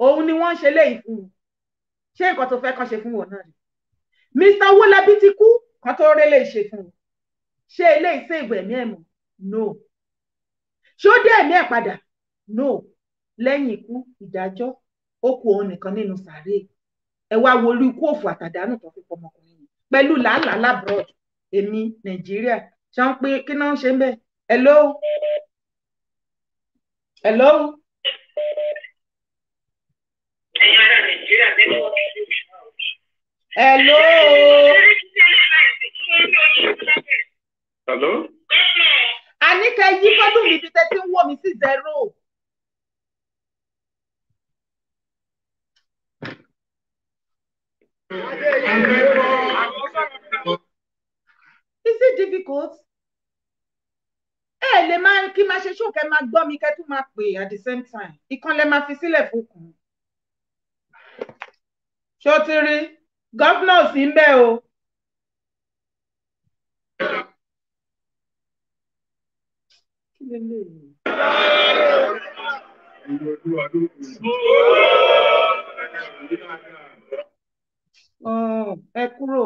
òun ni wọ́n ń ṣe léyìí fún un ṣé nǹkan tó fẹ́ kàn ṣe fún wọn náà rèé mr wọlábí ti kú kan tó rélé ṣe fún un ṣé eléyìí ṣe ìgbẹ̀mí ẹ̀ mọ́ no ṣé ó dé ẹ̀mí ẹ̀ padà no lẹ́yìn ikú ìdájọ́ ó kù òun nìkan nínú sàárè ẹ wá wo orí ikú òfò àtàdánù tó fi pọmọkùnrin yìí pẹ̀lú làálàá labroad èmi nàìjíríà ṣe ń pé kí náà ń ṣe ń bẹ hello hello. ẹ̀yin ará nàìjíríà nínú ọ̀sẹ̀ Hello. Hello. Àníkẹ́ yí fọ́dún mi bíi tẹ́tí ń wọ̀ mí sí zero. Is it difficult? Ẹ lè máa kí máa ṣe ṣókè máa gbọ́ mi kẹ́ tún máa pè at the same time. Ìkànnì lè máa fi sílẹ̀ fún kùn. Ṣó ti rí? gọ́fúnà ò sí ń bẹ̀ o. ẹ kúrò.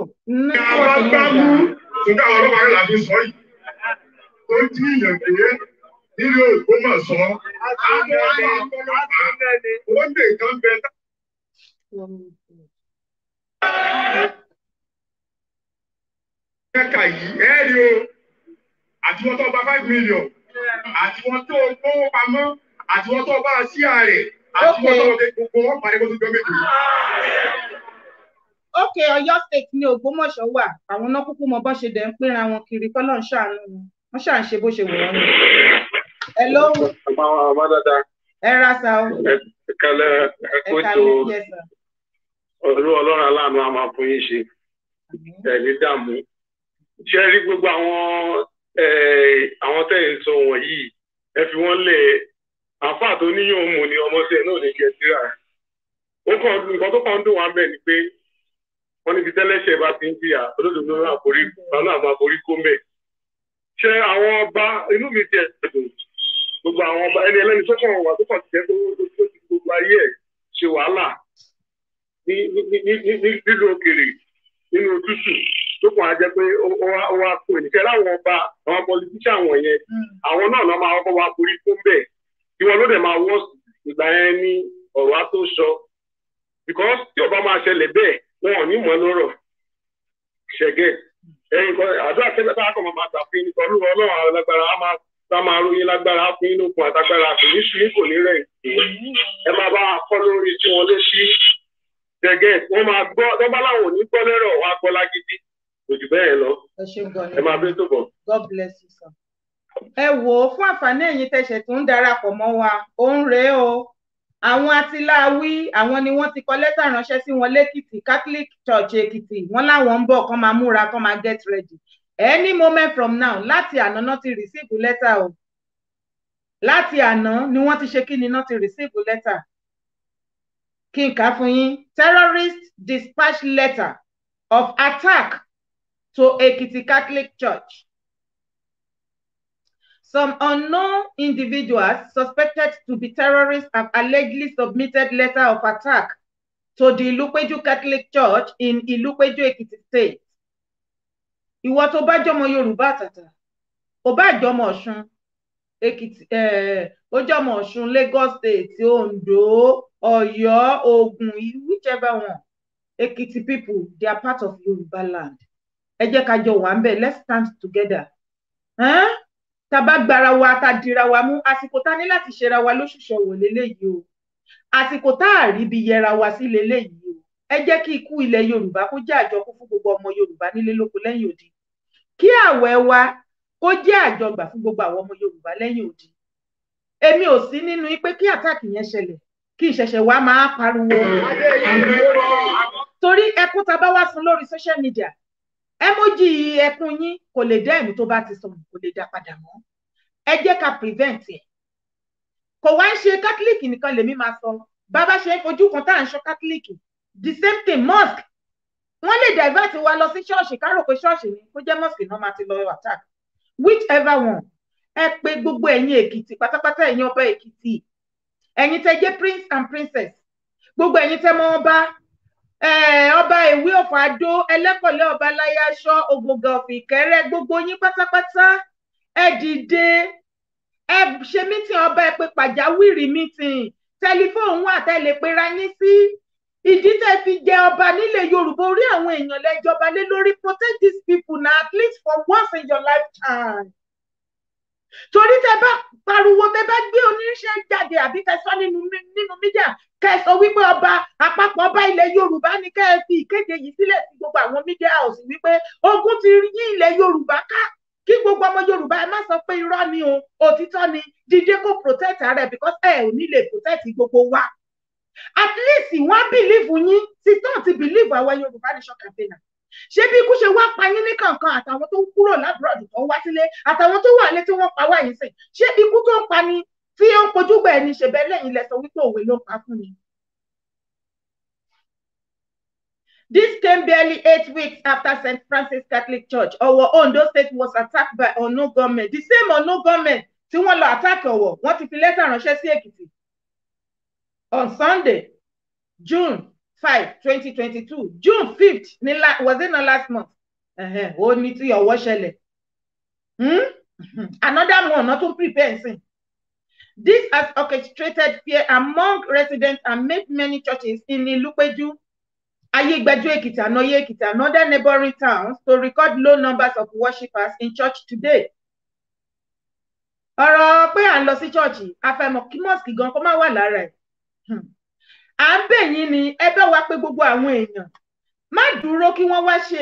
ká bá mú nígbà wọn lọ́wọ́ la fi sọ yìí tó jí ìyàn pé nílé Ògbómọ̀ṣọ́ á ti ń bẹ́ẹ̀ ni ó lè kán bẹ́ẹ̀ kẹ́kà yìí ẹ rí o àti wọ́n tó gba five million àti wọ́n tó gbówó pamọ́ àti wọ́n tó bá sí ààrẹ àti wọ́n tó gbé gbogbo wọn parí kó tó jọ méjì. ok Ọ̀yọ́ state ní Ògbómọ̀ṣọ́ wà àwọn náà kúkú mọ bó ṣe dẹ̀ ń pínra wọn kiri kọ́lọ́ ń ṣàánú wọn wọ́n ṣà ṣe bó ṣe wù wọ́n ẹ ló ń. ẹ ra sa o. ẹ kálẹ̀ ẹ kó ètò olú ọlọ́run aláàánú a máa fún yín ṣe ẹ̀mí dààmú ṣe rí gbogbo àwọn àwọn tẹ̀yìn sọ wọ̀nyí ẹ fi wọ́n lẹ̀ àfáà tó níyàn mú ni ọmọ tẹ̀ náà lè jẹ síra ó kàn nǹkan tó kàn ń dùn wá bẹ́ẹ̀ ni pé wọ́n níbi tẹ́lẹ́ṣẹ̀ bá ti ń jìyà olódodo náà àforí náà àwọn àforí kó mẹ́ẹ̀ ṣe àwọn ọba inú mi ti ẹ̀dùn gbogbo àwọn ọba ẹni ẹlẹ́ni tó kàn wà tó kàn ti jẹ́ tó gbogbo ayé ẹ̀ ṣe wàhálà ní ní ní ní nílùú òkèèrè nínú tútù tó kàn á jẹ pé ó wá kó ènìkẹ́ láwọn ọba àwọn politician wọ̀nyẹn àwọn náà náà máa kọ́ wa borí fún bẹ́ẹ̀ tí wọn ló dẹ̀ máa wọ́n ìgbà yẹn ní ọ̀rọ̀ á tó sọ because tí ọba máa ṣẹlẹ̀ bẹ́ẹ̀ wọn ò ní mọ̀ lọ́rọ̀ ṣẹ̀gẹ̀ ẹ̀yin kan àdúrà tẹ́lẹ̀ bá kọ̀ máa gbà fún yín nípa olúwa ọlọ́run àwọn alágbára á máa tá máa rú yín lágbára fún yín lókun àtagbára kò ní sí kò ní rẹ̀ ẹ máa bá a kọ́ lórí tí wọ́n lé sí gẹ́gẹ́ wọ́n máa gbọ́ tọ́gbà láwọn ò ní gbọ́ lẹ́rọ̀ wá gbọ́ lágídí kò bẹ́ẹ̀ lọ ẹ máa bí tó bọ̀. you ẹ wò ó fún àǹfààní ẹ̀yin tẹ̀sẹ̀ tó ń darapọ̀ mọ́ wa ó ń rèé o àwọn atiláwí àwọn ni wọ́n ti kọ lẹ́tà ránṣẹ́ sí wọn lẹ́kìtì Catholic Church Èkìtì wọ́n láwọn ń bọ̀ kán máa múra kán máa get ready any moment from now láti àná náà ti receive lẹ́tà o láti àná ni wọ́n ti ṣe kí ni náà ti receive lẹ́tà kí n kà fún yín terrorist dispatch letter of attack to Ekiti Catholic Church. Some unknown individuals suspected to be terrorists have allegedly submitted letter of attack to the Ilupeju Catholic Church in Ilupeju, Ekiti State. Ìwọ tó bá jọmọ Yorùbá àtàtà, ò bá jọmọ Ọ̀ṣun, Ekiti, eh, ó jọmọ Ọ̀ṣun Lagos State Ondo Ọ̀yọ́ Ògùn whichever one Ekiti people they are part of Yoruba land ẹ jẹ́ ká jọ wà ń bẹ̀ let's stand together huh? tá a bá gbara wa tá a dira wa mú àsìkò tá a ní láti ṣera wa lóṣùṣọ wò léléyìí o àsìkò tá a rí ibi yẹra wa sí léléyìí o ẹ jẹ́ kí ikú ilẹ̀ Yorùbá kó jẹ́ àjọkú fún gbogbo ọmọ Yorùbá nílé lóko lẹ́yìn odi kí àwẹ̀ wa kó jẹ́ àjọgbà fún gbogbo àwọn ọmọ Yorùbá lẹ́yìn odi èmi ò sí nínú pé kí àtàkì yẹn ṣẹlẹ̀ kí ìṣẹ̀ṣẹ̀ wa máa pariwo torí ẹkún tá a bá wá sun lórí social media ẹmójì ẹkún yín kò lè dá ẹ̀mí tó bá ti sọnù kò lè dá padà mọ́ ẹ jẹ́ ká prevent ẹ̀ kò wá ń ṣe catholic nìkan lèmi máa sọ bàbá ṣe fojú kan tá à ń sọ catholic the same thing mosque wọ́n lè divert wa lọ sí ṣọ́ọ̀ṣì ká rò pé ṣọ́ọ̀ṣì ni kó jẹ́ mosque náà máa ti lọ attack whichever one ẹ pè gbogbo ẹ̀yin èkìtì pátápátá ẹ̀yin ọba èkìtì ẹ̀yin tẹ jẹ́ prince and princess gbogbo ẹ̀yin tẹ mọ ọba ọba ìwé ọ̀fà àdó ẹlẹ́kọ̀lẹ́ ọba láyàṣọ ògbóga ọ̀fìn ìkẹ́rẹ́ gbogbo yín pátápátá ẹ dìde ẹ ṣe mítìn ọba ẹ pè pàjáwìrì mítìn tẹlifóònù wà tẹlẹ pera yín sí ìdí tẹ fi jẹ ọba nílẹ̀ yorùbá orí àwọn èèyàn lẹjọba lé lórí protect these people na at least for once in your lifetime. torí tẹ bá pariwo tẹ bá gbé oníṣẹ́ jáde àbí tẹ sọ nínú nínú mídíà kẹ sọ wípé ọba àpapọ̀ ọba ilẹ̀ yorùbá ni kẹ ẹ fi ìkéde yìí sílẹ̀ sí gbogbo àwọn mídíà house wípé ogun ti yí ilẹ̀ yorùbá ká kí gbogbo ọmọ yorùbá ẹ má sọ pé irọ́ ni o òtítọ́ ni dídé kó protect rẹ̀ because ẹ ò ní lè protect gbogbo wa at least wọ́n believe yín sí tán ti believe àwa yorùbá nation campaigner ṣé bí ikú ṣe wá pa yín ní àtàwọn tó ń kúrò lábúròdù tó wá sílé àtàwọn tó wà lé tí wọ́n pa wá yín sìn ṣé ikú tó ń pa ni tí ó ń kojú gbà ẹni ṣe bẹ́ẹ̀ lẹ́yìn lẹ́sọ wípé òwe ló pa fún mi. This came barely eight weeks after St. Francis Catholic Church, our Ondo State, was attacked by Ono government. The same Ono government tí wọ́n lọ attack Owo, wọ́n ti fi lẹ́tà ránṣẹ́ sí Èkìtì. On Sunday, June five 2022, june fifth ní was it not last month ó to your ọwọ́ Hmm. another one not to prepare sin this has orchestrated fear among residents and made many churches in Ilupeju Ayegbeju Ekiti and Oye and other neighboring towns to record low numbers of worshippers in church today. ọ̀rọ̀ pé à ń lọ sí ṣọ́ọ̀ṣì afẹ́mọ̀ kí mọ́ọ̀sì gan kó má wà lára ẹ̀. Hmm à ń bẹ̀ yín ni ẹ bá wa pé gbogbo àwọn èèyàn má dúró kí wọ́n wá ṣe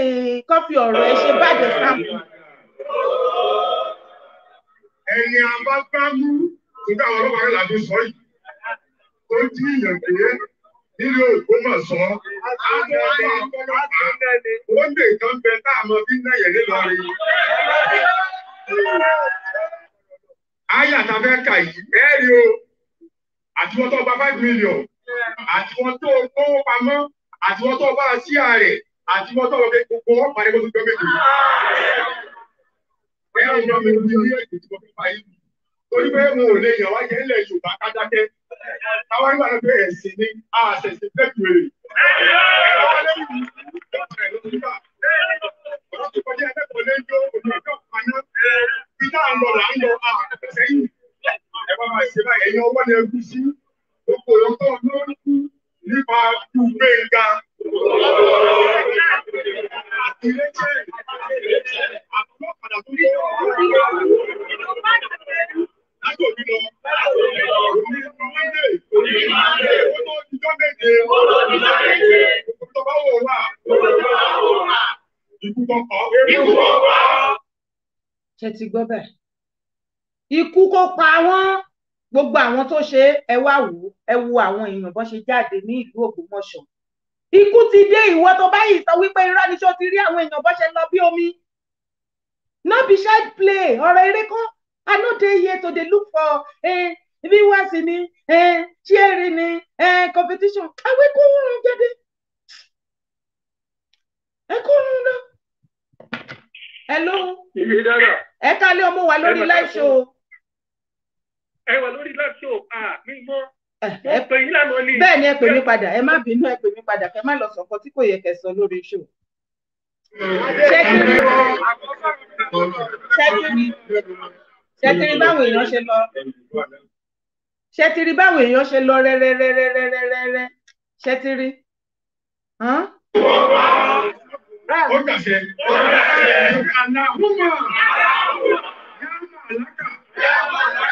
kán fi ọ̀rọ̀ ẹ ṣe bàjẹ́ sáàmù. ẹni a bá bá mú nígbà wọn lọ́wọ́ rẹ̀ làbí sọ yìí ó jí ìyàn pé nílé Ògbómọ̀ṣọ́ ó lè kán bẹ tá a mọ bí náà yẹn nílọrin. ayé àtàfẹ́ kà yìí ẹ rí o àti wọ́n tó gba five million àti wọn tó gbówó pamọ́ àti wọn tó bá a sí ààrẹ àti wọn tó wọlé gbogbo wọn parí gbogbo jọ méjì. bẹ́ẹ̀ ni wọ́n mi ò ní ilé èdè tí fi pa yìí torí pé mo ò lè yàn wá jẹ́ ilẹ̀ Yorùbá kájákẹ́ táwọn ìgbà náà pé ẹ̀sìn ni àṣẹ̀ṣẹ̀ fẹ́ẹ̀kù èrè. Ẹ bá máa ṣe báyìí, ẹ̀yin ọwọ́ ni ẹgúsí gbogbo ohun tó lórí nípa ju gbẹ̀ngà. Àtìlẹ́jẹ̀ àtúntò padà tó ní látò bí lọ. Omi ìlú Mọ́ndé. Ó tó dijọ́ méje. Òkú tó bá wò wá. Ikú kọ̀ọ̀kan. Ikú kọ̀ọ̀kan. Ṣé ti gbọ́ bẹ́ẹ̀? Ikú kó pa wọ́n gbogbo àwọn tó ṣe ẹ wá wò ó ẹ wo àwọn èèyàn bọ́n ṣe jáde ní ìlú Ògbómọ̀ṣọ́ ikú ti dé ìwọ tó báyìí sọ wípé irọ́ ni ṣó ti rí àwọn èèyàn bọ́n ṣe lọ bí omi no be side play ọ̀rọ̀ eré kan I no dey here to dey look for eh, bí wá sí ni cheering, eh, ni eh, competition àwọn ikú ń rún jáde ẹ kó ń rún lọ. ẹ ló ẹ kálé ọmọ wa lórí live ẹ wà lórí live show mi mọ́ mo pè yín lánàá ni. bẹ́ẹ̀ ni ẹ pè mí padà ẹ má bínú ẹ pè mí padà kẹ má lọ sọ̀kọ tí kò yẹ kẹ lórí show. ṣẹ́tìrì báwo èèyàn ṣe lọ ṣẹ́tìrì báwo èèyàn ṣe lọ rẹ́rẹ́rẹ́rẹ́rẹ́rẹ́rẹ́ ṣẹ́tìrì. Ó kàṣẹ. Ó kàṣẹ. Àlàkùmọ̀. Yàrá àlàkà. Yàrá àlàkà.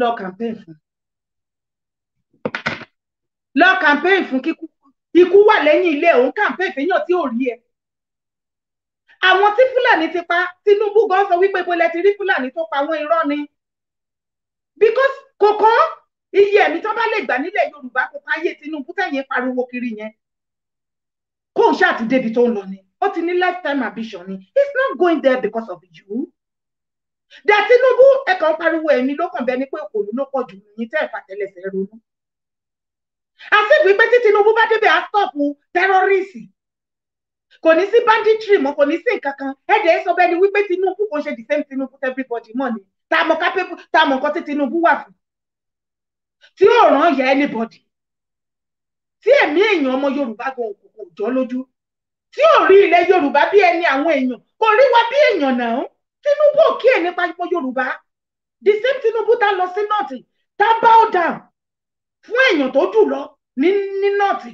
lọ campaign fún lọ campaign fún kíkú ikú wà lẹ́yìn ilé òun campaign fẹ́yàn tí ò rí ẹ àwọn tí fúlàní ti pa Tinubu gan sọ wípé bó lẹ ti rí fúlàní tó pa wọn irọ́ ni because kòkó iye ẹ̀mí tó bá lè gbà nílẹ̀ Yorùbá kò pa ayé Tinubu tẹ̀yìn pariwo kiri yẹn kóun ṣáà ti débi tó ń lọ ni ó ti ní lifetime ambition ni it's not going there because of you dẹ Tinubu ẹ kàn pariwo ẹ̀mí ló kàn bẹ́ẹ̀ ni pé òkòlù ló pọ̀ jù yín tẹ́ ẹ̀ fàtẹ́lẹsẹ̀ ronú àti wípé tí Tinubu bá débẹ̀ á stọọpù tẹrọrìsì kò ní sí banditry mọ́ kò ní sí nǹkan kan ẹ dẹ sọ bẹ́ẹ̀ ni wípé Tinubu kò ṣe the same Tinubu everybody mọ ni tá mọ capable tá mọ nǹkan tí Tinubu wà fún tí ò ràn yẹ anybody tí ẹ̀mí èèyàn ọmọ Yorùbá gan òkùnkùn òjọ lójú tí ò rí ilẹ̀ Yorùbá bí ẹni àwọn èèyàn kò rí wa bí èèyàn náà Tinubu ò kí ẹ̀ nípa ipò Yorùbá the same Tinubu tá lọ sí nọ́ọ̀tì tá bow down fún èèyàn tó jù lọ ní ní nọ́ọ̀tì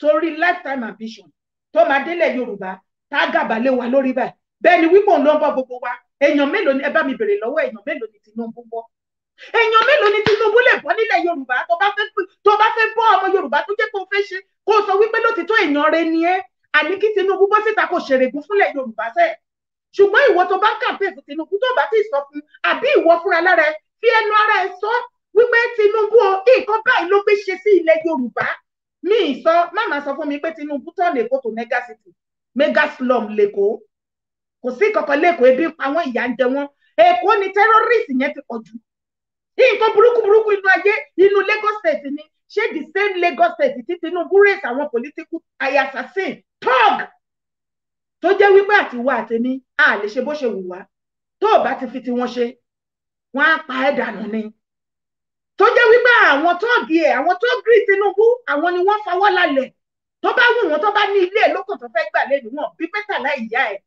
torí lifetime ambition tó máa délẹ̀ Yorùbá tá gàbálẹ̀ wa lórí báyìí bẹ́ẹ̀ ni wípé òun ló ń bọ́ gbogbo wa èèyàn mélòó ni ẹ bá mi bèrè lọ́wọ́ èèyàn mélòó ni Tinubu bọ́ èèyàn mélòó ni Tinubu lè bọ́ nílẹ̀ Yorùbá tó bá fẹ́ tó bá fẹ́ bọ́ ọmọ Yorùbá tó jẹ́ kó fẹ́ ṣe kó sọ wípé lótìtọ́ èèyàn rẹ ni ẹ àní kí Tinubu bọ́ síta kó ṣèrègùn fúnlẹ̀ Yorùbá sẹ́ẹ̀ ṣùgbọ́n ìwọ tó bá ń kàmpé fún Tinubu tó bá ti sọ fún àbí ìwọ fúnra lára ẹ fi ẹnu ara ẹ sọ wípé Tinubu o nǹkan báyìí ló gbé ṣe sí ilẹ̀ Yorùbá mi sọ máma sọ fún mi pé Tinubu tán lẹ́kọ̀ọ́ tó mega city mega slum lẹ́kọ̀ọ́ kò sí kankan lẹ́kọ̀ọ́ ebi pa wọ́n ìyà ń jẹ wọ́n Èkó ni terrorist yẹn ti pọ̀ jù nǹkan burúkú burúkú inú ayé inú Lagos state ni ṣé the same Lagos state ti Tinubu race àwọn political assassin thug tó jẹ́ wípé àtiwá àtẹ̀mí a lè ṣe bó ṣe wù wá tó o bá ti fi tiwọn ṣe wọ́n á pa ẹ́ dànù ni tó jẹ́ wípé àwọn tọ́ọ̀gì ẹ̀ àwọn tó gírí Tinubu àwọn ni wọ́n fọwọ́ lálẹ̀ tó bá wù wọ́n tó bá ní ilé lókàn tó fẹ́ gbà lẹ́nu wọn bí pẹ́tàlá ìyá ẹ̀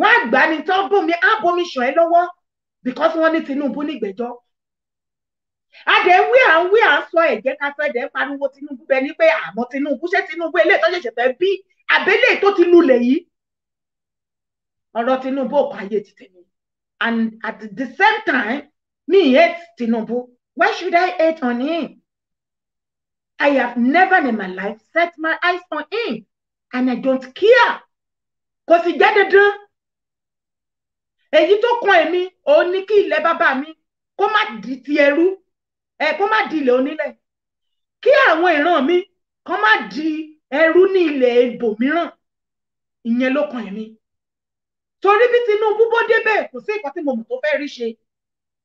wọ́n á gbà ní tó bómi á bómi ṣàn ẹ́ lọ́wọ́ because wọ́n ní Tinubu nígbẹ̀jọ́ adẹ ń wí à ń wí à ń sọ ẹ̀jẹ̀ ká fẹ́ dẹ̀ pariwo Tinubu bẹ ní pé àmọ́ Tinubu ṣé Tinubu eléyìí tó ṣẹ̀ṣẹ̀ fẹ́ bí àbẹ́lẹ̀ tó ti lulẹ̀ yìí ọ̀rọ̀ Tinubu ò pààyè ti tèmi and at the same time me hate Tinubu why should I hate on him I have never in my life set my eyes on him and I don't care kò sì jẹ́ dandan èyí tó kan èmi òun ní kí ilẹ̀ bàbá mi kó má di ti ẹrú ẹ kó má di ilẹ̀ onílẹ̀ kí àwọn ìran mi kó má di ẹrú ní ilẹ̀ ibòmíràn ìyẹn ló kan èmi torí bí Tinubu bó débẹ̀ kò sí nǹkan tí mo mọ̀ tó fẹ́ rí ṣe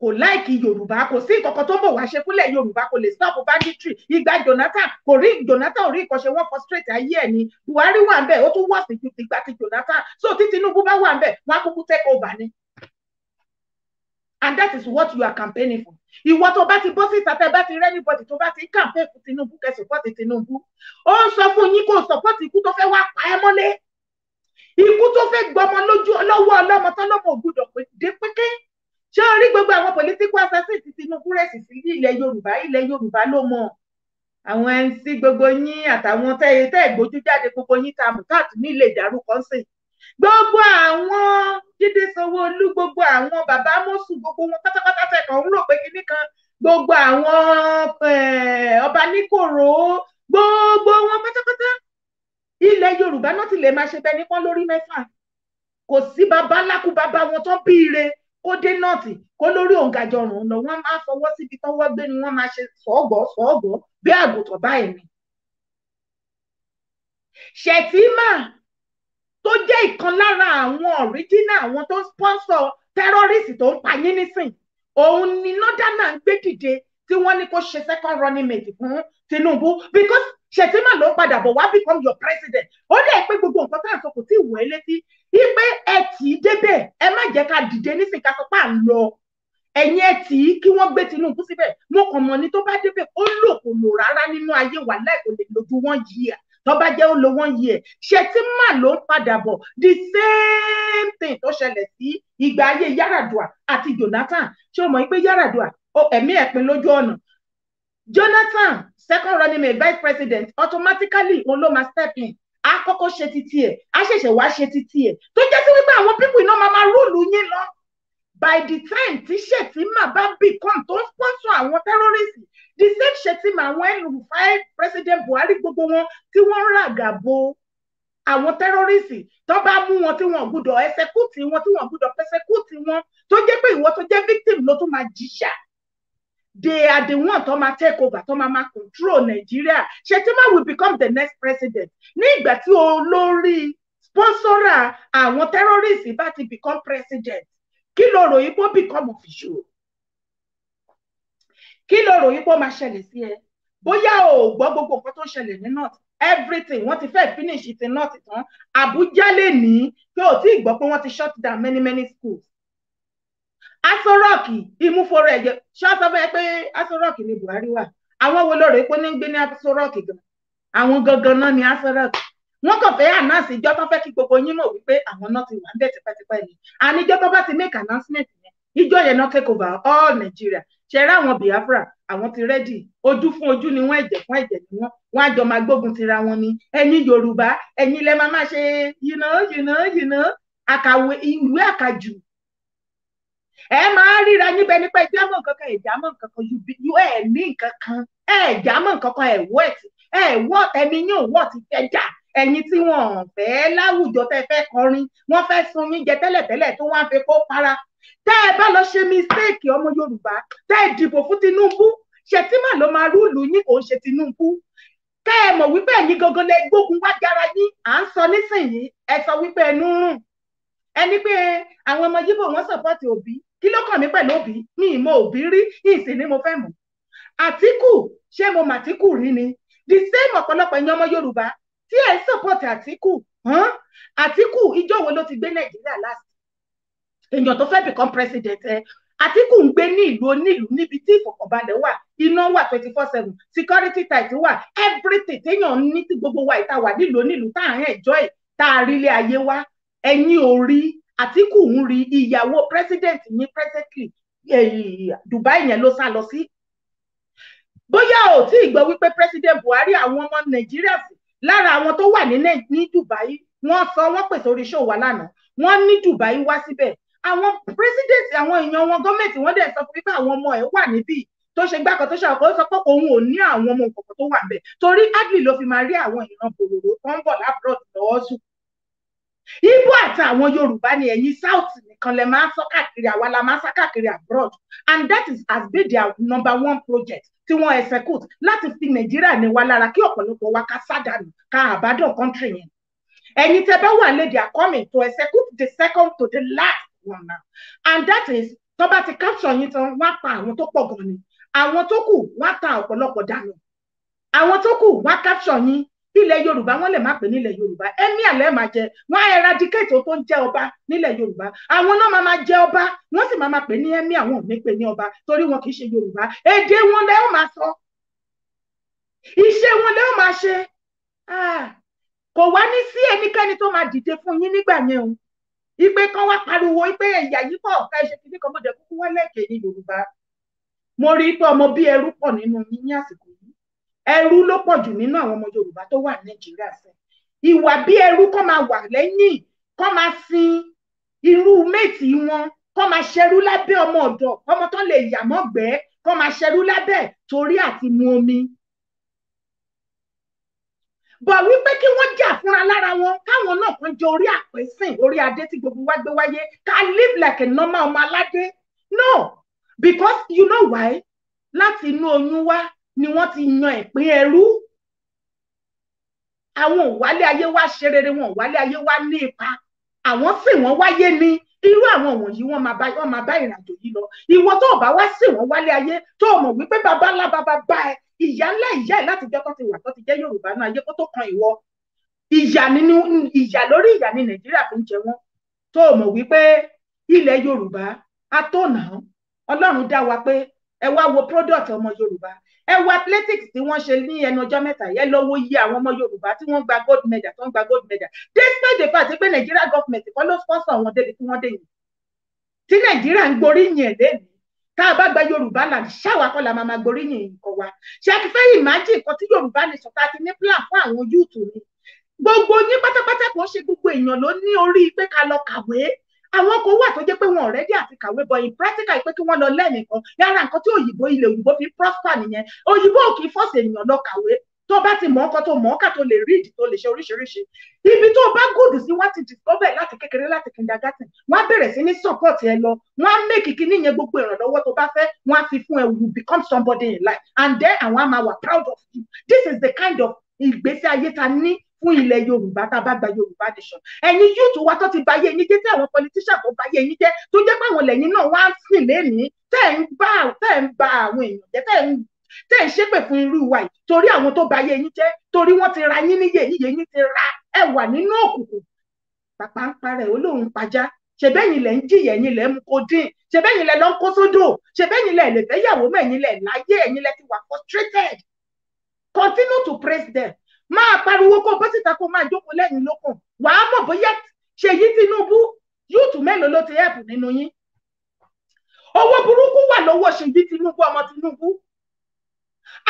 kò láìkí yorùbá kò sí ìkọ̀kan tó ń bọ̀ wá ṣe fúnlẹ̀ yorùbá kò lè stop banditry ìgbà jonathan kò rí jonathan ò rí ìkọ̀ṣe wọ́n frustrate ayé ẹ̀ ni buhari wà ń bẹ̀ ó tún wọ́ọ̀sì ju tìgbà ti jonathan so tí tinubu bá wà ń bẹ̀ wọ́n á kúkú take over ni and that is what you are campaigning for ìwọ tó bá ti bọ́ sí ìtàtà bá ti rẹ́ni bọ́dì tó bá ti campaign fún tinubu kẹ́ support tinubu ó ń sọ fún yín kó support ikú tó fẹ́ wá pa ẹ́ mọ́lé ikú tó fẹ́ gbọmọ lójú ọlọ́wọ́ ọlọ́mọ tọ́lọ́mọ ògbúdọ̀ dé pété ṣé orí gbogbo àwọn political assassin ti Tinubu rẹ̀ sì sí ilẹ̀ Yorùbá ilẹ̀ Yorùbá ló mọ̀ àwọn MC gbogbo yín àtàwọn tẹ́ tẹ́ ìgbójú jáde gbogbo yín ta Mutat nílé ìdárúkọ sí gbogbo àwọn Jídé Sanwó-Olú gbogbo àwọn bàbá mọ́sù gbogbo wọn pátápátá tẹ̀ kàn ń rò pé kinní kan gbogbo àwọn eh, ọba níkòrò gbogbo wọn pátápátá ilẹ̀ yorùbá náà ti lè máa ṣe bẹ́ẹ̀ nípọ́n lórí mẹ́fà kò sí bàbá lákú bàbá wọn tán bí ire kó dé nọ́ọ̀tì kó lórí òǹgàjọrùn ọ̀nà wọn máa fọwọ́ síbi tọ́wọ́ gbé ni wọ́n máa ṣe sọ́ọ̀gọ́ sọ́ọ̀gọ́ bí àgùntàn báyìí ni. ṣètìmá tó jẹ́ ìkan lára àwọn ọ̀ríjínà àwọn tó ń sponsor tẹ́rọ́rìsì tó ń pa yín nísìn òun ni nọ́dánà ń gbé dìde tí wọ́n ní kó ṣe second running mate fún Tinubu because Ṣètìmá ló ń padà bọ̀ wá become your president ó dẹ̀ pé gbogbo nǹkan tá à ń sọ kò tí ì wọ̀ ẹ́ létí wípé ẹ tì í débẹ̀ ẹ má jẹ́ ká dìde nísìnyí ká sọ pé à ń lọ ẹ̀yin ẹ tì í kí wọ́n gbé Tinubu síbẹ̀ mo kàn mọ̀ ni tó bá débẹ̀ ó lò kò lò rárá nínú ayé wa láì kò lè lójú wọn yìí à tó bá jẹ́ ó lo wọn yìí ẹ̀ Ṣètìmá ló ń padà bọ̀ the same thing tó ṣẹlẹ̀ sí ìgbà ayé Yar'Adua àti Jonathan ṣé o mọ̀ pé Yar'Adua ẹ̀mí ẹ̀ pin lójú ọ̀nà Jonathan second running mate vice president automatically òun ló máa step in á kọ́kọ́ ṣe títí ẹ̀ á ṣẹ̀ṣẹ̀ wá ṣe títí ẹ̀ tó jẹ́ sí wípé àwọn pípù iná máa máa rúùlù yín lọ by the time tí Shettima bá become tó ń sponsor àwọn terrorists the same Shettima àwọn ẹnùfẹ́ president Buhari gbogbo wọn tí wọ́n ń ràgàbo àwọn tẹ́rọ́rìsì tó bá mú wọn tí wọn gbúdọ̀ ẹsẹ̀kúùtì wọn tí wọn gbúdọ̀ pẹ́sẹ̀kúùtì wọn tó jẹ́ pé ìwọ tó jẹ́ victim ló tún máa jìṣà they are the one tó máa take over to máa máa control Nigeria Shettima will become the next president ní ìgbà tí olórí sponsora àwọn terrorists bá ti become president kí ló ròyìn pé ó become official kí ló ròyìn pé ó máa ṣẹlẹ̀ sí ẹ bóyá o ò gbọ́ gbogbo nǹkan tó ń ní north everything wọ́n ti fẹ́ finish ti north tán Abuja lè ní pé ò tí ì pé wọ́n ti shut down many many schools asorok ìmúfọrọ ẹjẹ ṣọsọ fẹ pé asorok ni Buhari wà àwọn wo lóore pé ní gbé ní asorok gan àwọn gangan náà ni asorok wọn kàn fẹ́ ànáàsì ìjọ tó fẹ́ kí gbogbo yín mọ̀ wípé àwọn náà ti wà ń bẹ̀ tipẹ́tipẹ́ ni àníjọ tó bá ti make announcement yẹn ìjọ yẹn náà take over all Nigeria ṣẹ̀rá àwọn Biafra àwọn ti rẹ́dì ojú fún ojú ni wọ́n ẹ̀jẹ̀ fún ẹ̀jẹ̀ ni wọ́n wọ́n á jọ máa gbógun tira wọn ni ẹ̀yin Yorùbá ẹ̀yin lẹ́ máa máa ṣe you know you know you know àkàwé ìwé àkàjù ẹ máa ríra yín bẹ nípa ẹjẹ mọ nǹkan kan ẹjà mọ nǹkan kan you ẹ ní nǹkan kan ẹjà mọ nǹkan kan ẹ wọ ẹtì ẹ wọ ẹni yín ò wọ ti fẹjà ẹ̀yin tí wọ́n fẹ́ láwùjọ tẹ́ fẹ́ kọrin wọ́n fẹ́ sun yín jẹ tẹ́lẹ̀tẹ́lẹ̀ tó wá ń fi kó para tẹ́ ẹ bá lọ ṣe mistake ọmọ Yorùbá tẹ́ ẹ dìbò fún Tinubu Ṣètìmá ló máa rúùlù yín kò ń ṣe Tinubu tẹ́ ẹ mọ̀ wípé ẹ̀yin gangan lẹ gbógun wá jára yín à ń sọ nísìnyìí ẹ sọ wípé ẹnu rùn ẹni pé àwọn ọmọ Yíbò wọ́n sọpọtì Obi kí ló kàn mí pẹ̀lú òbí mi ì mọ òbí rí ìsìn ni mo fẹ́ mọ̀ àtìkù ṣé mo màtìkù rí ni the same ọ̀pọ̀lọpọ̀ ẹ̀yin ọmọ yorùbá tí ẹ̀ ń support àtìkù àtìkù ìjọ wo ló ti gbé nàìjíríà last èèyàn tó fẹ́ become president ẹ àtìkù ń gbé ní ìlú onílù níbi tí ìfọ̀kànbalẹ̀ wà iná wà twenty four seven security tight wà everything téèyàn ní tí gbogbo wa ìta wà nílùú onílù tá à ń enjoy tá a rí ilé ayé wa ẹ̀yin ò rí àtìkù ń rí ìyàwó president yín presently dubai yẹn ló sá lọ sí bóyá ò tí ì gbọ́ wípé president buhari àwọn ọmọ nàìjíríà sí lára àwọn tó wà ní dubai wọ́n sọ wọ́n pèsè orí show wa lánàá wọ́n ní dubai wá síbẹ̀ àwọn president àwọn èèyàn wọn gọ́ọ̀mẹ̀ntì wọ́n dẹ̀ sọ fún wípé àwọn ọmọ ẹ̀ wà níbí tó ṣe gbákan tó ṣàkóso sọ pé òun ò ní àwọn ọmọ nǹkan tó wà bẹ̀ torí adley ló fi máa rí àwọn ìran bòròrò tó ń bọ̀ lábúrò lọ́wọ́ sùn Igbo àti àwọn Yorùbá ni ẹ̀yin South nìkan lè máa ń sọ káàkiri àwa la máa ń sá káàkiri abroad and that is has been their number one project tí wọ́n execute láti fi Nàìjíríà ní wa lára kí ọ̀pọ̀lọpọ̀ wa ká sádànù ká àbádàn country yẹn. Ẹ̀yin tẹ́ bá wà lé they are coming to execute the second to the last one now and that is tó bá ti capture yín tán wọ́n á pa àwọn tó pọ̀ gan ni àwọn tó kù wọ́n á ta ọ̀pọ̀lọpọ̀ dànù àwọn tó kù wọ́n capture yín ilẹ̀ yorùbá wọ́n lè má pè nílẹ̀ yorùbá ẹ̀mí àlẹ́ máa jẹ wọ́n á eradicate tó ń jẹ́ ọba nílẹ̀ yorùbá àwọn náà máa jẹ ọba wọ́n sì máa pè ní ẹ̀mí àwọn ò ní pè ní ọba torí wọn kì í ṣe yorùbá èdè wọn lẹ́ ó máa sọ iṣẹ́ wọn lẹ́ ó máa ṣe ah, kò wá ní sí ẹnikẹ́ni tó máa dìde fún yín nígbà yẹn o ìpè kan wá pariwo ìpè ẹ̀yà yìí pọ̀ ká ẹ ṣe kíní kan mọ̀jẹ̀ kúkú wọ́n lẹ́kẹ̀ẹ́ ní yorùbá mo ẹrú ló pọ̀ jù nínú àwọn ọmọ Yorùbá tó wà ní Nàìjíríà fún ìwà bí ẹrú kọ́ máa wà lẹ́yìn kọ́ máa sin irú méètì wọn kọ́ máa ṣerú lábẹ́ ọmọ ọ̀dọ̀ ọmọ tán lè yà mọ́gbẹ́ kọ́ máa ṣerú lábẹ́ torí àti mu omi. bọ̀ wípé kí wọ́n jà fúnra lára wọn káwọn náà kan jẹ orí àpẹ́sìn orí adé tí gbogbo wa gbé wáyé ká live like a normal ọmọ aládé no because you know why láti inú oyún wá ni wọ́n ti yan ìpín ẹrú àwọn òwálé ayé wá ṣe rere wọn òwálé ayé wá ní ipa àwọn sì wọ́n wáyé ni irú àwọn wọ̀nyí wọ́n máa bá wọ́n máa bá ìrìnàjò yìí lọ ìwọ tó o bá wá sí wọn wálé ayé tó o mọ̀ wípé baba ńlá baba bá ẹ ìyá ńlá ìyá ẹ láti jẹ́ tó ti wà tó ti jẹ́ Yorùbá náà ayé kó tó kan ìwọ ìyà nínú ìyà lórí ìyà ní Nàìjíríà fi ń jẹ wọ́n tó o mọ̀ wípé ilẹ̀ Yorùbá atọ́nà Ọlọ́run dá wa pé ẹ wá wo product ọmọ Yorùbá ẹ wo athletics tí wọ́n ṣe ní ẹnu ọjọ́ mẹ́ta yẹn lọ wo iye àwọn ọmọ Yorùbá tí wọ́n gba gold medal tó ń gba gold medal despite the fact pé Nigeria government kọ́ ló sponsor wọn débi tí wọ́n dé yìí tí Nàìjíríà ń gboríyìn ẹ̀ lẹ́nu tá a bá gba yorùbá land ṣáwa kọ́ la máa ma gboríyìn nǹkan wa ṣáàkì fẹ́ imagine nǹkan tí yorùbá nation ta ti ní plan fún àwọn yúùtù ni gbogbo yín pátápátá kan ṣe gbogbo èèyàn ló ní orí pé ká lọ kàwé àwọn kan wà tó jẹ́ pé wọn ọ̀rẹ́dí àti kàwé bọ̀ in practical pé kí wọ́n lọ lẹ́nìkan yàrá nǹkan tí òyìnbó ilẹ̀ òyìnbó fi prosper nìyẹn òyìnbó ò kì í fọ́ọ̀sì ènìyàn lọ kàwé tó bá ti mọ̀ nǹkan tó mọ̀ ọ́kà tó lè read tó lè ṣe oríṣiríṣi ibi tó bá gòdù sí wọ́n ti discover láti kékeré láti kindergarten wọ́n á bẹ̀rẹ̀ sí ní support ẹ lọ wọ́n á make kíní yẹn gbogbo ìrànlọ́wọ́ tó bá fẹ́ wọ́n á fi fún ẹ you become somebody in life and then àwọn á máa wà proud of you this is the kind of ìgbésí ayé ta ní fún ilẹ̀ yorùbá tá a bá gba yorùbá nation ẹ̀yin yúùtù wa tó ti ba ayé yín jẹ́ tí àwọn politician kò ba ayé yín jẹ́ tó jẹ́ pé àwọn lẹ́yìn náà wá ń sìn lẹ́nìí tẹ́ ń bá tẹ́ ń ba àwọn èèyàn jẹ́ tẹ́ ń tẹ́ ń ṣépè fún irú wa yìí torí àwọn tó ba ayé yín jẹ́ torí wọ́n ti ra yín níyè yíyè yín ti ra ẹwà nínú òkùnkùn pàpà ń parẹ́ olóhùn pajá ṣebẹ́yìn lẹ̀ ń jìyà ẹ̀yin lẹ̀ ń kó dín ṣebẹ́yìn lẹ̀ lọ ń kó sódò ṣebẹ́yìn lẹ̀ lè fẹ́yàwó mẹ́yìn lẹ̀ láyé ẹ̀yin lẹ̀ ti wà frustrated continue to praise them máa pariwo kó bó síta kó máa jókòó lẹ́yìn lókun wàá mọ̀ bóyá ṣèyí Tinubu yúùtù mélòó ló ti ẹ̀pù nínú yín owó burúkú wà lọ́wọ́ ṣèyí Tinubu ọmọ Tinubu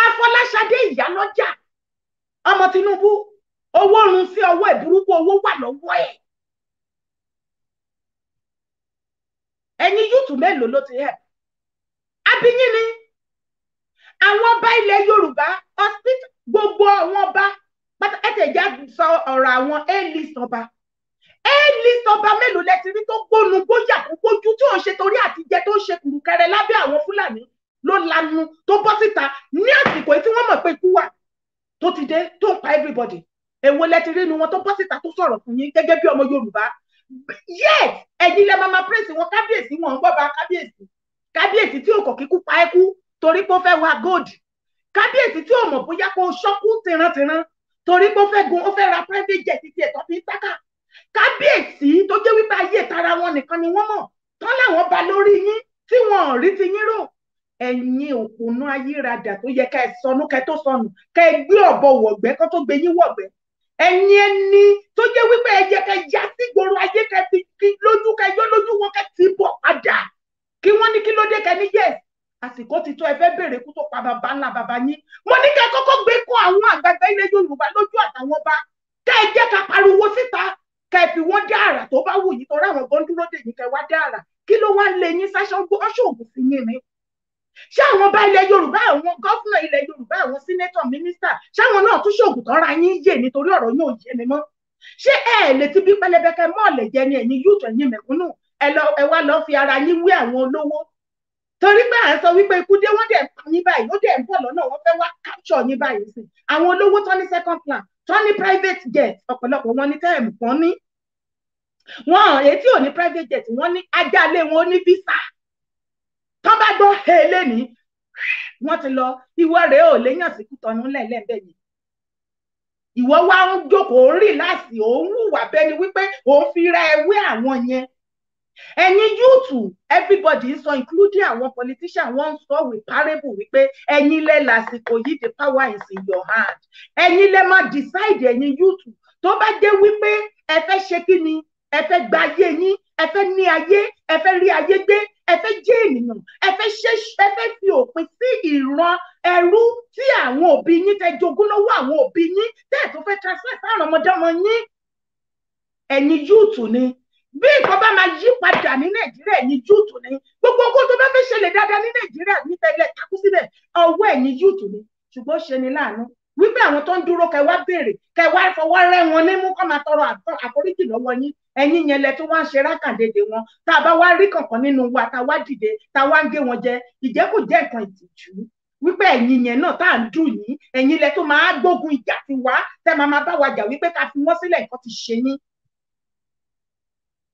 Afọláṣadé Ìyálọ́jà ọmọ Tinubu owó run sí ọwọ́ ẹ̀ burúkú owó wà lọ́wọ́ ẹ̀ ẹ̀yin yúùtù mélòó ló ti ẹ̀pù abiyín ni àwọn ọba ilẹ̀ Yorùbá hospital gbogbo àwọn ọba pátá ẹ tẹ̀ já sọ ọ̀rọ̀ àwọn a list ọba a list ọba mélòó lẹ ti rí tó gbónu gbóyà tó gbójú tí ò ń ṣe torí àtijẹ tó ń ṣe kùrùkẹrẹ lábẹ́ àwọn fúlàní ló lanu tó bọ́ síta ní àsìkò tí wọ́n mọ̀ pé ikú wà tó ti dé tó ń pa everybody èwo lẹ ti rí nu wọn tó bọ́ síta tó sọ̀rọ̀ fún yín gẹ́gẹ́ bí ọmọ Yorùbá yes ẹ̀yin lẹ máa máa pèsè wọn kábíyèsí wọn ń gbọ́ bá kábíyèsí kábíyèsí tí òkò kíkú pa ẹkú torí pé ó fẹ́ wá gold kábíyèsí tí ò mọ̀ bóyá kó ṣọ́kú tìrantìran torí pé ó fẹ́ gun ó fẹ́ ra private jet títí ẹ̀tọ́ fi ń tákà kábíyèsí tó jẹ́ wípé ayé tara wọn nìkan ni wọ́n mọ̀ tán láwọn ba lórí yín tí wọn ò rí ti yín rò ẹ̀yin òpònú ayíradà tó yẹ ká ẹ sọnù ká ẹ tó sọnù ká ẹ gbé ọ̀bọ wọ̀gbẹ́ kó tó gbé yín wọ̀gbẹ́ ẹ̀yin ẹni tó jẹ́ wípé ẹ yẹ ká ya sí gbòòrò ayé ká ẹ lójú ká yọ lójú wọn ká ti bọ̀ padà kí wọ́n ní kí ló dé ká ní yẹ́sì àsìkò ti tó ẹ fẹ́ bèrè kú tó pa bàbá ńlá bàbá yín mo ní kẹ́ kọ́kọ́ gbé kó àwọn àgbàgbà ilẹ̀ Yorùbá lójú àtàwọn ọba kẹ́ ẹ jẹ́ ká pariwo síta kẹ́ ẹ fi wọ́n dá àrà tó bá wù yín tó ráwọn gan dúró dè yín kẹ́ wá dá àrà kí ló wá lé yín sáṣọ ọṣọògùn sí yín ni ṣé àwọn ọba ilẹ̀ Yorùbá àwọn gọ́fúnà ilẹ̀ Yorùbá àwọn sínétọ̀ mínísítà ṣáwọn náà tún ṣoògùn tán ra yín yé nítorí ọ̀rọ̀ yóò yé mi mọ́ ṣé ẹ lè ti bí pẹlẹbẹkẹ mọ́ọ̀lẹ̀ jẹ ni ẹ̀yin yúùtù ẹ̀yin mẹ̀kúnnù ẹ wá lọ fi ara yín wé àwọn olówó torí pé à ń sọ wípé ikú dé wọ́n dẹ̀ ń pa yín báyìí ó dẹ̀ ń bọ̀ lọ́nà wọ́n fẹ́ wá capture yín báyìí sí àwọn olówó tó ní second plan tó ní private jet ọ̀pọ̀lọpọ̀ wọn ní tẹ́ẹ̀mù kan ní wọn etí ò ní private jet wọn ní ajálé wọn ó ní visa tó bá gbọ́ hélé ní wọ́n ti lọ ìwọ rẹ̀ ò léyàn sí kútọ́nù lẹ́lẹ́bẹ̀ yìí ìwọ wá ń jókòó ń rìn láti òun hùwà bẹ́ni wípé òun fi ra ẹwé àwọn yẹn ẹ̀yin yúùtù everybody ń sọ including àwọn politician wọ́n ń sọ with parable wípé ẹ̀yin lẹ lásìkò yìí the power is in your hand ẹ̀yin lẹ máa decide ẹ̀yin yúùtù tó bá jẹ́ wípé ẹ fẹ́ ṣe kí ni ẹ fẹ́ gba ayé yín ẹ fẹ́ ní ayé ẹ fẹ́ rí ayé gbé ẹ fẹ́ jẹ́ ènìyàn ẹ fẹ́ ṣe ẹ fẹ́ fi òpin sí ìran ẹrú tí àwọn òbí yín tẹ jogún lọ́wọ́ àwọn òbí yín tẹ ẹ tó fẹ́ transfer sáwọn ọmọdé ọmọ yín ẹ̀yin yúùtù ni bí nǹkan bá máa yí padà ní nàìjíríà ẹ̀yin yúùtù ni gbogbo nǹkan tó bá fẹ́ ṣẹlẹ̀ dáadáa ní nàìjíríà níta ilẹ̀ takú síbẹ̀ ọwọ́ ẹ̀yin yúùtù ni ṣùgbọ́n ṣe ni láàánú wípé àwọn tó ń dúró kẹ wá béèrè kẹ wá fọwọ́ rẹ́ wọn nímú kọ́ máa tọrọ àforíjì lọ́wọ́ yín ẹ̀yin yẹn lẹ tó wá ń ṣe rákàndédé wọn tá a bá wá rí kankan nínú wa tá a wá dìde tá a wá ń gé wọn jẹ ìjẹ́kù jẹ́ nǹkan ìtìjú wípé ẹ̀yin yẹn náà tá à ń dùn yín ẹ̀yin lẹ tó máa gbógun ìjà tiwa tẹ́ máa máa bá wa jà wípé ká fi wọ́n sílẹ̀ nǹkan ti ṣe yín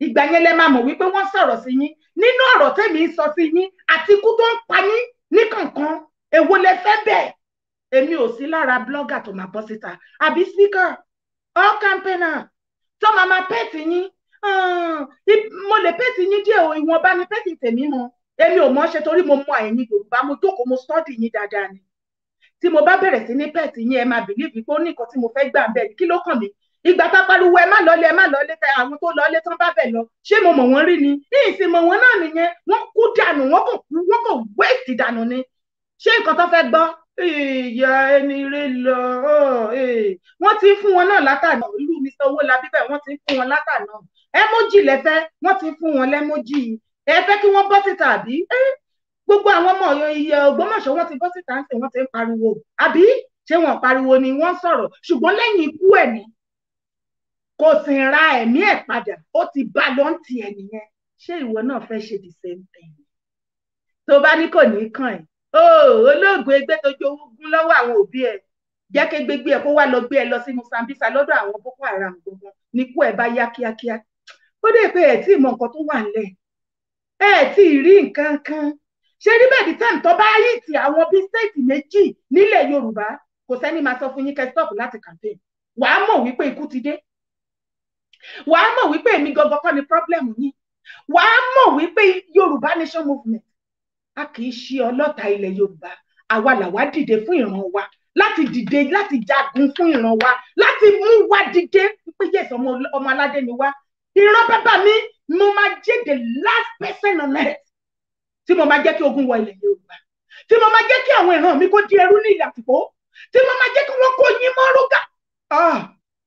ìgbà yẹn lẹ máa mọ̀ wípé wọ́n sọ̀rọ̀ sí yín nínú ọ̀rọ̀ tẹ̀mí sọ sí yín àti ikú tó ń pa yín ní kankan èwo lẹ fẹ́ bẹ́ẹ̀ èmi ò sí lára blọ́gà tó máa bọ́ síta àbí spíkà all campaigner tó máa máa pẹ́ẹ̀tì yín mo lè pẹ́ẹ̀tì yín díẹ̀ o ìwọ̀nba ni pẹ́ẹ̀tì tèmi mọ èmi ò mọ̀ ṣe torí mo mọ àyẹ̀yìn yorùbá mo jókòó mo sọ́ọ̀dì yín dáadáa ni tí mo bá bẹ̀rẹ̀ sí ní pẹ́ẹ̀tì yín ẹ máa bìlíìfì pé ó ní nǹkan tí mo fẹ́ gbà bẹ́ẹ̀ kí ló kàn mí ìgbà tá pariwo ẹ má lọlé ẹ má lọlé tẹ àwọn tó lọlé tán bá bẹ̀ lọ ṣé mo mọ̀ wọ́n rí ni ní ìsìn mọ̀ wọ́n náà nìyẹn wọ́n kú dànù wọ́n kò kú wọ́n kò wéètì dànù ni ṣé nǹkan tó fẹ́ gbọ́ ìyá ẹni rẹ lọ wọ́n ti ń fún wọn náà látàná ìlú Mr Owólabí bẹ́ẹ̀ wọ́n ti ń fún wọn látàná ẹmójì lẹ́fẹ́ wọ́n ti ń fún wọn lẹ́mójì ẹ fẹ́ kí wọ́n bọ́ síta àbí gbogbo àwọn ọmọ Ọ̀yọ́ iye Ògbómọ̀ṣọ́ wọ́n ti bọ́ síta ń sè wọ́n ti ń pariwo àbí ṣé wọ́n pariwo ni wọ́n sọ̀rọ̀ ṣùgbọ́n lẹ́yìn ikú ẹ̀ ni kò sì ra ẹ̀mí ẹ̀ padà ó ti bá lọ́ǹtì ẹ̀ nìyẹn ṣé ìwọ náà fẹ́ ṣe the same thing tó bá ní kò ní kàn ẹ́ o olóògùn ẹgbẹ́ tó jẹ owó gún lọ́wọ́ àwọn òbí ẹ̀ jẹ́ kí gbégbé ẹ̀ kó wá lọ gbé ẹ lọ sí Mozambique lọ́dọ̀ àwọn Boko Haram gbogbo ní kú ẹ̀ bá yá kíákíá ó dé pé ẹ̀ tí mọ nǹkan tó wà nílẹ̀ ẹ̀ tí rí nǹkan kan ṣé níbẹ̀ ní tẹ́ǹ tó bá yí ti àwọn bíi stéètì méjì nílẹ̀ Yorùbá kò sẹ́ni máa sọ fún yín kẹ́ stop láti campaign wàá mọ̀ wípé ikú ti dé wàá mọ̀ wípé èmi gangan kọ́ ni problem yín wàá mọ̀ wípé Yorùbá Nation Movement a kì í ṣe ọlọ́ta ilẹ̀ Yorùbá àwa làwa dìde fún ìran wa láti dìde láti jagun fún ìran wa láti mú wa dìde pé yẹsẹ ọmọ ọmọ aládé ni wa ìran bàbá mi mo máa jẹ́ the last person on earth tí mo máa jẹ́ kí ogun wọ ilẹ̀ Yorùbá tí mo máa jẹ́ kí àwọn ìran mi kó di ẹrú ní ìlàkùkọ tí mo máa jẹ́ kí wọ́n kó yín mọ́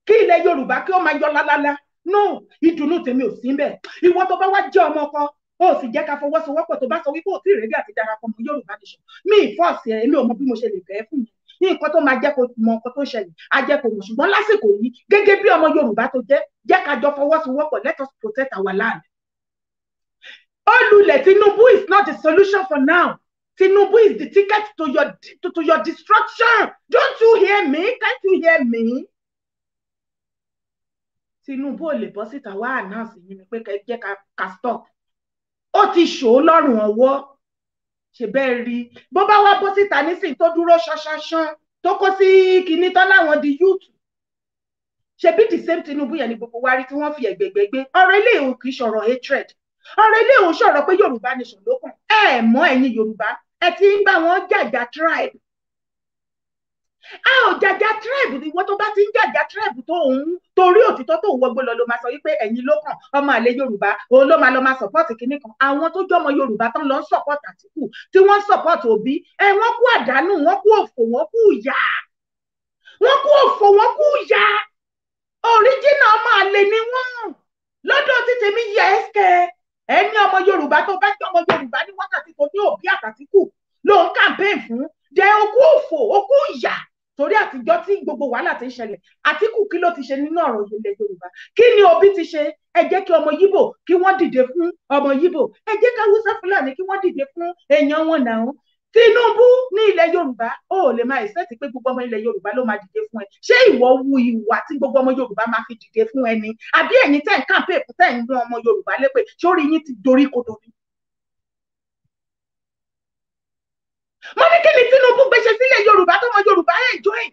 kí ilẹ̀ yorùbá kí ó máa yọ lálálá no ìdùnnú tèmi ò sí ń bẹ̀ ìwọ tó bá wá jẹ́ ọmọ kan ó sì jẹ́ ká fọwọ́sowọ́pọ̀ tó bá sọ wípé òtí ìrẹ́lẹ̀ àti darapọ̀ mọ́ yorùbá nation mi ìfọ́ọ̀sì ẹ̀ mi ò mọ bí mo ṣe lè bẹ́ẹ̀ fún yẹn ní nǹkan tó máa jẹ́ kó mọ nǹkan tó ṣẹlẹ̀ á jẹ́ kó mọ̀ ṣùgbọ́n lásìkò yìí gẹ́gẹ́ bí ọmọ yorùbá tó jẹ́ jẹ́ ká jọ fọwọ́sowọ́pọ̀ let us protect our land. ó lulẹ̀ tinubu is not the solution for now tinubu is the ticket to your to, to your destruction don't you hear me can't you hear me. Tinubu ò lè bọ́ síta wá ànáàsì yín ni pé kẹ jẹ́ ká stop ó ti ṣò ó lọ́rùn ọwọ́ ṣe bẹ́ẹ̀ rí bó bá wá bọ́ síta nísìnyí tó dúró ṣanṣanṣan tó kó sí kinní tán láwọn di yúùtù ṣebí the same Tinubu yẹn ni gbogbo wa rí tí wọ́n fi ẹ̀gbẹ̀gbẹ̀ gbé ọ̀rọ̀ ilé ìhùn kì í ṣọ̀rọ̀ hatred ọ̀rọ̀ ilé ìhùn ṣọ̀rọ̀ pé Yorùbá nation ló kàn ẹ mọ̀ ẹ̀yin Yorùbá ẹ ti ń bá wọn jàjà tribe a ò jàjà tribe ni wọ́n tó bá ti ń jàjà tribe tó ń torí òtítọ́ tó ń wọgbó lọ ló máa sọ wípé ẹ̀yin ló kàn ọmọ àlè yorùbá òun ló máa lọ máa sọ̀pọ̀tì kínní kan àwọn tó jọmọ yorùbá tán lọ ń sọ̀pọ̀tì àtìkù tí wọ́n ń sọ̀pọ̀tì òbí ẹ wọ́n kú àdánù wọ́n kú òfò wọ́n kú ìyà wọ́n kú òfò wọ́n kú ìyà oríjìnà ọmọ àlè ni wọ́n lọ́dọ̀ tí tèmi yẹ ẹ́sẹ̀ ẹni ọmọ yorùbá tó bá jọmọ yorùbá ní wákàtí tó ní òbí àtàtìkù ló ń campaign fún jẹ okú òfò okú ìyà torí àtijọ́ tí gbogbo wàhálà ti ń ṣẹlẹ̀ àtìkù kí ló ti ṣe nínú ọ̀rọ̀ ilẹ̀ yorùbá kí ni òbí ti ṣe ẹ jẹ́ kí ọmọ yíbò kí wọ́n dìde fún ọmọ yíbò ẹ jẹ́ ká wúsá fúlàní kí wọ́n dìde fún èèyàn wọn náà tinubu ní ilẹ̀ yorùbá ó lè máa ìsẹ́tì pé gbogbo ọmọ ilẹ̀ yorùbá ló máa dìde fún ẹ ṣé ìwọ wu ìwà tí gbogbo ọmọ yorùbá máa fi dìde fún ẹni àbí ẹ̀yin tẹ̀ ń kàǹpé fún tẹ̀ ń gbé ọmọ yorùbá lépè sórí yín ti dorí kodò ni mo ní kí ni Tinubu gbèsè sílẹ̀ Yorùbá tọmọ Yorùbá ẹ̀ join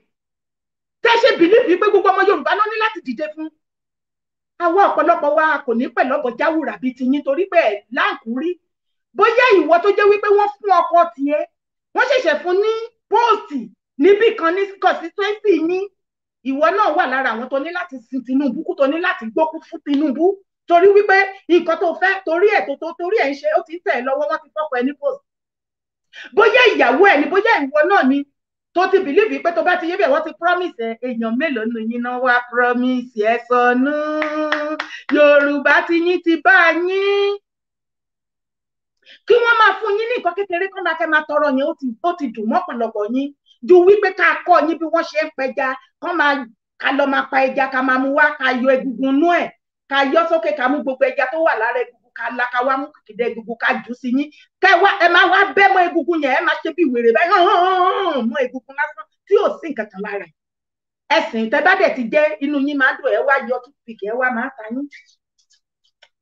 tẹ́ ṣe bìlífì pé gbogbo ọmọ Yorùbá ló ní láti dìde fún àwa ọ̀pọ̀lọpọ̀ wa kò ní pẹ̀lú ọ̀bọ̀ jáwùrà bíi tiyín torí pé láǹkúrí bóyá ìwọ tó jẹ́ wípé wọ́n fún ọkọ tiẹ̀ wọ́n ṣẹ̀ṣẹ̀ fún ní póòsì níbì kan ní constituency yín ìwọ náà wà lára àwọn tó ní láti sin Tinubu kú tó ní láti gbókú fún Tinubu torí wípé nǹkan tó fẹ́ torí ẹ̀ tó torí ẹ̀ ń ṣe ó ti ń tẹ̀ lọ́wọ́ wọ́n ti fọ́pọ̀ ẹni póòsì bóyá ìyàwó ẹ ni bóyá ìwọ náà ni tó ti bìlíìfì pé tó bá ti yé bẹ́ẹ̀ wọ́n ti promise ẹ èèyàn mélòó nù yín náà wá promise ẹ sọnù yorùbá ti yín ti bá yín kí wọ́n máa fún yín ní nǹkan kékeré kan náà máa tọrọ yẹn ó ti dùn mọ́ ọ̀pọ̀lọpọ̀ yín ju wípé ká kọ́ yín bí wọ́n ṣe ń pẹja kán máa ká lọ máa pa ẹja ká máa mú wá ká yọ egungun nú ẹ̀ ká yọ sókè ká mú gbogbo ẹja tó wà lára egungun ká la ká wá mú kìkìdá egungun ká jù sí yín kẹ wá ẹ máa wá bẹ́ mọ́ egungun yẹn ẹ máa ṣe bí wèrè báyìí hàn mọ́ egungun lásán tí ò sí nǹkan kan lára ẹ̀sìn tẹ bá dẹ̀ ti jẹ́ inú yín máa dùn ẹ wá yọ tùpìkì ẹ wá máa ta yín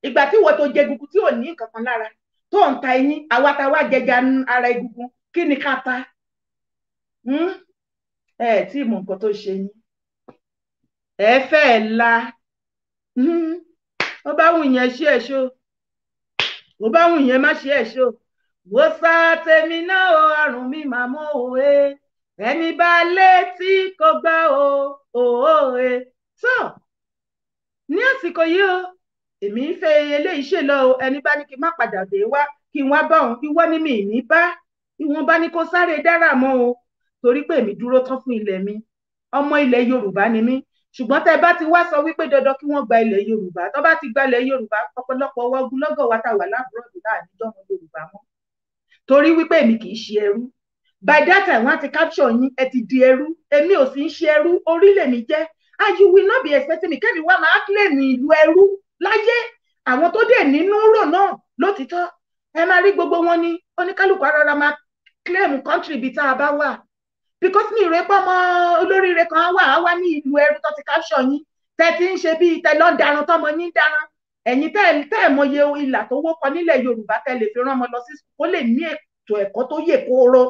ìgbà tí wọ́n tó jẹ egungun tí ò ní nǹkan lára tó ń ta eyín àwa ta wá jẹjà ara egungun kí ni ká ta hmm? ẹ tí mọ nǹkan tó ṣe yín ẹ fẹ́ la ó hmm? bá wù yẹn ṣí ẹ ṣó mo bá wùn yẹn má ṣe ẹ̀ ṣó wo sá tèmi náà o àrùn mi mà mọ́ òwe ẹni bá létí kò gbá o òwe tó ní àsìkò yìí o èmi ń fẹ́ eléyìí ṣe lọ o ẹni bá ní kí n má padà dé wá kí n wá bá òun kí wọ́n ní mi ní bá ìwọ̀n bá ní kó sáré dára mọ́ o torí pé èmi dúró tán fún ilẹ̀ mi ọmọ ilẹ̀ Yorùbá ni mí ṣùgbọ́n tẹ́ bá ti wá sọ wípé dandan kí wọ́n gba ilẹ̀ yorùbá tó bá ti gba ilẹ̀ yorùbá ọ̀pọ̀lọpọ̀ wọ́gun lọ́gọ̀ wa ta wà lábúròdì láàrin jọmọ yorùbá mọ́ torí wípé èmi kì í ṣe ẹrú by that time wọ́n ti capture yín ẹ ti di ẹrú èmi ò sì ń ṣe ẹrú orílẹ̀ mi jẹ́ and you will not be expecting me kẹ́mi wá máa claim ìlú ẹrú láyé àwọn tó dé nínú rò náà lótìtọ́ ẹ máa rí gbogbo wọn ní oníkálukú ara máa claim country ibi tá a bá wà because mi rẹ pọ́ ọmọ olóríire kan wà á wá ní ìlú ẹrú tó ti capture yín tẹ́ ti ń ṣe bíi tẹ́ lọ́ọ́ darun tọ́mọ yín darun ẹ̀yin tẹ́ tẹ́ mọye ìlà tó wọ́pọ nílẹ̀ Yorùbá tẹ́ lè fi rán ọmọ lọ sí kó lè ní ètò ẹ̀kọ́ tó yè kóró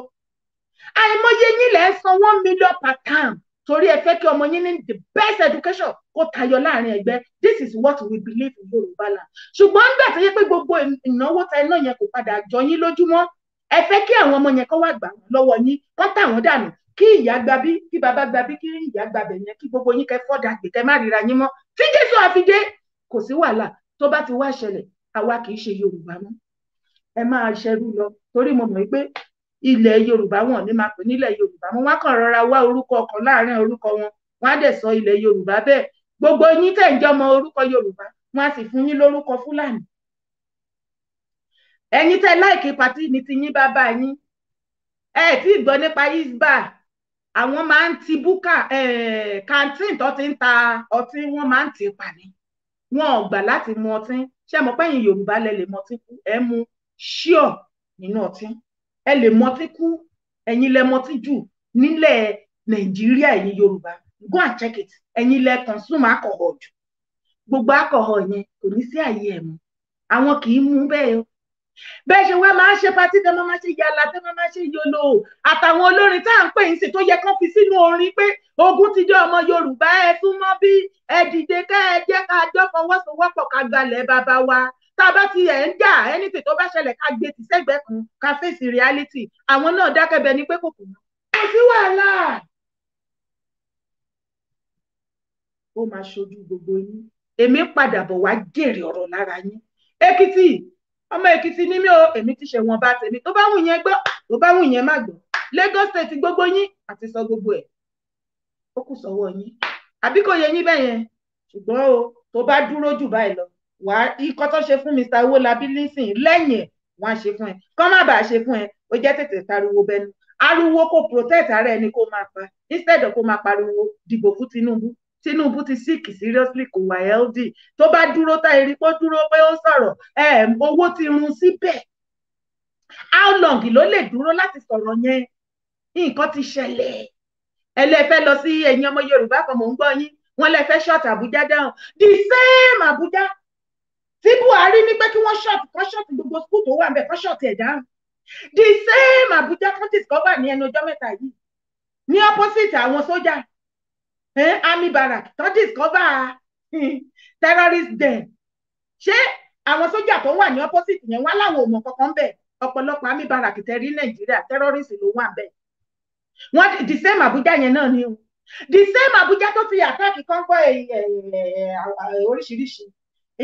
àìmọye yín lẹ́ san one million per term torí ẹ fẹ́ kí ọmọ yín ní the best education kó tayọ láàrin ẹgbẹ́ this is what we believe in Yorùbá land ṣùgbọ́n nígbà tó yẹ pé gbogbo ìnáwó ta iná yẹn kò padà jọ yín lójúmọ́ ẹ fẹ́ kí àwọn ọmọ yẹn kọ́ wá gbà wọ́n lọ́wọ́ yín kọ́ tà wọ́n dànù kí ìyá gba bí kí bàbá gba bí kí ìyá gba bẹ̀ yẹn kí gbogbo yín kẹ fọ́dà gbé kẹ má ríra yín mọ́ tí jésù àfidé kò sí wàhálà tó bá ti wá ṣẹlẹ̀ àwa kì í ṣe yorùbá mọ́ ẹ máa ṣerú lọ torí mo mọ̀ pé ilẹ̀ yorùbá wọn ní máa pè nílẹ̀ yorùbá mọ́ wọn kàn rọra wá orúkọ ọkàn láàrin orúkọ wọn wọn á dẹ̀ sọ ilẹ̀ yorùbá bẹ́ẹ̀ gbogbo yín tẹ̀ ń jọmọ orúkọ yorùbá wọn á sì fún yín lórúkọ fúlàní ẹ̀yin tẹ́ láìkí pàtí ní ti yín bàbá yín ẹ tí gbọ́ nípa isba àwọn máa ń ti búkà kantin tó ti ń ta ọtí wọ́n máa ń tì í pàní wọn ò gbà láti mu ọtí ṣé mo pẹ́yìn yorùbá lẹ lè mọtí kú ẹ mu ṣíọ̀ nínú ọtí ẹ lè mọtí kú ẹ̀yin lẹ mọtí jù nílẹ̀ nàìjíríà ẹ̀yin yorùbá go and check it ẹ̀yin lẹ consume alcohol jù gbogbo alcohol yẹn kò ní sí àyè ẹ̀ mu àwọn kì í mu bẹ́ẹ̀ o bẹ́ẹ̀ ṣe wá máa ṣe patí tẹ́ máa ṣe yàlá tẹ́ máa ṣe yòlò àtàwọn olórin tá à ń pè ń sè tó yẹ kán fi sínú orin pé ogun ti jẹ ọmọ Yorùbá ẹ súnmọ́ bí ẹ dìde ká ẹ jẹ́ ká jọ fọwọ́sowọ́pọ̀ ká gbalẹ̀ bàbá wa tá a bá ti ẹ̀ ń jà anything tó bá ṣẹlẹ̀ ká gbé tì sẹ́gbẹ̀ẹ́ kan ká fèsì reality àwọn náà dákẹ́bẹ̀ ni pé kò kò mọ́. kò sí wàhálà ó máa ṣojú gbogbo yín èmi padà bọ̀ wá jèrè ọ̀rọ̀ lára yín Èkìtì ọmọ èkìtì ni mí o èmi ti ṣe wọn bá tèmi tó bá wù yẹn gbọ́ tó bá wù yẹn má gbọ́ Lagos State gbogbo yín àti sọ gbogbo ẹ̀ ó kù sọ́wọ́ yín àbí kò yẹ yín bẹ́ẹ̀ yẹn ṣùgbọ́n o tó bá dúró jù báyìí lọ wà á ikọ́ tó ṣe fún Mr Owólabí nísìnyí lẹ́yìn ẹ̀ wọ́n á ṣe fún ẹ kọ́ má bàa ṣe fún ẹ ó jẹ́ tètè pariwo bẹnu ariwo kò protect ara ẹni kó máa pa instead of kó máa pariwo dìbò fún Tinubu Tinubu ti síkì seriously kò wà healthy tó bá dúró tá erí pọ́ dúró pé ó sọ̀rọ̀ owó ti run síbẹ̀ how long ló lè dúró láti sọ̀rọ̀ yẹn nǹkan ti ṣẹlẹ̀ ẹ lè fẹ́ lọ sí ẹ̀yin ọmọ Yorùbá kan mò ń gbọ́ yín wọ́n lè short Abuja down the same Abuja tí Buhari ní pé kí wọ́n short kan short gbogbo school tó wà ń bẹ̀ kan short ẹ̀ down the same Abuja kan discover ní ẹnu ọjọ́ mẹ́ta yìí ní opposite àwọn sójà eh, army barrack tó discover hmm, terrorist den ṣé àwọn sójà tó wà ní opposite yẹn wá láwọn òmò kankan bẹ́ẹ̀ ọ̀pọ̀lọpọ̀ army barrack tẹ rí nàìjíríà terrorist ló wà bẹ́ẹ̀ wọ́n the same abuja yẹn náà ni o the same abuja tó fi àtàkì kọ́ńkọ́ eh, eh, eh, oríṣiríṣi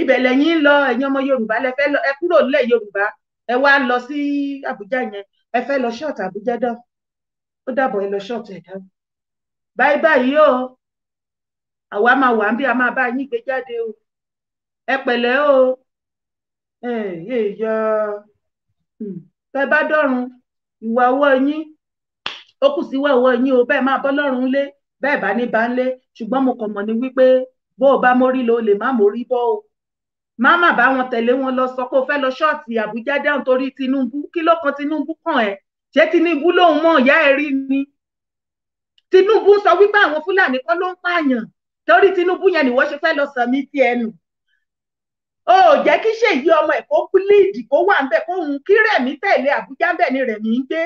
ibẹ̀ lẹ́yìn ń lọ ẹ̀yin ọmọ yorùbá lẹ fẹ́ lọ ẹ kúrò nílẹ̀ yorùbá ẹ wá lọ sí abuja yẹn ẹ fẹ́ lọ ṣọ́ọ̀tì abuja dán ó dàbọ̀ ẹ lọ ṣọ́ọ̀tì ẹ̀ dán báyìí báyìí o àwa máa wà ń bí a máa bá yín gbé jáde o ẹ pẹ̀lẹ́ o èèyàn hmm. tẹ bá dọ̀run ìwà ọwọ́ yín ó kù sí ìwà ọwọ́ yín o bẹ́ẹ̀ máa bọ́ lọ́rùn lé bẹ́ẹ̀ bá ní bá ń lé ṣùgbọ́n mo kàn mọ̀ ní wípé bó o bá mórí lo lè má mórí bọ́ o má má bá wọn tẹ̀lé wọn lọ sọ pé o fẹ́ lọ ṣọ́ọ̀tì Àbújá dáhùn torí Tinubu kí ló kan Tinubu kàn ẹ́ ṣé Tinubu lòun mọ̀ ìyá ẹ̀ ni Tinubu sọ wípé àwọn Fúlàní kan ló ń pààyàn torí Tinubu yẹn ni wọ́n ṣe fẹ́ lọ sàn mí tí ẹnu o ò jẹ́ kí ṣèyí ọmọ ẹ̀ kó kú líìdì kó wà ń bẹ̀ kó hun kí Rẹ̀mí tẹ̀lé Àbújá ń bẹ̀ ni Rẹ̀mí ń gbé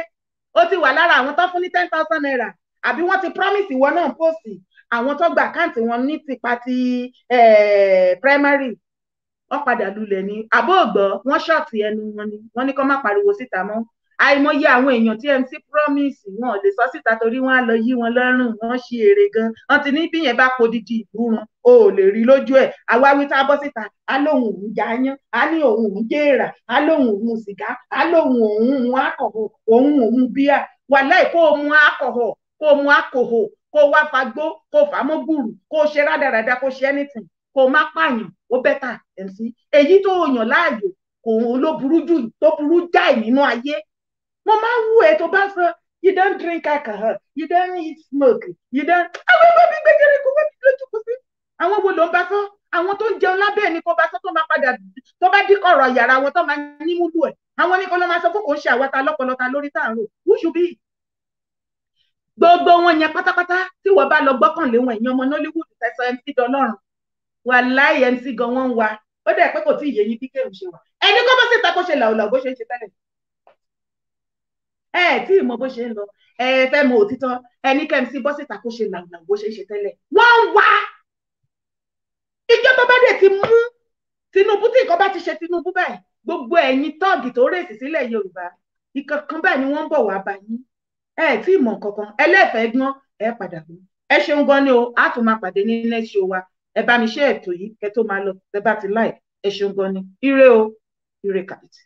ó ti wà lára àwọn tó fún ní ten thousand naira àbí wọ́n ti promise ìwọ náà pòsì àwọn tó gba àkáǹtì wọn ní tipa ti primary wọ́n padà lulẹ̀ ni àbóògbọ́ wọ́n ṣọ́ọ̀tì ẹnu wọn ni wọ́n ní kó má pariwo síta mọ́ àìmọye àwọn èèyàn tí MC Promise wọn lè sọ síta torí wọn á lọ yí wọn lọ́rùn wọn ṣe eré gan wọn ti ní bí yẹn bá podidi ìlú run o ò lè rí lójú ẹ̀ àwáwí tá a bọ́ síta á lóun òun jayán á ní òun òun géèrà á lóun òun sìgá á lóun òun òun akọ̀họ̀ òun òun bíà wàláì kó o mu akọ̀họ̀ kó o mu akọ̀họ̀ kó o wá fagbó kó o fà mọ́ gbùrù kó o ṣe rádaràda kó o ṣe anything kó o má pààyàn ó bẹ́tà MC èyí tó o yàn láàyò kò ló burú jù tó burú jáì nínú ayé Mama Wu to Basa, you don't drink alcohol, you don't eat smoke, you don't. Àwọn ọmọ mi gbẹgẹrẹ kó wọ́n ti lójú kó sí. Àwọn wo ló ń bá sọ? Àwọn tó ń jẹun lábẹ́ ẹni kó bá sọ tó máa padà tó bá díkọ̀rọ̀ yàrá wọn tó máa ní múlù ẹ̀. Àwọn ní kó lọ́ máa sọ fún kò ń ṣe àwọn ta lọ́pọ̀lọta lórí tá à ń rò. Who should be? Gbogbo wọn yẹn pátápátá tí wọ́n bá lọ gbọ́kànlé wọn ìyẹn ọmọ Nollywood tẹ̀sán MC Dọlọ́run. Wàláì MC gan wọn ń wa. Ó dẹ̀ pé kò tí ì yé yín bí kéwù ṣe wà. Ẹni kó bá sì ta kó ṣe làwùlà bó ṣe ń ṣe tẹ́lẹ̀ ẹ ẹ tí ìmọ̀ bó ṣe ń lọ ẹ fẹ́ mọ òtítọ́ ẹni kẹ́mi sí bọ́sìtà kó ṣe làǹlà bó ṣe ń ṣe tẹ́lẹ̀ wọ́n ń wá ìjọ tó bá dé ti mú Tinubu tí nǹkan bá ti ṣe Tinubu báyìí gbogbo ẹ̀yin tọ́ọ̀gì tó rèsì sílẹ̀ Yorùbá ìkankan báyìí ni wọ́n ń bọ̀ wá bá yín ẹ ẹ tí ìmọ̀ kankan ẹlẹ́fẹ̀ẹ́ gbọ́n ẹ padà bọ̀ ẹ ṣeun gan ni o a tún máa pàdé ní next show wa ẹ bá mi ṣe ètò yìí kẹ́ tó máa lọ ẹ bá ti láì ẹ ṣeun gan ni ire o ire kàpìtì.